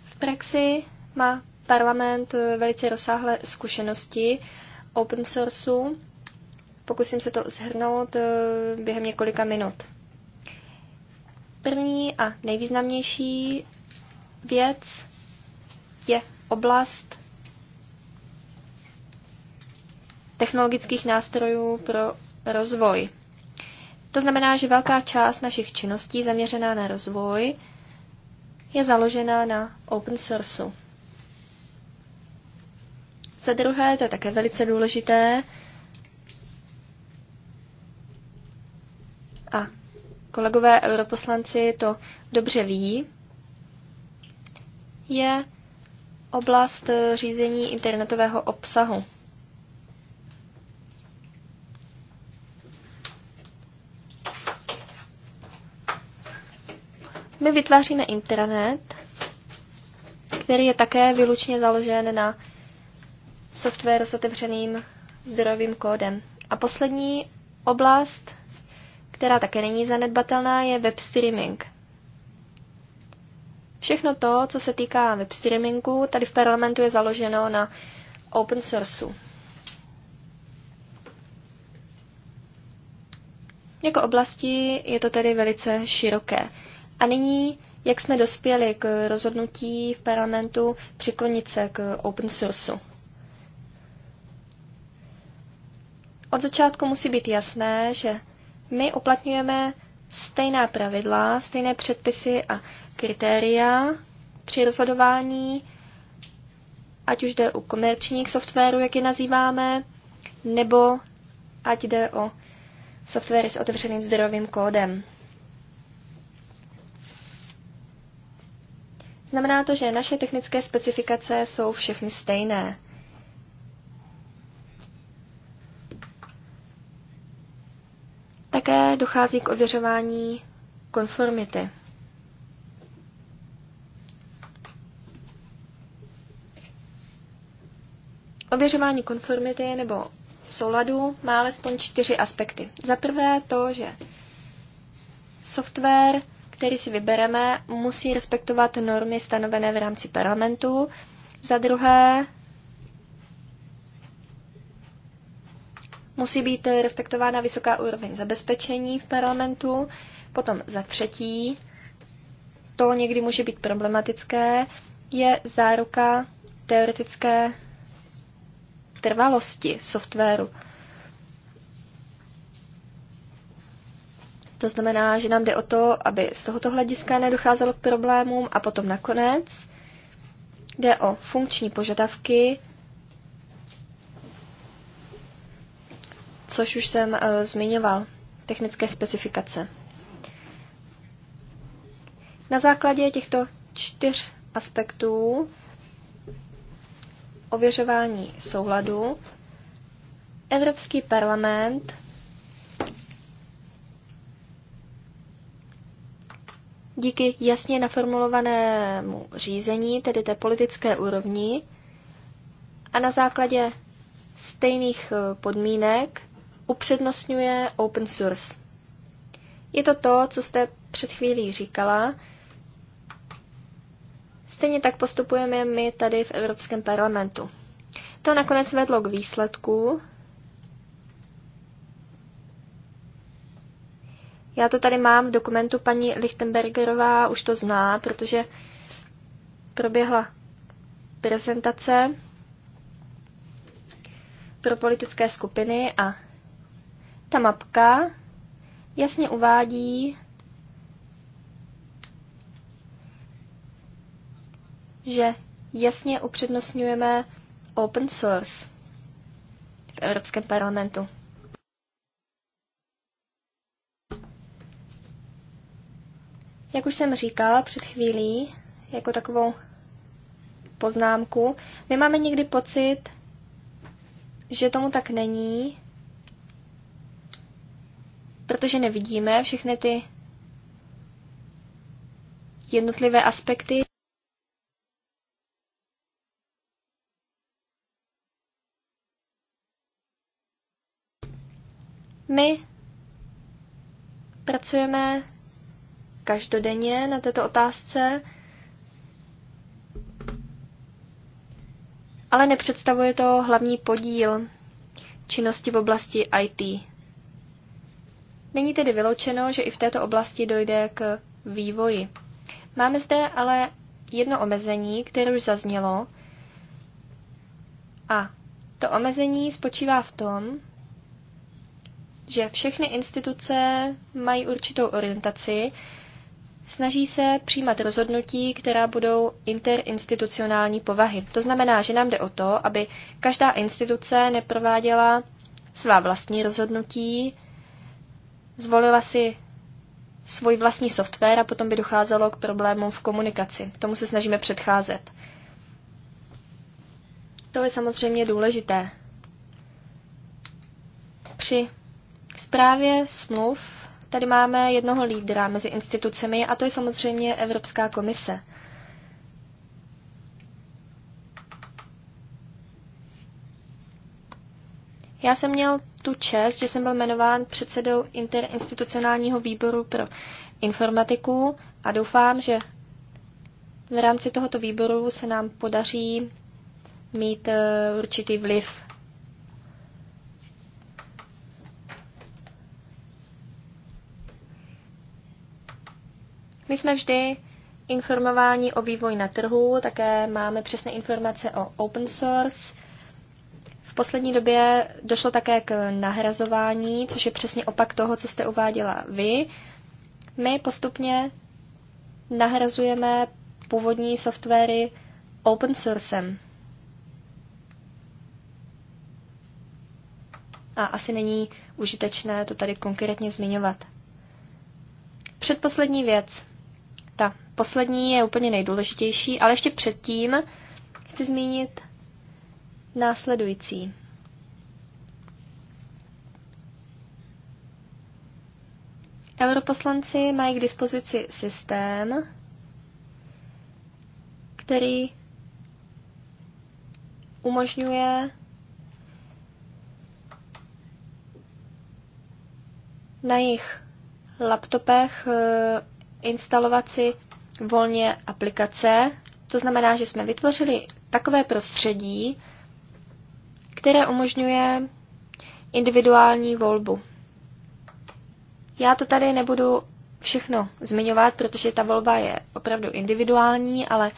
V praxi má parlament velice rozsáhlé zkušenosti open sourceu. Pokusím se to zhrnout eh, během několika minut. První a nejvýznamnější věc je oblast technologických nástrojů pro rozvoj. To znamená, že velká část našich činností zaměřená na rozvoj je založená na open sourceu. Za druhé, to je také velice důležité, a kolegové europoslanci to dobře ví, je oblast řízení internetového obsahu. My vytváříme intranet, který je také výlučně založen na softwaru s otevřeným zdrojovým kódem. A poslední oblast, která také není zanedbatelná, je web streaming. Všechno to, co se týká web streamingu, tady v parlamentu je založeno na open sourceu. Jako oblasti je to tedy velice široké. A nyní, jak jsme dospěli k rozhodnutí v parlamentu přiklonit se k open sourceu. Od začátku musí být jasné, že my uplatňujeme stejná pravidla, stejné předpisy a kritéria při rozhodování, ať už jde o komerčních softwarů, jak je nazýváme, nebo ať jde o softwary s otevřeným zdrojovým kódem. Znamená to, že naše technické specifikace jsou všechny stejné. Také dochází k ověřování konformity. Ověřování konformity nebo souladu má alespoň čtyři aspekty. Za prvé to, že software který si vybereme, musí respektovat normy stanovené v rámci parlamentu. Za druhé, musí být respektována vysoká úroveň zabezpečení v parlamentu. Potom za třetí, to někdy může být problematické, je záruka teoretické trvalosti softwaru. To znamená, že nám jde o to, aby z tohoto hlediska nedocházelo k problémům a potom nakonec jde o funkční požadavky, což už jsem uh, zmiňoval, technické specifikace. Na základě těchto čtyř aspektů ověřování souhladu Evropský parlament díky jasně naformulovanému řízení, tedy té politické úrovni, a na základě stejných eh, podmínek upřednostňuje open source. Je to to, co jste před chvílí říkala. Stejně tak postupujeme my tady v Evropském parlamentu. To nakonec vedlo k výsledku, Já to tady mám v dokumentu, paní Lichtenbergerová už to zná, protože proběhla prezentace pro politické skupiny a ta mapka jasně uvádí, že jasně upřednostňujeme open source v Evropském parlamentu. Jak už jsem říkal před chvílí, jako takovou poznámku, my máme někdy pocit, že tomu tak není, protože nevidíme všechny ty jednotlivé aspekty. My pracujeme každodenně na této otázce, ale nepředstavuje to hlavní podíl činnosti v oblasti IT. Není tedy vyloučeno, že i v této oblasti dojde k vývoji. Máme zde ale jedno omezení, které už zaznělo, a to omezení spočívá v tom, že všechny instituce mají určitou orientaci Snaží se přijímat rozhodnutí, která budou interinstitucionální povahy. To znamená, že nám jde o to, aby každá instituce neprováděla svá vlastní rozhodnutí, zvolila si svůj vlastní software a potom by docházelo k problémům v komunikaci. Tomu se snažíme předcházet. To je samozřejmě důležité. Při zprávě smluv Tady máme jednoho lídra mezi institucemi a to je samozřejmě Evropská komise. Já jsem měl tu čest, že jsem byl jmenován předsedou interinstitucionálního výboru pro informatiku a doufám, že v rámci tohoto výboru se nám podaří mít eh, určitý vliv My jsme vždy informováni o vývoji na trhu, také máme přesné informace o open source. V poslední době došlo také k nahrazování, což je přesně opak toho, co jste uváděla vy. My postupně nahrazujeme původní softwary open sourcem. A asi není užitečné to tady konkrétně zmiňovat. Předposlední věc poslední je úplně nejdůležitější, ale ještě předtím chci zmínit následující. Europoslanci mají k dispozici systém, který umožňuje na jejich laptopech eh, instalovat si volně aplikace. To znamená, že jsme vytvořili takové prostředí, které umožňuje individuální volbu. Já to tady nebudu všechno zmiňovat, protože ta volba je opravdu individuální, ale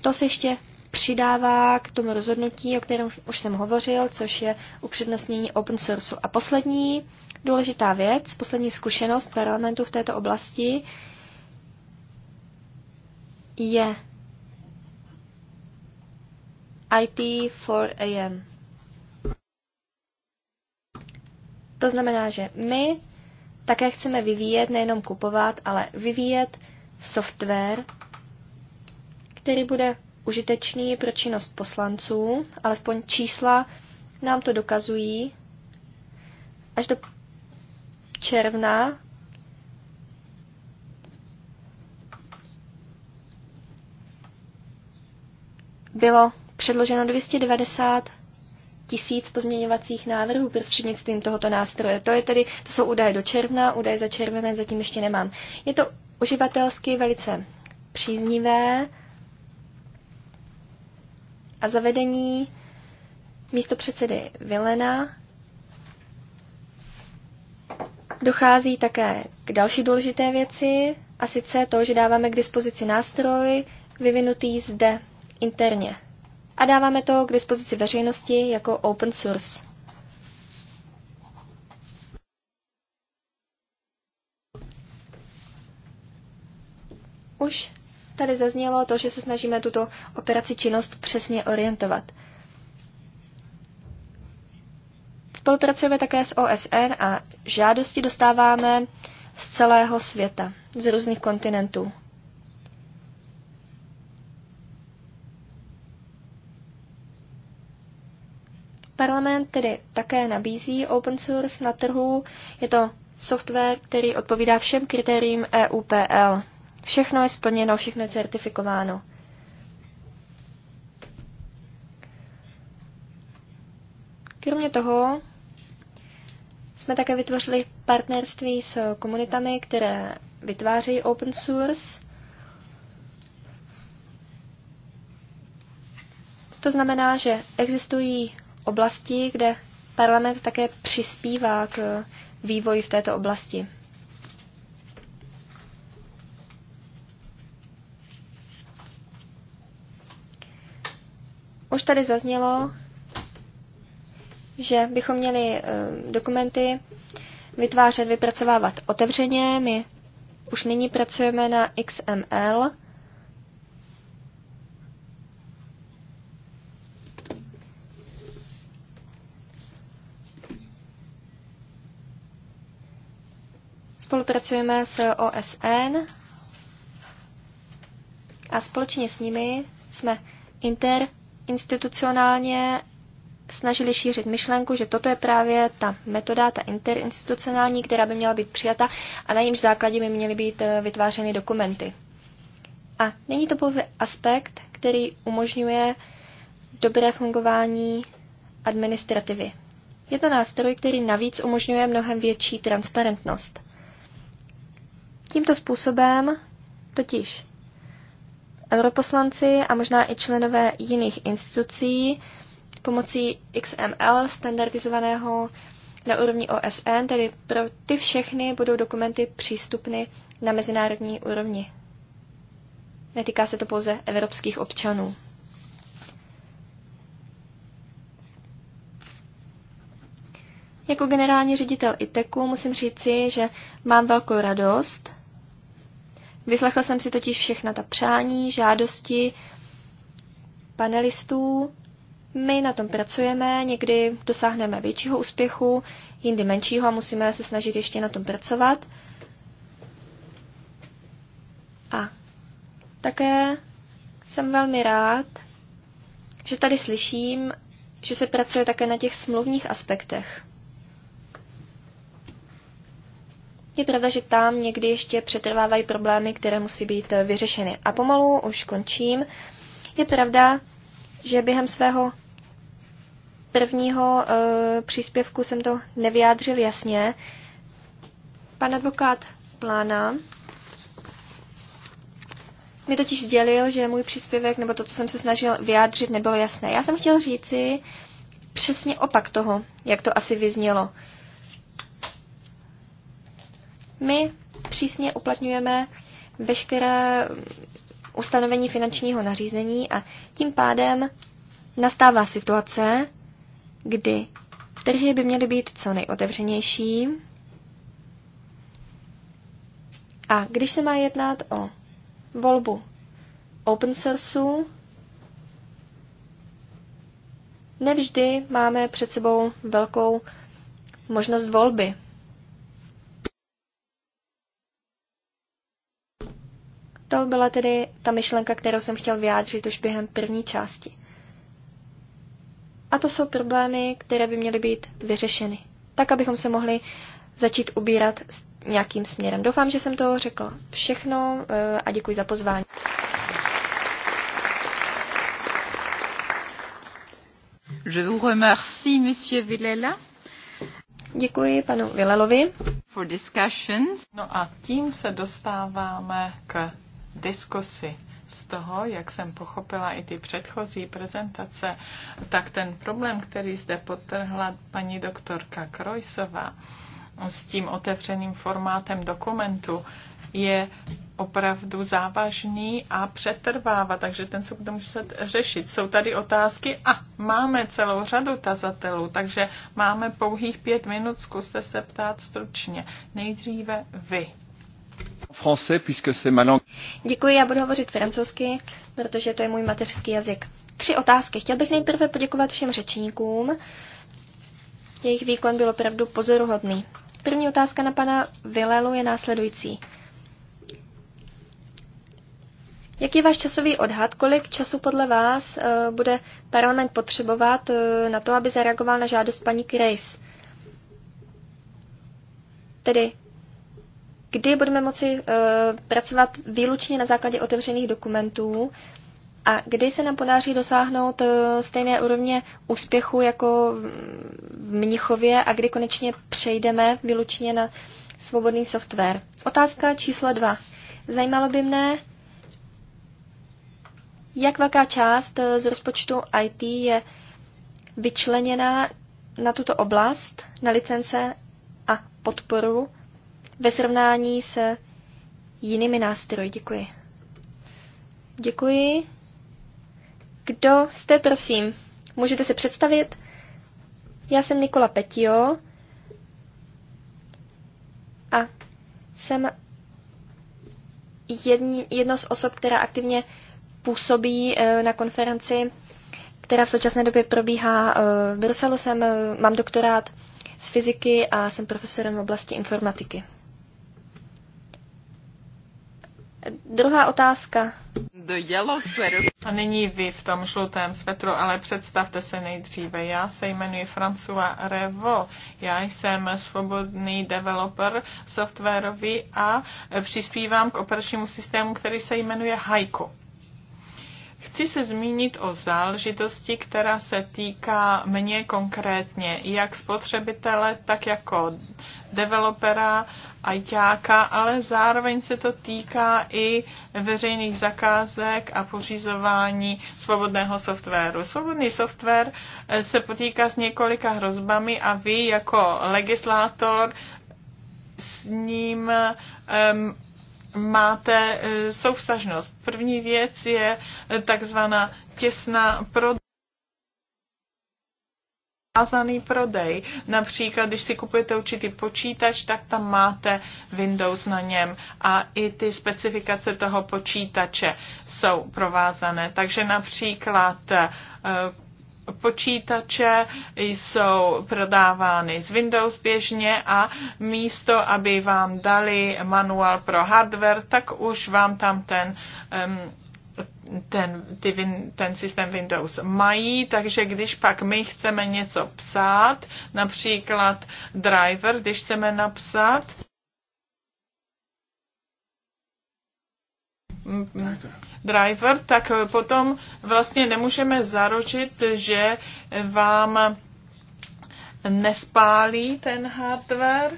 to se ještě přidává k tomu rozhodnutí, o kterém už jsem hovořil, což je upřednostnění open sourceu. A poslední důležitá věc, poslední zkušenost parlamentu v této oblasti je IT4AM. To znamená, že my také chceme vyvíjet, nejenom kupovat, ale vyvíjet software, který bude užitečný pro činnost poslanců, alespoň čísla nám to dokazují. Až do června bylo předloženo 290 tisíc pozměňovacích návrhů prostřednictvím tohoto nástroje. To, je tedy, to jsou údaje do června, údaje za červené zatím ještě nemám. Je to uživatelsky velice příznivé a zavedení místo předsedy Vilena dochází také k další důležité věci, a sice to, že dáváme k dispozici nástroj vyvinutý zde interně. A dáváme to k dispozici veřejnosti jako open source. Už tady zaznělo to, že se snažíme tuto operaci činnost přesně orientovat. Spolupracujeme také s OSN a žádosti dostáváme z celého světa, z různých kontinentů. Parlament tedy také nabízí open source na trhu. Je to software, který odpovídá všem kritériím EUPL. Všechno je splněno, všechno je certifikováno. Kromě toho jsme také vytvořili partnerství s komunitami, které vytvářejí open source. To znamená, že existují oblasti, kde parlament také přispívá k vývoji v této oblasti. Už tady zaznělo, že bychom měli eh, dokumenty vytvářet, vypracovávat otevřeně. My už nyní pracujeme na XML Spolupracujeme s OSN a společně s nimi jsme interinstitucionálně snažili šířit myšlenku, že toto je právě ta metoda, ta interinstitucionální, která by měla být přijata a na jejímž základě by měly být eh, vytvářeny dokumenty. A není to pouze aspekt, který umožňuje dobré fungování administrativy. Je to nástroj, který navíc umožňuje mnohem větší transparentnost. Tímto způsobem totiž europoslanci a možná i členové jiných institucí pomocí XML standardizovaného na úrovni OSN, tedy pro ty všechny budou dokumenty přístupny na mezinárodní úrovni. Netýká se to pouze evropských občanů. Jako generální ředitel ITECu musím říci, že mám velkou radost, Vyslechla jsem si totiž všechna ta přání, žádosti panelistů. My na tom pracujeme, někdy dosáhneme většího úspěchu, jindy menšího a musíme se snažit ještě na tom pracovat. A také jsem velmi rád, že tady slyším, že se pracuje také na těch smluvních aspektech. Je pravda, že tam někdy ještě přetrvávají problémy, které musí být vyřešeny. A pomalu už končím. Je pravda, že během svého prvního e, příspěvku jsem to nevyjádřil jasně. Pan advokát Plána mi totiž sdělil, že můj příspěvek nebo to, co jsem se snažil vyjádřit, nebylo jasné. Já jsem chtěl říci přesně opak toho, jak to asi vyznělo. My přísně uplatňujeme veškeré ustanovení finančního nařízení a tím pádem nastává situace, kdy trhy by měly být co nejotevřenější. A když se má jednat o volbu open sourceu, nevždy máme před sebou velkou možnost volby. To byla tedy ta myšlenka, kterou jsem chtěl vyjádřit už během první části. A to jsou problémy, které by měly být vyřešeny, tak abychom se mohli začít ubírat nějakým směrem. Doufám, že jsem to řekla všechno eh, a děkuji za pozvání. Je vous remercie, monsieur Villela. Děkuji panu Villelovi. For discussions. No a tím se dostáváme k diskusy. Z toho, jak jsem pochopila i ty předchozí prezentace, tak ten problém, který zde potrhla paní doktorka Krojsová s tím otevřeným formátem dokumentu, je opravdu závažný a přetrvává, takže ten se bude muset řešit. Jsou tady otázky a máme celou řadu tazatelů, takže máme pouhých pět minut, zkuste se ptát stručně. Nejdříve vy. Français, puisque c'est ma Děkuji, já budu hovořit francouzsky, protože to je můj mateřský jazyk. Tři otázky. Chtěl bych nejprve poděkovat všem řečníkům. Jejich výkon byl opravdu pozoruhodný. První otázka na pana Vilelu je následující. Jaký je váš časový odhad, kolik času podle vás uh, bude parlament potřebovat uh, na to, aby zareagoval na žádost paní Grace? Tedy kdy budeme moci eh, pracovat výlučně na základě otevřených dokumentů a kdy se nám podaří dosáhnout eh, stejné úrovně úspěchu jako v Mnichově a kdy konečně přejdeme výlučně na svobodný software. Otázka číslo dva. Zajímalo by mne, jak velká část eh, z rozpočtu IT je vyčleněna na tuto oblast, na licence a podporu ve srovnání s jinými nástroji. Děkuji. Děkuji. Kdo jste, prosím? Můžete se představit? Já jsem Nikola Petio a jsem jedni, jedno z osob, která aktivně působí eh, na konferenci, která v současné době probíhá eh, v Bruselu. Jsem, eh, mám doktorát z fyziky a jsem profesorem v oblasti informatiky. Druhá otázka. The yellow sweater. A není vy v tom žlutém svetru, ale představte se nejdříve. Já se jmenuji François Revo. Já jsem svobodný developer softwarový a přispívám k operačnímu systému, který se jmenuje Haiku. Chci se zmínit o záležitosti, která se týká mě konkrétně, jak spotřebitele, tak jako developera, ajťáka, ale zároveň se to týká i veřejných zakázek a pořizování svobodného softwaru. Svobodný software eh, se potýká s několika hrozbami a vy jako legislátor s ním um, máte e, souvstažnost. První věc je e, takzvaná těsná prodej zázaný prodej. Například, když si kupujete určitý počítač, tak tam máte Windows na něm a i ty specifikace toho počítače jsou provázané. Takže například e, počítače jsou prodávány z Windows běžně a místo, aby vám dali manuál pro hardware, tak už vám tam ten um, ten, ty, ten systém Windows mají, takže když pak my chceme něco psát, například driver, když chceme napsat, Mm, driver, tak eh, potom vlastně nemůžeme zaručit, že vám nespálí ten hardware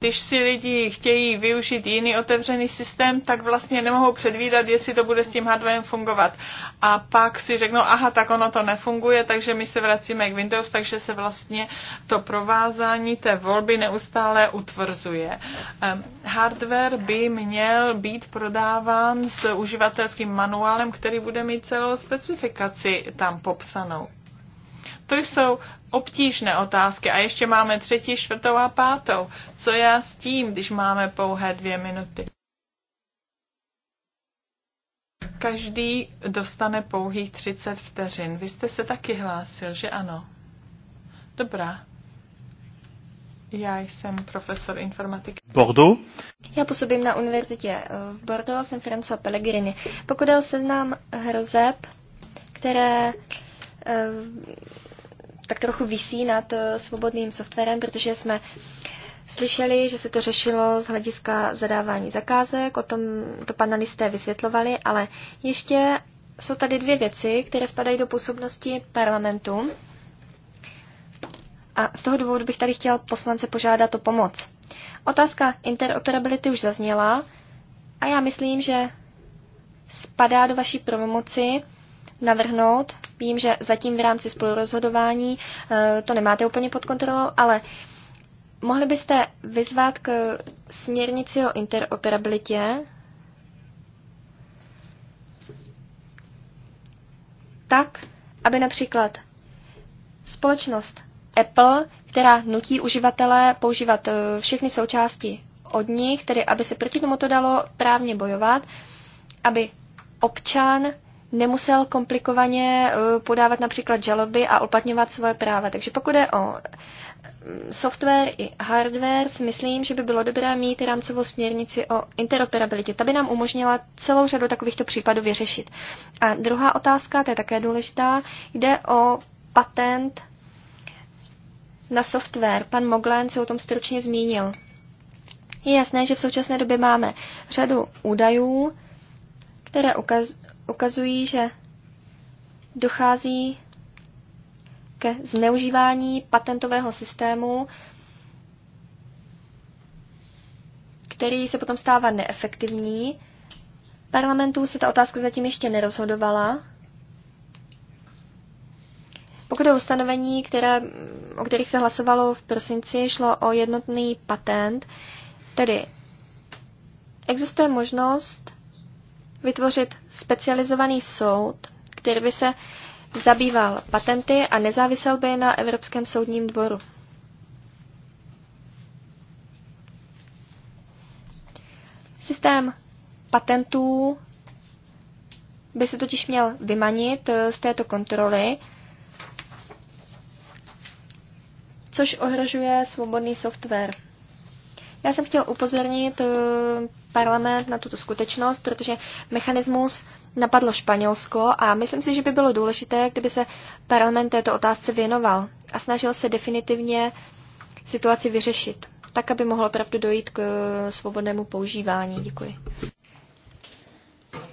když si lidi chtějí využít jiný otevřený systém, tak vlastně nemohou předvídat, jestli to bude s tím hardwarem fungovat. A pak si řeknou, aha, tak ono to nefunguje, takže my se vracíme k Windows, takže se vlastně to provázání té volby neustále utvrzuje. Hardware by měl být prodáván s uživatelským manuálem, který bude mít celou specifikaci tam popsanou. To jsou obtížné otázky. A ještě máme třetí, čtvrtou a pátou. Co já s tím, když máme pouhé dvě minuty? Každý dostane pouhých 30 vteřin. Vy jste se taky hlásil, že ano? Dobrá. Já jsem profesor informatiky. Bordeaux? Já působím na univerzitě eh, v Bordeaux a jsem Francois Pellegrini. Pokud je o seznam hrozeb, které eh, tak trochu vysí nad eh, svobodným softwarem, protože jsme slyšeli, že se to řešilo z hlediska zadávání zakázek, o tom to panelisté vysvětlovali, ale ještě jsou tady dvě věci, které spadají do působnosti parlamentu. A z toho důvodu bych tady chtěl poslance požádat o pomoc. Otázka interoperability už zazněla a já myslím, že spadá do vaší pravomoci navrhnout Vím, že zatím v rámci spolurozhodování eh, to nemáte úplně pod kontrolou, ale mohli byste vyzvat k směrnici o interoperabilitě tak, aby například společnost Apple, která nutí uživatele používat eh, všechny součásti od nich, tedy aby se proti tomu to dalo právně bojovat, aby občan nemusel komplikovaně eh, podávat například žaloby a uplatňovat svoje práva. Takže pokud je o mm, software i hardware, si myslím, že by bylo dobré mít rámcovou směrnici o interoperabilitě. Ta by nám umožnila celou řadu takovýchto případů vyřešit. A druhá otázka, to je také důležitá, jde o patent na software. Pan Moglen se o tom stručně zmínil. Je jasné, že v současné době máme řadu údajů, které ukaz, ukazují, že dochází ke zneužívání patentového systému, který se potom stává neefektivní. Parlamentu se ta otázka zatím ještě nerozhodovala. Pokud je ustanovení, které, o kterých se hlasovalo v prosinci, šlo o jednotný patent, tedy existuje možnost vytvořit specializovaný soud, který by se zabýval patenty a nezávisel by na Evropském soudním dvoru. Systém patentů by se totiž měl vymanit eh, z této kontroly, což ohrožuje svobodný software. Já jsem chtěl upozornit eh, parlament na tuto skutečnost, protože mechanismus napadlo Španělsko a myslím si, že by bylo důležité, kdyby se parlament této otázce věnoval a snažil se definitivně situaci vyřešit, tak, aby mohlo opravdu dojít k eh, svobodnému používání. Děkuji.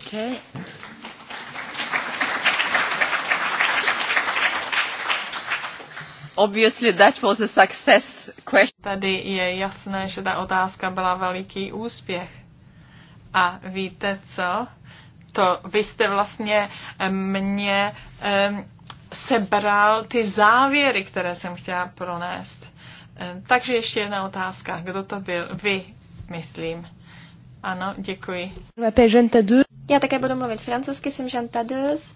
Okay. Obviously that was a success question. Tady je jasné, že ta otázka byla veliký úspěch. A víte co? To vy jste vlastně mě um, sebral ty závěry, které jsem chtěla pronést. Takže ještě jedna otázka. Kdo to byl? Vy, myslím. Ano, děkuji. Já také budu mluvit francouzsky, jsem Jean Tadeus.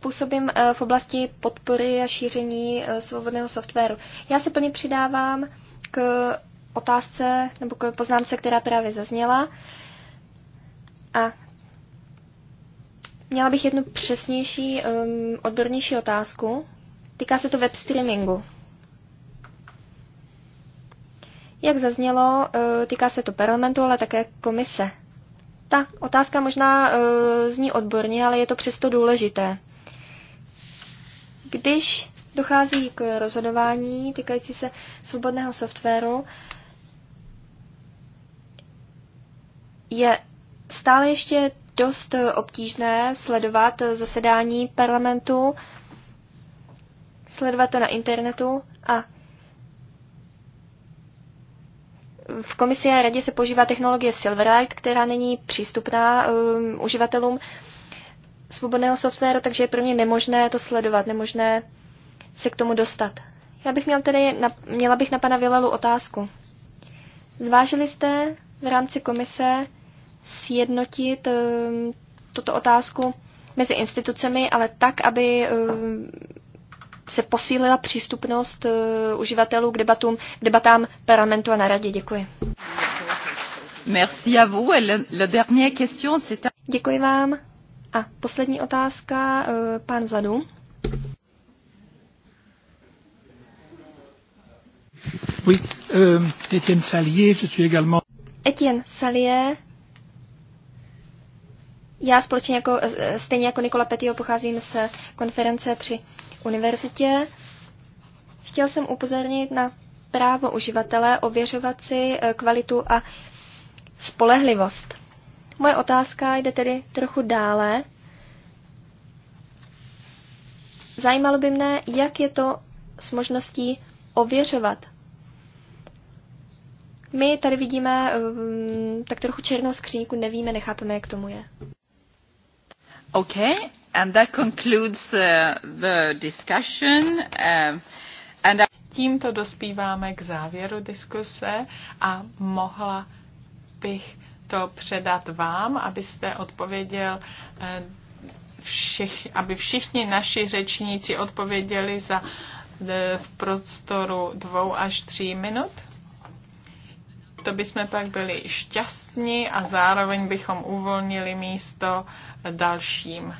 Působím eh, v oblasti podpory a šíření eh, svobodného softwaru. Já se plně přidávám k otázce nebo k poznámce, která právě zazněla. A měla bych jednu přesnější, ehm, odbornější otázku. Týká se to web streamingu. Jak zaznělo, eh, týká se to parlamentu, ale také komise. Ta otázka možná zní odborně, ale je to přesto důležité. Když dochází k rozhodování týkající se svobodného softwaru, je stále ještě dost obtížné sledovat zasedání parlamentu, sledovat to na internetu a v komisi a radě se používá technologie Silverlight, která není přístupná um, uživatelům svobodného softwaru, takže je pro mě nemožné to sledovat, nemožné se k tomu dostat. Já bych měl tedy, na, měla bych na pana Vilelu otázku. Zvážili jste v rámci komise sjednotit um, tuto otázku mezi institucemi, ale tak, aby um, se posílila přístupnost uh, uživatelů k, debatům, k debatám parlamentu a na radě. Děkuji. Merci à vous. Le, le dernier question, c'est... Děkuji vám. A poslední otázka, eh, pán vzadu. Oui, euh, Etienne Salier, je suis également... Etienne Salier, já společně jako, eh, stejně jako Nikola Petio pocházím z konference při univerzitě. Chtěl jsem upozornit na právo uživatele ověřovat si eh, kvalitu a spolehlivost. Moje otázka jde tedy trochu dále. Zajímalo by mne, jak je to s možností ověřovat. My tady vidíme um, tak trochu černou skříňku, nevíme, nechápeme, jak tomu je. OK, and that concludes uh, the discussion. Uh, and I... Tímto dospíváme k závěru diskuse a mohla bych to předat vám, abyste odpověděl eh, všech, aby všichni naši řečníci odpověděli za eh, v prostoru dvou až tří minut. To bychom pak byli šťastní a zároveň bychom uvolnili místo dalším.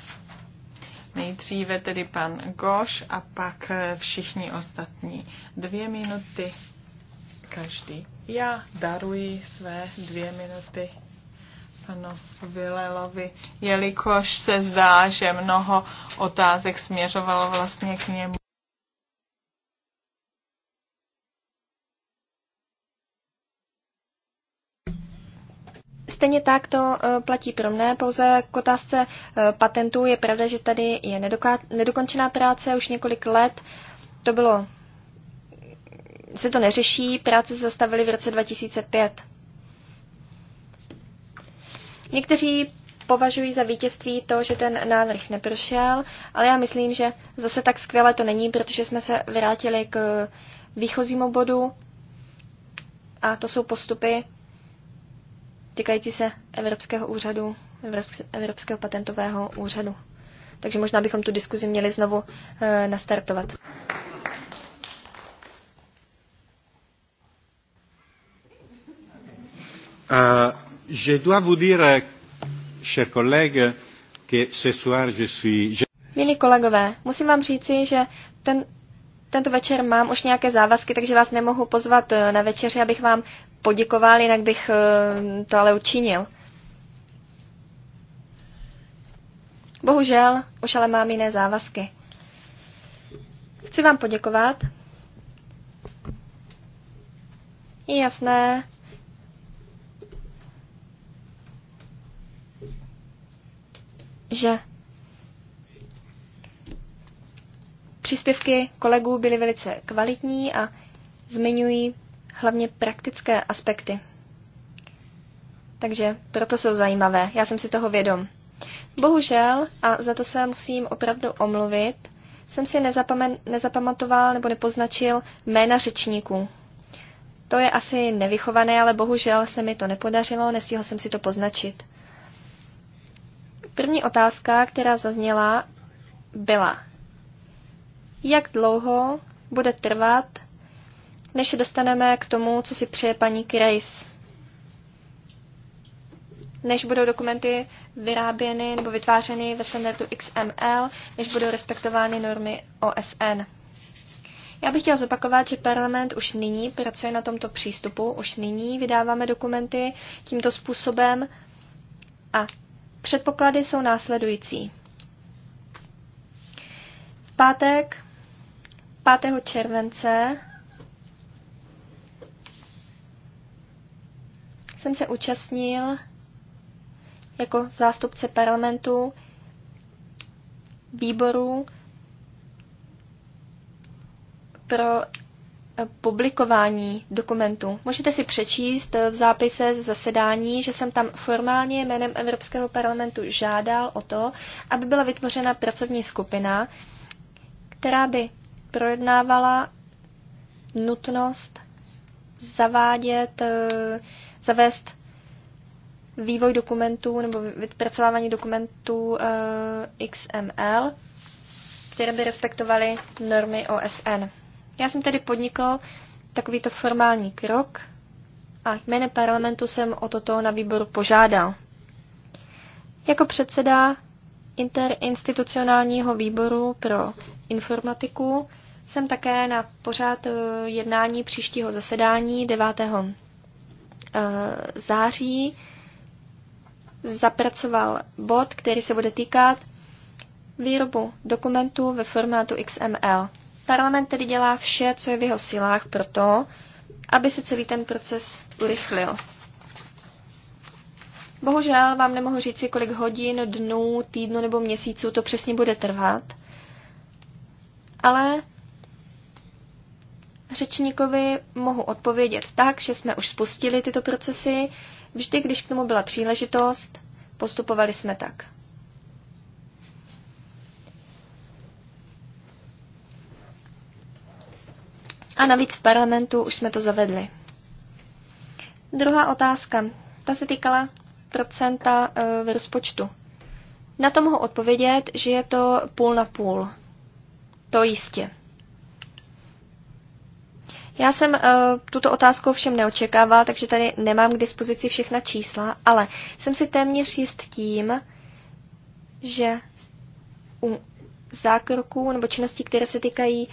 Nejdříve tedy pan Goš a pak eh, všichni ostatní. Dvě minuty každý. Já daruji své dvě minuty panu Vilelovi, jelikož se zdá, že mnoho otázek směřovalo vlastně k němu. Stejně tak to eh, platí pro mne, pouze k otázce eh, patentů je pravda, že tady je nedokončená práce už několik let. To bylo se to neřeší, práce se zastavily v roce 2005. Někteří považují za vítězství to, že ten návrh neprošel, ale já myslím, že zase tak skvěle to není, protože jsme se vrátili k výchozímu bodu a to jsou postupy týkající se Evropského úřadu, Evropského patentového úřadu. Takže možná bychom tu diskuzi měli znovu eh, nastartovat. Eh, je dois vous dire, chers collègues, que ce soir je suis... Milí kolegové, musím vám říci, že ten, tento večer mám už nějaké závazky, takže vás nemohu pozvat eh, na večeři, abych vám poděkoval, jinak bych eh, to ale učinil. Bohužel, už ale mám jiné závazky. Chci vám poděkovat. Je jasné, že příspěvky kolegů byly velice kvalitní a zmiňují hlavně praktické aspekty. Takže proto jsou zajímavé. Já jsem si toho vědom. Bohužel, a za to se musím opravdu omluvit, jsem si nezapamatoval nebo nepoznačil jména řečníků. To je asi nevychované, ale bohužel se mi to nepodařilo, nestihl jsem si to poznačit. První otázka, která zazněla, byla, jak dlouho bude trvat, než se dostaneme k tomu, co si přeje paní Grace. Než budou dokumenty vyráběny nebo vytvářeny ve standardu XML, než budou respektovány normy OSN. Já bych chtěla zopakovat, že parlament už nyní pracuje na tomto přístupu, už nyní vydáváme dokumenty tímto způsobem a Předpoklady jsou následující. V pátek 5. července jsem se účastnil jako zástupce parlamentu výboru pro publikování dokumentu. Můžete si přečíst v zápise z zasedání, že jsem tam formálně jménem Evropského parlamentu žádal o to, aby byla vytvořena pracovní skupina, která by projednávala nutnost zavádět, eh, zavést vývoj dokumentů nebo vypracovávání dokumentů eh, XML, které by respektovaly normy OSN. Já jsem tedy podnikl takovýto formální krok a jménem parlamentu jsem o toto na výboru požádal. Jako předseda interinstitucionálního výboru pro informatiku jsem také na pořád eh, jednání příštího zasedání 9. Eh, září zapracoval bod, který se bude týkat výrobu dokumentů ve formátu XML. Parlament tedy dělá vše, co je v jeho silách pro to, aby se celý ten proces urychlil. Bohužel vám nemohu říci, kolik hodin, dnů, týdnu nebo měsíců to přesně bude trvat, ale řečníkovi mohu odpovědět tak, že jsme už spustili tyto procesy. Vždy, když k tomu byla příležitost, postupovali jsme tak. A navíc v parlamentu už jsme to zavedli. Druhá otázka. Ta se týkala procenta v e, rozpočtu. Na to mohu odpovědět, že je to půl na půl. To jistě. Já jsem uh, tuto otázku všem neočekával, takže tady nemám k dispozici všechna čísla, ale jsem si téměř jist tím, že u zákroků nebo činností, které se týkají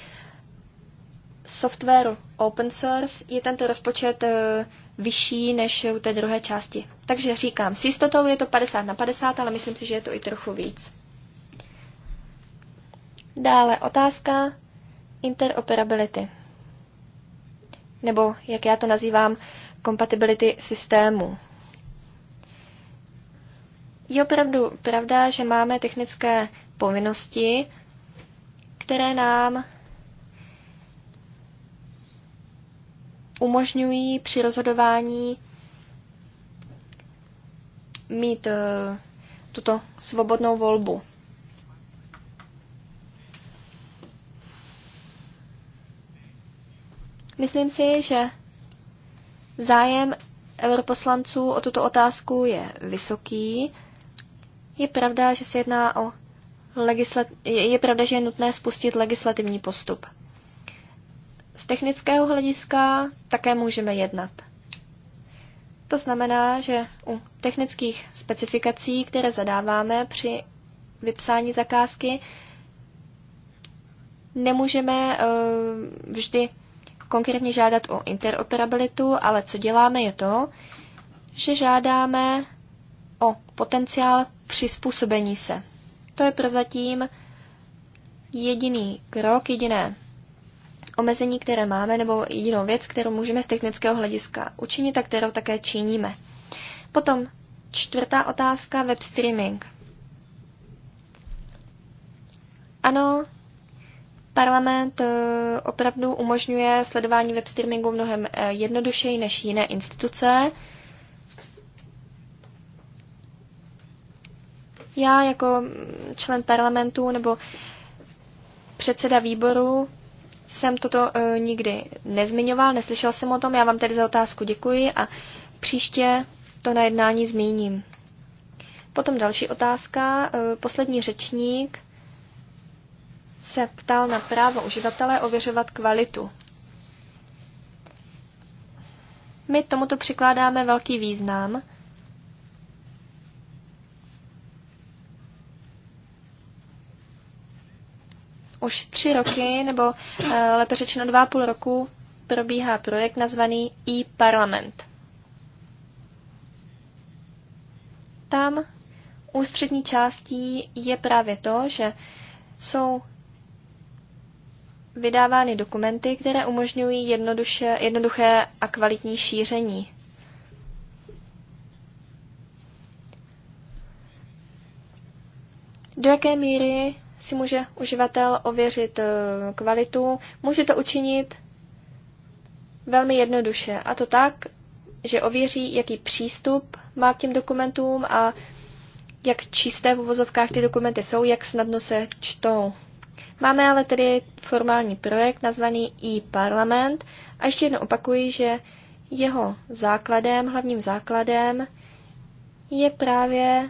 software open source je tento rozpočet eh, vyšší než u té druhé části. Takže říkám, s jistotou je to 50 na 50, ale myslím si, že je to i trochu víc. Dále otázka interoperability. Nebo, jak já to nazývám, kompatibility systému. Je opravdu pravda, že máme technické povinnosti, které nám umožňují při rozhodování mít eh, tuto svobodnou volbu. Myslím si, že zájem europoslanců o tuto otázku je vysoký. Je pravda, že se jedná o legislat- je pravda, že je nutné spustit legislativní postup. Z technického hlediska také můžeme jednat. To znamená, že u technických specifikací, které zadáváme při vypsání zakázky, nemůžeme eh, vždy konkrétně žádat o interoperabilitu, ale co děláme je to, že žádáme o potenciál přizpůsobení se. To je prozatím jediný krok, jediné omezení, které máme, nebo jinou věc, kterou můžeme z technického hlediska učinit a kterou také činíme. Potom čtvrtá otázka, web streaming. Ano, parlament eh, opravdu umožňuje sledování web streamingu mnohem eh, jednodušeji než jiné instituce. Já jako člen parlamentu nebo předseda výboru jsem toto uh, nikdy nezmiňoval, neslyšel jsem o tom, já vám tedy za otázku děkuji a příště to na jednání zmíním. Potom další otázka. uh, poslední řečník se ptal na právo uživatele ověřovat kvalitu. My tomuto přikládáme velký význam. Už tři roky, nebo eh, lépe řečeno dva a půl roku, probíhá projekt nazvaný e-parlament. Tam ústřední částí je právě to, že jsou vydávány dokumenty, které umožňují jednoduše, jednoduché a kvalitní šíření. Do jaké míry si může uživatel ověřit eh, kvalitu. Může to učinit velmi jednoduše. A to tak, že ověří, jaký přístup má k těm dokumentům a jak čisté v uvozovkách ty dokumenty jsou, jak snadno se čtou. Máme ale tedy formální projekt nazvaný e-parlament a ještě jednou opakuji, že jeho základem, hlavním základem je právě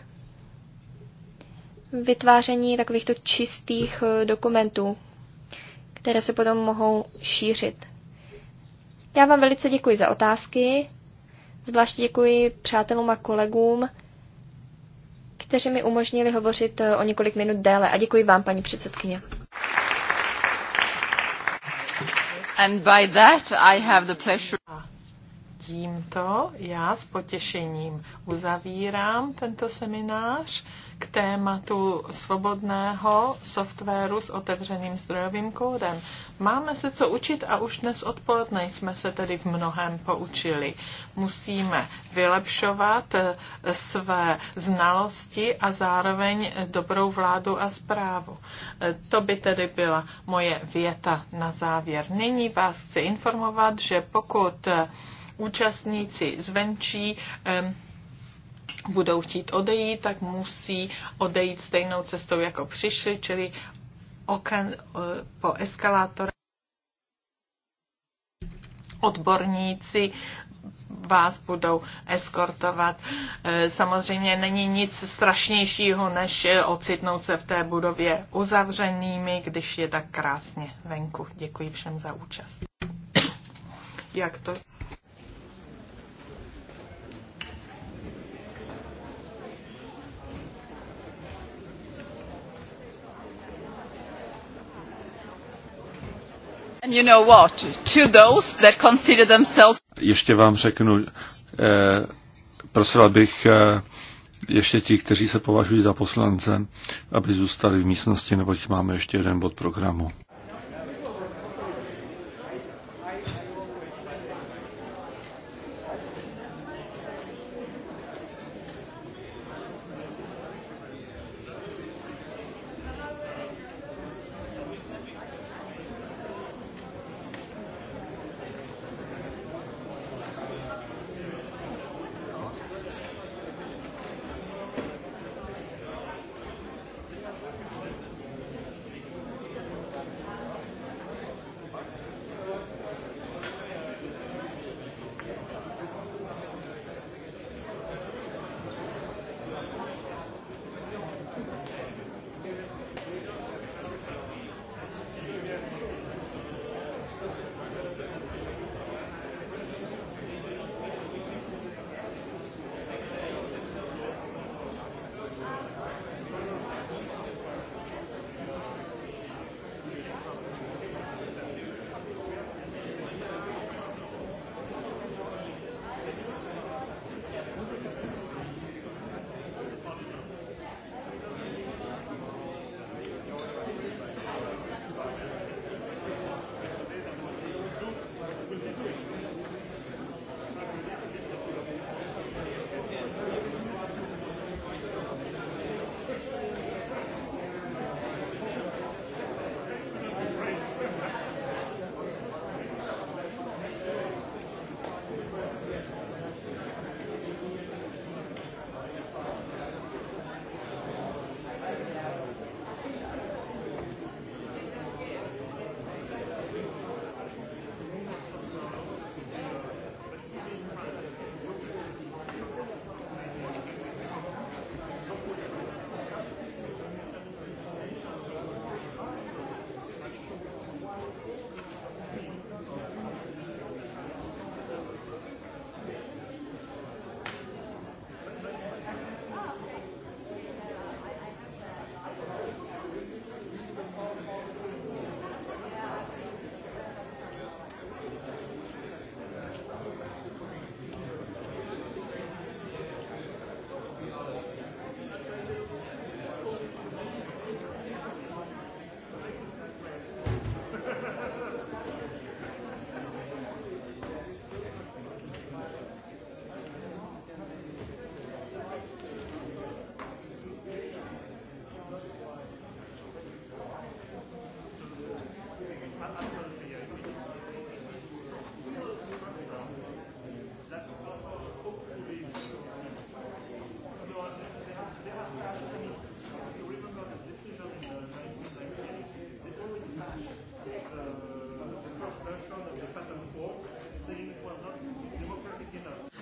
vytváření takovýchto čistých eh, dokumentů, které se potom mohou šířit. Já vám velice děkuji za otázky, zvláště děkuji přátelům a kolegům, kteří mi umožnili hovořit eh, o několik minut déle. A děkuji vám, paní předsedkyně. And by that I have the pleasure tímto já s potěšením uzavírám tento seminář k tématu svobodného softwaru s otevřeným zdrojovým kódem. Máme se co učit a už dnes odpoledne jsme se tedy v mnohem poučili. Musíme vylepšovat eh, své znalosti a zároveň dobrou vládu a zprávu. Eh, to by tedy byla moje věta na závěr. Nyní vás chci informovat, že pokud eh, účastníci zvenčí budou chtít odejít, tak musí odejít stejnou cestou, jako přišli, čili okren, e, po eskalátoru. Odborníci vás budou eskortovat. E, samozřejmě není nic strašnějšího, než ocitnout se v té budově uzavřenými, když je tak krásně venku. Děkuji všem za účast. Jak to? Ještě vám řeknu, eh, prosila bych eh, ještě ti, kteří se považují za poslance, aby zůstali v místnosti, neboť máme ještě jeden bod programu.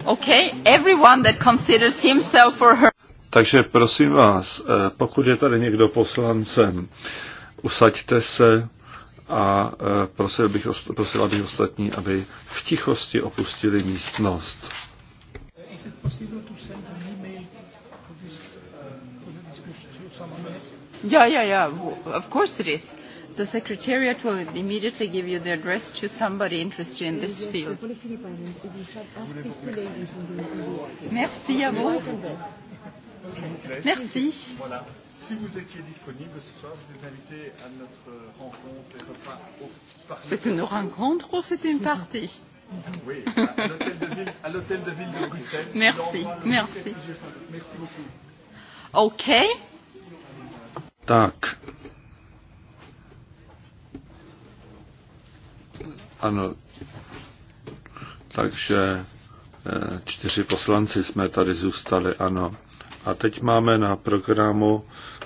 Okay, everyone that considers himself or her. Takže prosím vás, eh, pokud je tady někdo poslancem, usaďte se a eh, prosil bych, prosila bych ostatní, aby v tichosti opustili místnost. Yeah, yeah, yeah. Of course it is. The Secretariat will immediately give you the address to somebody interested in this field. Merci à vous. Merci. Si vous étiez disponible ce soir, vous êtes invité à notre rencontre et repas au parti. C'est une rencontre ou c'est une partie Oui, à l'hôtel de, de ville de Bruxelles. Merci, merci. Merci beaucoup. OK. Tak, Ano, takže eh, čtyři poslanci jsme tady zůstali, ano. A teď máme na programu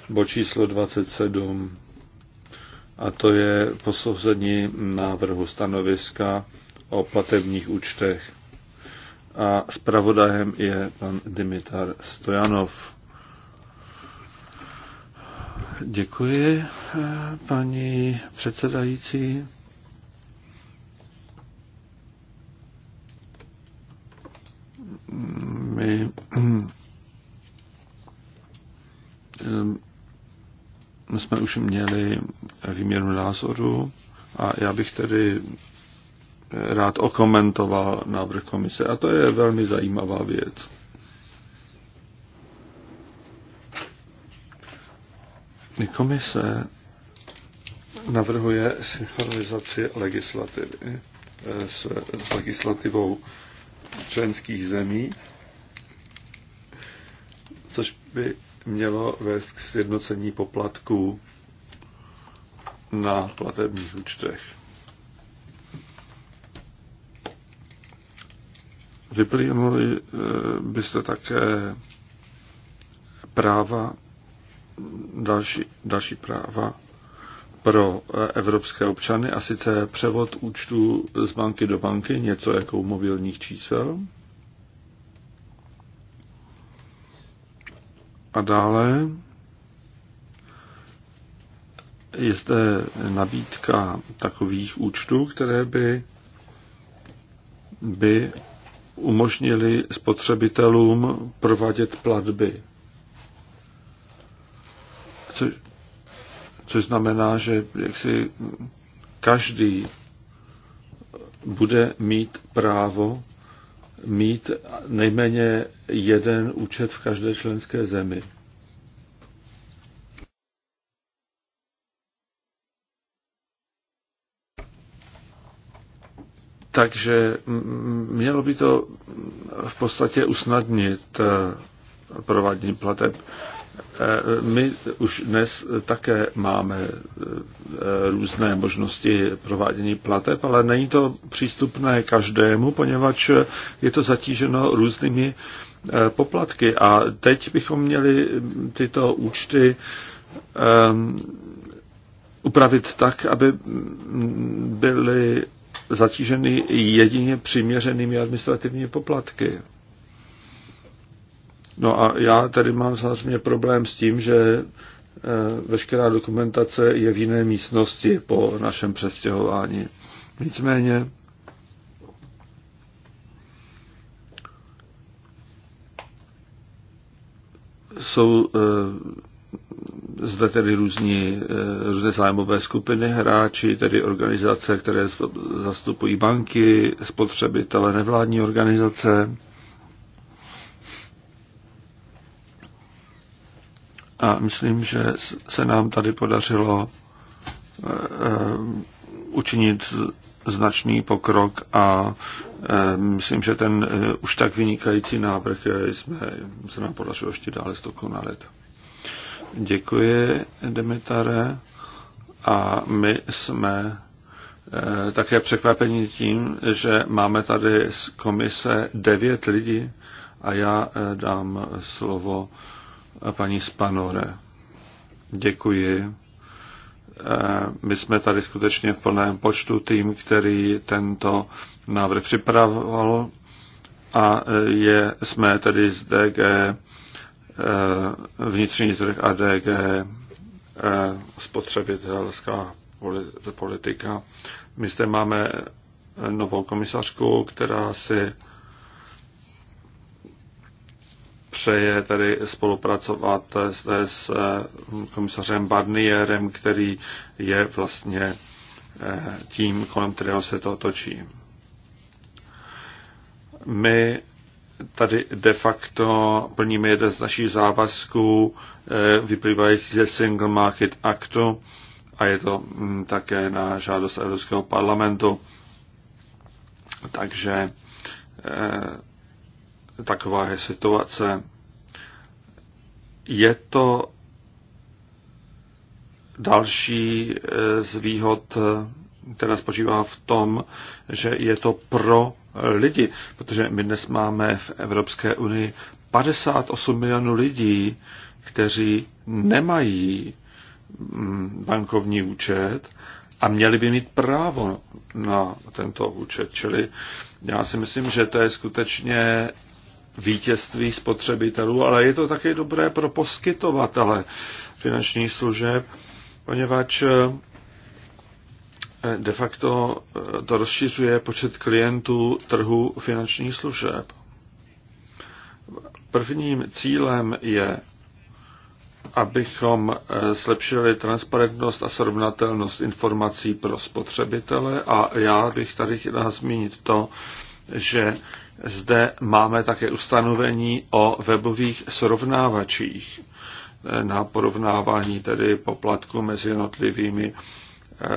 bod číslo 27 a to je posouzení návrhu stanoviska o platebních účtech. A zpravodajem je pan Dimitar Stojanov. Děkuji, eh, paní předsedající. Hm, hm, my jsme už měli výměru názoru a já bych tedy rád okomentoval návrh komise. A to je velmi zajímavá věc. Komise navrhuje synchronizaci legislativy eh, s, s legislativou členských zemí, což by mělo vést k sjednocení poplatků na platebních účtech. Vyplynuli eh, byste také práva, další, další práva pro eh, evropské občany, a sice převod účtu z banky do banky, něco jako u mobilních čísel. A dále je zde nabídka takových účtů, které by, by umožnili spotřebitelům provádět platby. Což což znamená, že jaksi každý bude mít právo mít nejméně jeden účet v každé členské zemi. Takže mělo by to v podstatě usnadnit eh, provádění plateb. Eh, my už dnes také máme eh, různé možnosti provádění plateb, ale není to přístupné každému, poněvadž je to zatíženo různými eh, poplatky. A teď bychom měli tyto účty upravit tak, aby byly zatíženy jedině přiměřenými administrativními poplatky. No a já tady mám samozřejmě problém s tím, že eh, veškerá dokumentace je v jiné místnosti po našem přestěhování. Nicméně jsou eh, zde tedy různí, eh, různé zájmové skupiny hráči, tedy organizace, které zastupují banky, spotřebitele, nevládní organizace. A myslím, že se nám tady podařilo eh, eh, učinit značný pokrok a eh, myslím, že ten už tak vynikající návrh jsme, se nám podařilo ještě dále zdokonalit. Děkuji, Demetare. A my jsme také překvapení tím, že máme tady z komise devět lidí a já dám slovo a paní Spanore, děkuji. E, my jsme tady skutečně v plném počtu tým, který tento návrh připravoval a e, je, jsme tedy z DG e, vnitřní trh a DG spotřebitelská politika. My zde máme novou komisařku, která si přeje tady spolupracovat s, s eh, komisařem Barnierem, který je vlastně eh, tím, kolem kterého se to točí. My tady de facto plníme jeden z našich závazků eh, vyplývající ze Single Market Actu a je to mm, také na žádost Evropského parlamentu. Takže taková je situace. Je to další eh, z výhod, eh, která spočívá v tom, že je to pro lidi, protože my dnes máme v Evropské unii 58 milionů lidí, kteří nemají mm, bankovní účet a měli by mít právo na tento účet. Čili já si myslím, že to je skutečně vítězství spotřebitelů, ale je to také dobré pro poskytovatele finančních služeb, poněvadž eh, de facto eh, to rozšiřuje počet klientů trhu finančních služeb. Prvním cílem je, abychom eh, zlepšili transparentnost a srovnatelnost informací pro spotřebitele a já bych tady chtěl zmínit to, že zde máme také ustanovení o webových srovnávačích eh, na porovnávání tedy poplatku mezi jednotlivými eh,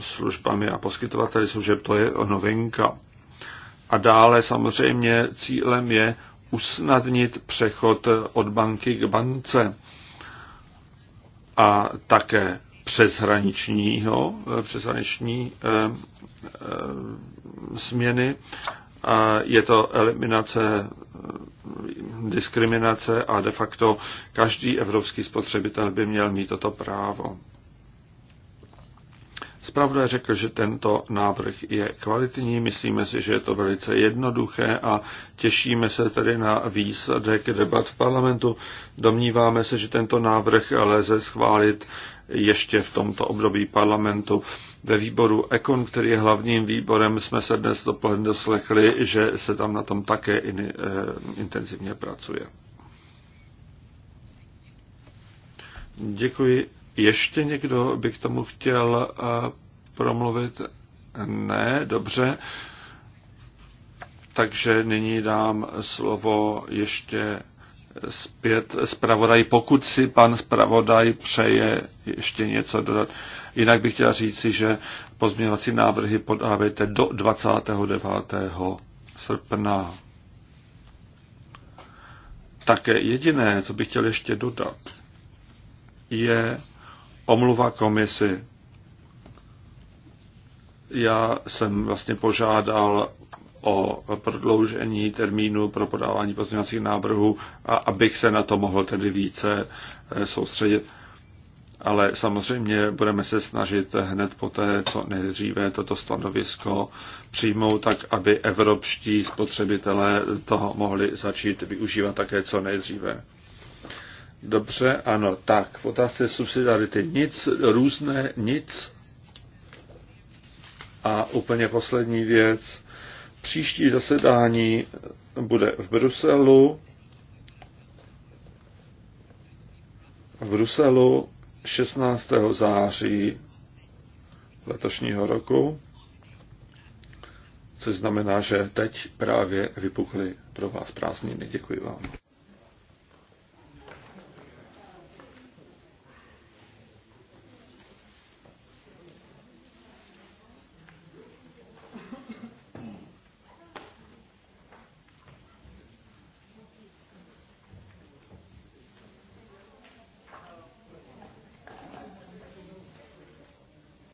službami a poskytovateli služeb, to je novinka. A dále samozřejmě cílem je usnadnit přechod od banky k bance a také přeshraničního, eh, přeshraniční e, eh, e, eh, změny. A je to eliminace diskriminace a de facto každý evropský spotřebitel by měl mít toto právo. Spravda řekl, že tento návrh je kvalitní, myslíme si, že je to velice jednoduché a těšíme se tedy na výsledek debat v parlamentu. Domníváme se, že tento návrh lze schválit ještě v tomto období parlamentu. Ve výboru Ekon, který je hlavním výborem, jsme se dnes dopoledne doslechli, že se tam na tom také in, e, intenzivně pracuje. Děkuji. Ještě někdo by k tomu chtěl e, promluvit? Ne, dobře. Takže nyní dám slovo ještě zpět zpravodaj, pokud si pan zpravodaj přeje ještě něco dodat. Jinak bych chtěl říci, že pozměňovací návrhy podávejte do 29. srpna. Také jediné, co bych chtěl ještě dodat, je omluva komisi. Já jsem vlastně požádal o prodloužení termínu pro podávání pozměňovacích návrhů, a abych se na to mohl tedy více eh, soustředit. Ale samozřejmě budeme se snažit hned poté, co nejdříve toto stanovisko přijmout, tak aby evropští spotřebitelé toho mohli začít využívat také co nejdříve. Dobře, ano, tak, v otázce subsidiarity nic, různé nic. A úplně poslední věc, Příští zasedání bude v Bruselu. V Bruselu 16. září letošního roku, což znamená, že teď právě vypukly pro vás prázdniny. Děkuji vám.